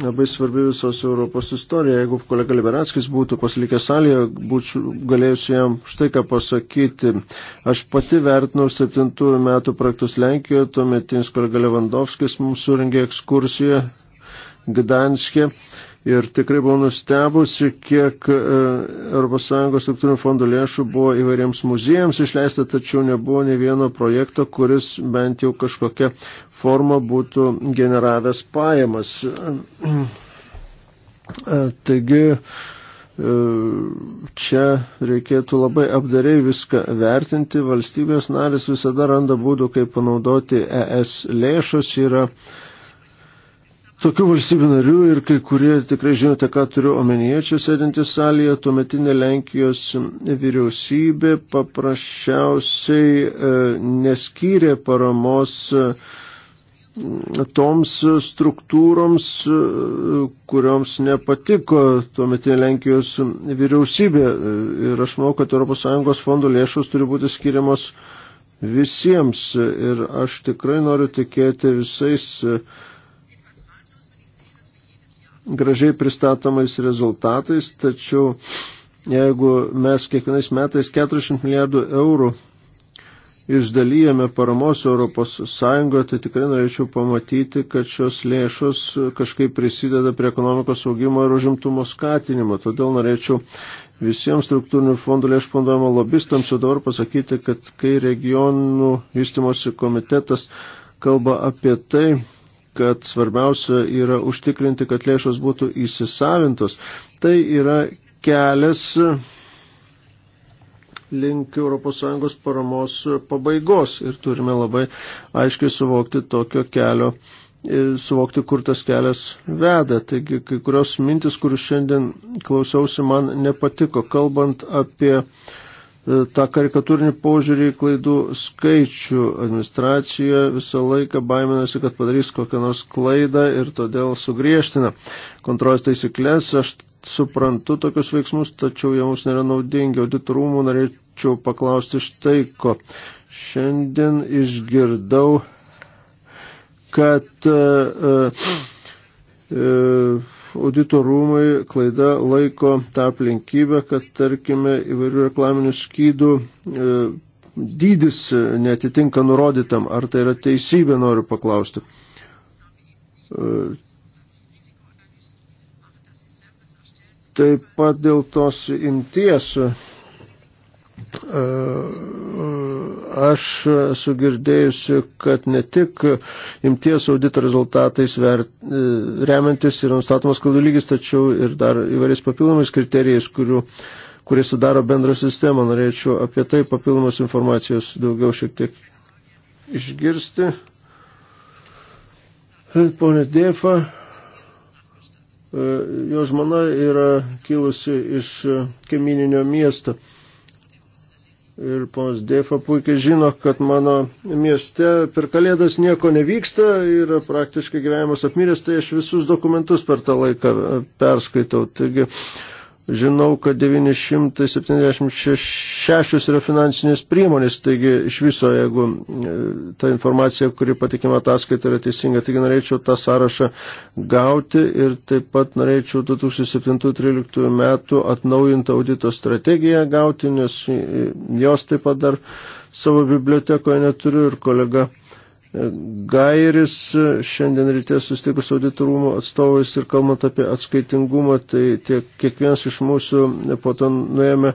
labai svarbi visos Europos istorija. Jeigu kolega Liberatskis būtų pasilikęs salėje, būčiau galėjusi jam štai ką pasakyti. Aš pati vertinau 7 metų praktus Lenkijoje, tuometinis kolega Levandovskis mums suringė ekskursiją Gdanskė. Ir tikrai buvau nustebusi, kiek ES struktūrinių fondų lėšų buvo įvairiems muziejams išleista, tačiau nebuvo ne vieno projekto, kuris bent jau kažkokia platforma būtų generavęs pajamas. E, taigi e, čia reikėtų labai apdariai viską vertinti. Valstybės narės visada randa būdų, kaip panaudoti ES lėšus. Yra tokių valstybių narių ir kai kurie tikrai žinote, ką turiu omenyje čia sėdintis salėje, tuometinė Lenkijos vyriausybė paprasčiausiai e, neskyrė paramos e, toms struktūroms, kurioms nepatiko tuometinė Lenkijos vyriausybė. Ir aš manau, kad ES fondų lėšos turi būti skiriamos visiems. Ir aš tikrai noriu tikėti visais gražiai pristatomais rezultatais, tačiau jeigu mes kiekvienais metais 40 milijardų eurų išdalyjame paramos Europos Sąjungoje, tai tikrai norėčiau pamatyti, kad šios lėšos kažkaip prisideda prie ekonomikos augimo ir užimtumo skatinimo. Todėl norėčiau visiems struktūrinių fondų lėšų fondavimo lobistams jau dabar pasakyti, kad kai regionų vystimosi komitetas kalba apie tai, kad svarbiausia yra užtikrinti, kad lėšos būtų įsisavintos, tai yra kelias link ES paramos pabaigos ir turime labai aiškiai suvokti tokio kelio e, suvokti, kur tas kelias veda. Taigi, kai kurios mintis, kurių šiandien klausiausi, man nepatiko. Kalbant apie e, tą karikatūrinį požiūrį į klaidų skaičių, administracija visą laiką baiminasi, kad padarys kokią nors klaidą ir todėl sugriežtina kontrolės taisyklės. Aš suprantu tokius veiksmus, tačiau jie mums nėra naudingi. Auditorumų norėčiau paklausti štai ko. Šiandien išgirdau, kad uh, e, uh, e, auditorumai klaida laiko tą aplinkybę, kad tarkime įvairių reklaminių skydų uh, dydis netitinka nurodytam. Ar tai yra teisybė, noriu paklausti. Uh, Taip pat dėl tos imties e, Aš esu girdėjusi, kad ne tik imties audito rezultatais vert, e, remiantis yra nustatomas klaidų lygis, tačiau ir dar įvairiais papildomais kriterijais, kurių, kurie sudaro bendrą sistemą. Norėčiau apie tai papildomos informacijos daugiau šiek tiek išgirsti. Pone Dėfa, E, jo žmona yra kilusi iš kaimininio miesto. Ir ponas Defa puikiai žino, kad mano mieste per kalėdas nieko nevyksta ir praktiškai gyvenimas apmyrės, tai aš visus dokumentus per tą laiką perskaitau. Taigi, uh, Žinau, kad 976 yra finansinės priemonės, taigi iš viso, jeigu e, ta informacija, kuri patikima ataskaita, yra teisinga, taigi norėčiau tą sąrašą gauti ir taip pat norėčiau 2007-2013 metų atnaujintą audito strategiją gauti, nes e, jos taip pat dar savo bibliotekoje neturiu ir kolega Gairis šiandien ryte sustikus auditorumo atstovais ir kalbant apie atskaitingumą, tai tiek kiekvienas iš mūsų po to nuėjome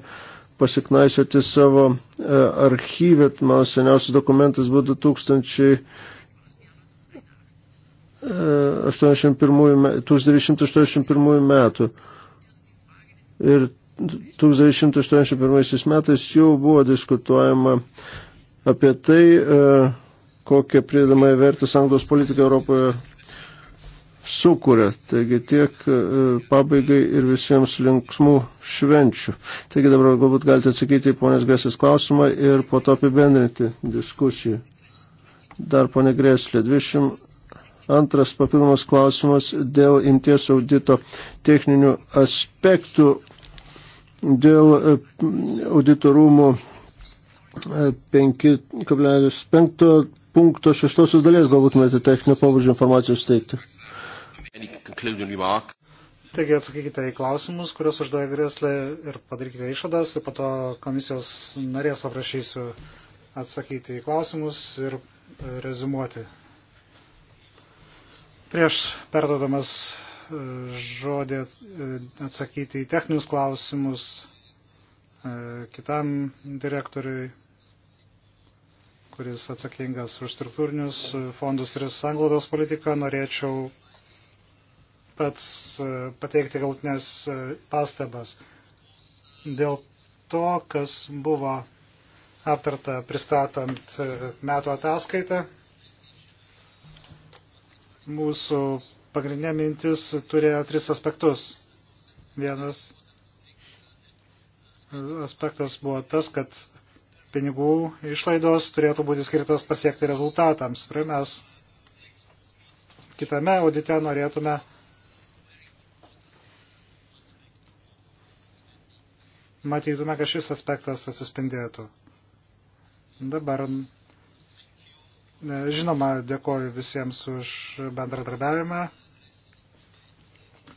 pasiknaisioti savo e, archyvę. Mano seniausias dokumentas buvo 1981 e, metų. Ir 1981 metais jau buvo diskutuojama apie tai, e, kokią pridamą vertę sąjungos politiką Europoje sukuria. Taigi tiek e, pabaigai ir visiems linksmų švenčių. Taigi dabar galbūt galite atsakyti į ponės Greslės klausimą ir po to apibendrinti diskusiją. Dar ponė Greslė, 22 papildomas klausimas dėl imties audito techninių aspektų, dėl e, auditorumų 5,5 punkto šeštosios dalies galbūt mėtė techninio pobūdžio informacijos teikti. Taigi atsakykite į klausimus, kuriuos uždavė Greslė ir padarykite išvadas ir po to komisijos narės paprašysiu atsakyti į klausimus ir e, rezumuoti. Prieš perdodamas e, žodį e, atsakyti į techninius klausimus kitam direktoriui kuris atsakingas už struktūrinius fondus ir sanglaudos politiką, norėčiau pats e, pateikti galtinės e, pastabas dėl to, kas buvo aptarta pristatant e, metų ataskaitą. Mūsų pagrindinė mintis turėjo tris aspektus. Vienas aspektas buvo tas, kad pinigų išlaidos turėtų būti skirtas pasiekti rezultatams. Ir mes kitame audite norėtume matytume, kad šis aspektas atsispindėtų. Dabar, e, žinoma, dėkoju visiems už bendradarbiavimą.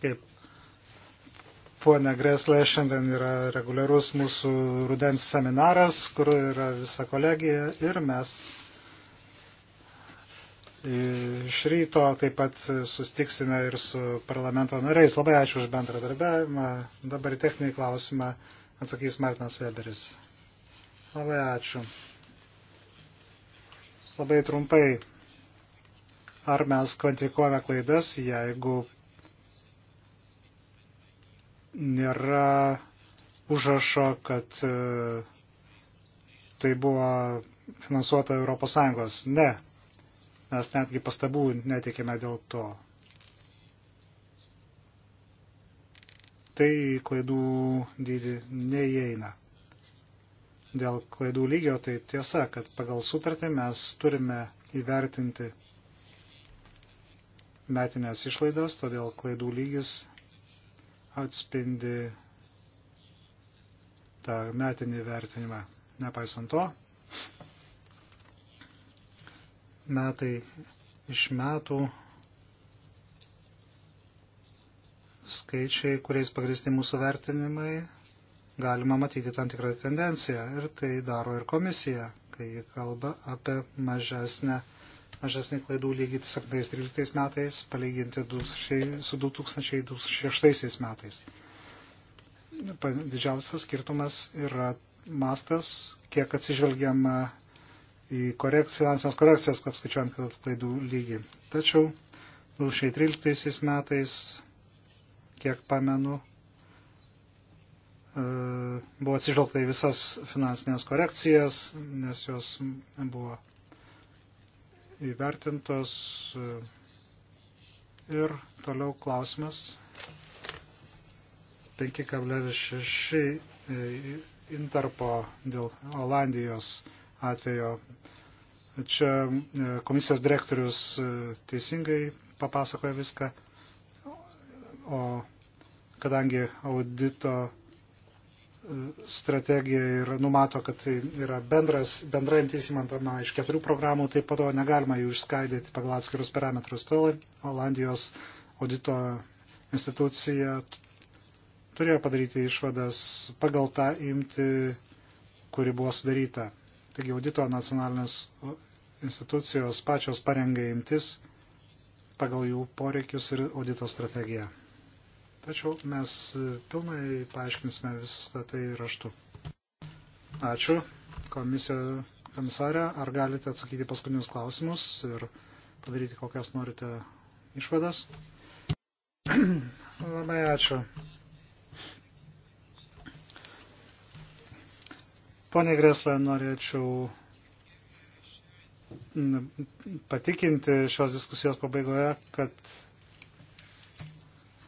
Kaip ponia Greslė, šiandien yra reguliarus mūsų rudens seminaras, kur yra visa kolegija ir mes iš ryto taip pat sustiksime ir su parlamento nariais. Labai ačiū už bendradarbiavimą. Dabar į techninį klausimą atsakys Martinas Weberis. Labai ačiū. Labai trumpai. Ar mes kvantifikuojame klaidas, jeigu nėra užrašo, kad e, tai buvo finansuota ES. Ne, mes netgi pastabų netikime dėl to. Tai klaidų dydį neįeina dėl klaidų lygio, tai tiesa, kad pagal sutartį mes turime įvertinti metinės išlaidas, todėl klaidų lygis atspindi tą metinį vertinimą. Nepaisant to, metai iš metų skaičiai, kuriais pagristi mūsų vertinimai, galima matyti tam tikrą tendenciją. Ir tai daro ir komisija, kai ji kalba apie mažesnę mažesnį klaidų lygį 2013 metais, palyginti su 2006 metais. Didžiausias skirtumas yra mastas, kiek atsižvelgiama į korekt, finansinės korekcijas, apskaičiuojant klaidų lygį. Tačiau 2013 metais, kiek pamenu, e, buvo atsižvelgta į visas finansinės korekcijas, nes jos buvo įvertintos. Ir toliau klausimas. 5,6 e, interpo dėl Olandijos atvejo. Čia e, komisijos direktorius e, teisingai papasakoja viską, o kadangi audito strategija ir numato, kad tai yra bendras, bendra imtis įmantama iš keturių programų, tai po to negalima jų išskaidyti pagal atskirus parametrus. Tol Olandijos audito institucija turėjo padaryti išvadas pagal tą imti, kuri buvo sudaryta. Taigi audito nacionalinės institucijos pačios parengė imtis pagal jų poreikius ir audito strategiją. Tačiau mes e, pilnai paaiškinsime visą tai raštu. Ačiū. Komisija, komisarė, ar galite atsakyti paskutinius klausimus ir padaryti kokias norite išvadas? [CLEARS THROAT] Labai ačiū. Pone Greslė, norėčiau patikinti šios diskusijos pabaigoje, kad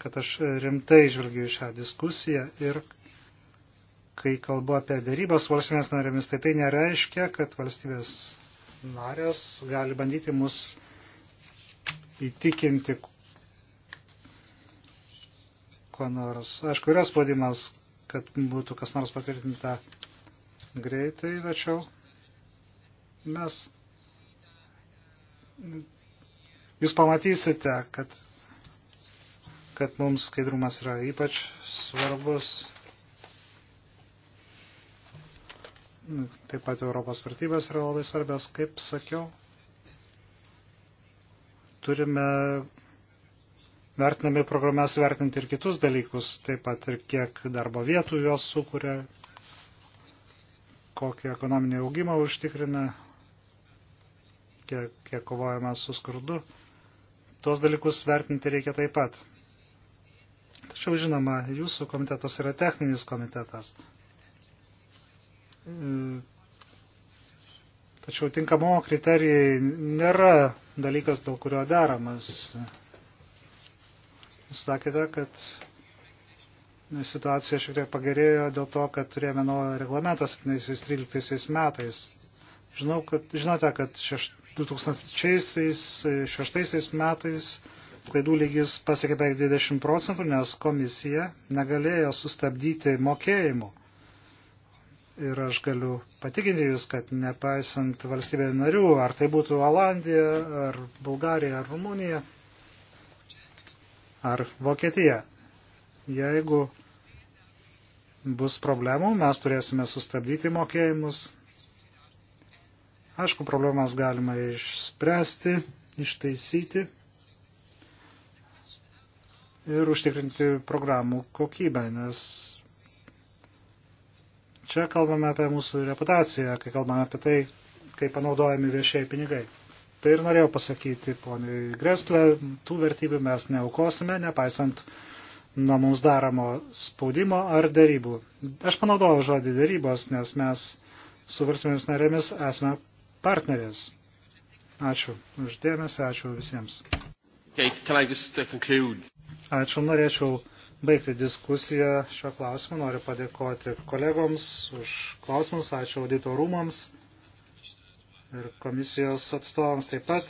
kad aš rimtai žvelgiu į šią diskusiją ir kai kalbu apie dėrybas valstybės narėmis, tai tai nereiškia, kad valstybės narės gali bandyti mus įtikinti ko nors. Aišku, yra spaudimas, kad būtų kas nors patvirtinta greitai, tačiau mes. Jūs pamatysite, kad kad mums skaidrumas yra ypač svarbus. Taip pat Europos vertybės yra labai svarbios, kaip sakiau. Turime vertinami programas vertinti ir kitus dalykus, taip pat ir kiek darbo vietų jos sukuria, kokį ekonominį augimą užtikrina, kiek, kiek kovojama su skurdu. Tuos dalykus vertinti reikia taip pat. Tačiau, žinoma, jūsų komitetas yra techninis komitetas. E, tačiau tinkamumo kriterijai nėra dalykas, dėl kurio deramas. Jūs sakėte, kad situacija šiek tiek pagerėjo dėl to, kad turėjome naują reglamentą 17-13 metais. Žinau, kad, žinote, kad 2006 metais klaidų lygis pasiekė beveik 20 procentų, nes komisija negalėjo sustabdyti mokėjimų. Ir aš galiu patikinti Jūs, kad nepaisant valstybė narių, ar tai būtų Olandija, ar Bulgarija, ar Rumunija, ar Vokietija, jeigu bus problemų, mes turėsime sustabdyti mokėjimus. Aišku, problemas galima išspręsti, ištaisyti ir užtikrinti programų kokybę, nes čia kalbame apie mūsų reputaciją, kai kalbame apie tai, kaip panaudojami viešieji pinigai. Tai ir norėjau pasakyti, poniai Greslė, tų vertybių mes neaukosime, nepaisant nuo mums daromo spaudimo ar darybų. Aš panaudojau žodį darybos, nes mes su valstybėmis narėmis esame partnerės. Ačiū uždėmesi, ačiū visiems. Uh, ačiū, norėčiau baigti diskusiją šio klausimu. Noriu padėkoti kolegoms už klausimus, ačiū audito rūmams ir komisijos atstovams taip pat.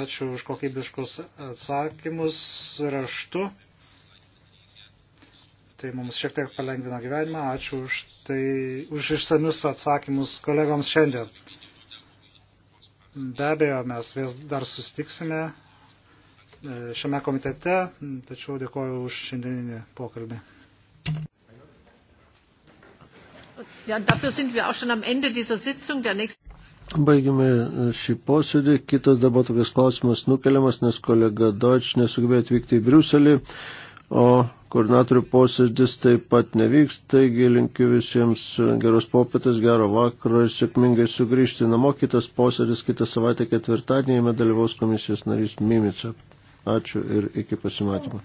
Ačiū už kokybiškus atsakymus raštu. Tai mums šiek tiek palengvino gyvenimą. Ačiū už, tai, už išsamius atsakymus kolegoms šiandien. Be abejo, mes vis dar sustiksime šiame komitete, tačiau dėkoju už šiandieninį pokalbį. Ja, dafür sind wir auch schon am Ende dieser Sitzung. Der nächste Baigime e, šį posėdį. Kitas dabar tokias klausimas nukeliamas, nes kolega Deutsch nesugebėjo atvykti į Briuselį, o koordinatorių posėdis taip pat nevyks. Taigi linkiu visiems geros popietės, gero vakaro ir sėkmingai sugrįžti namo. Kitas posėdis kitą savaitę ketvirtadienį dalyvaus komisijos narys Mimica. Ačiū ir iki pasimatymo.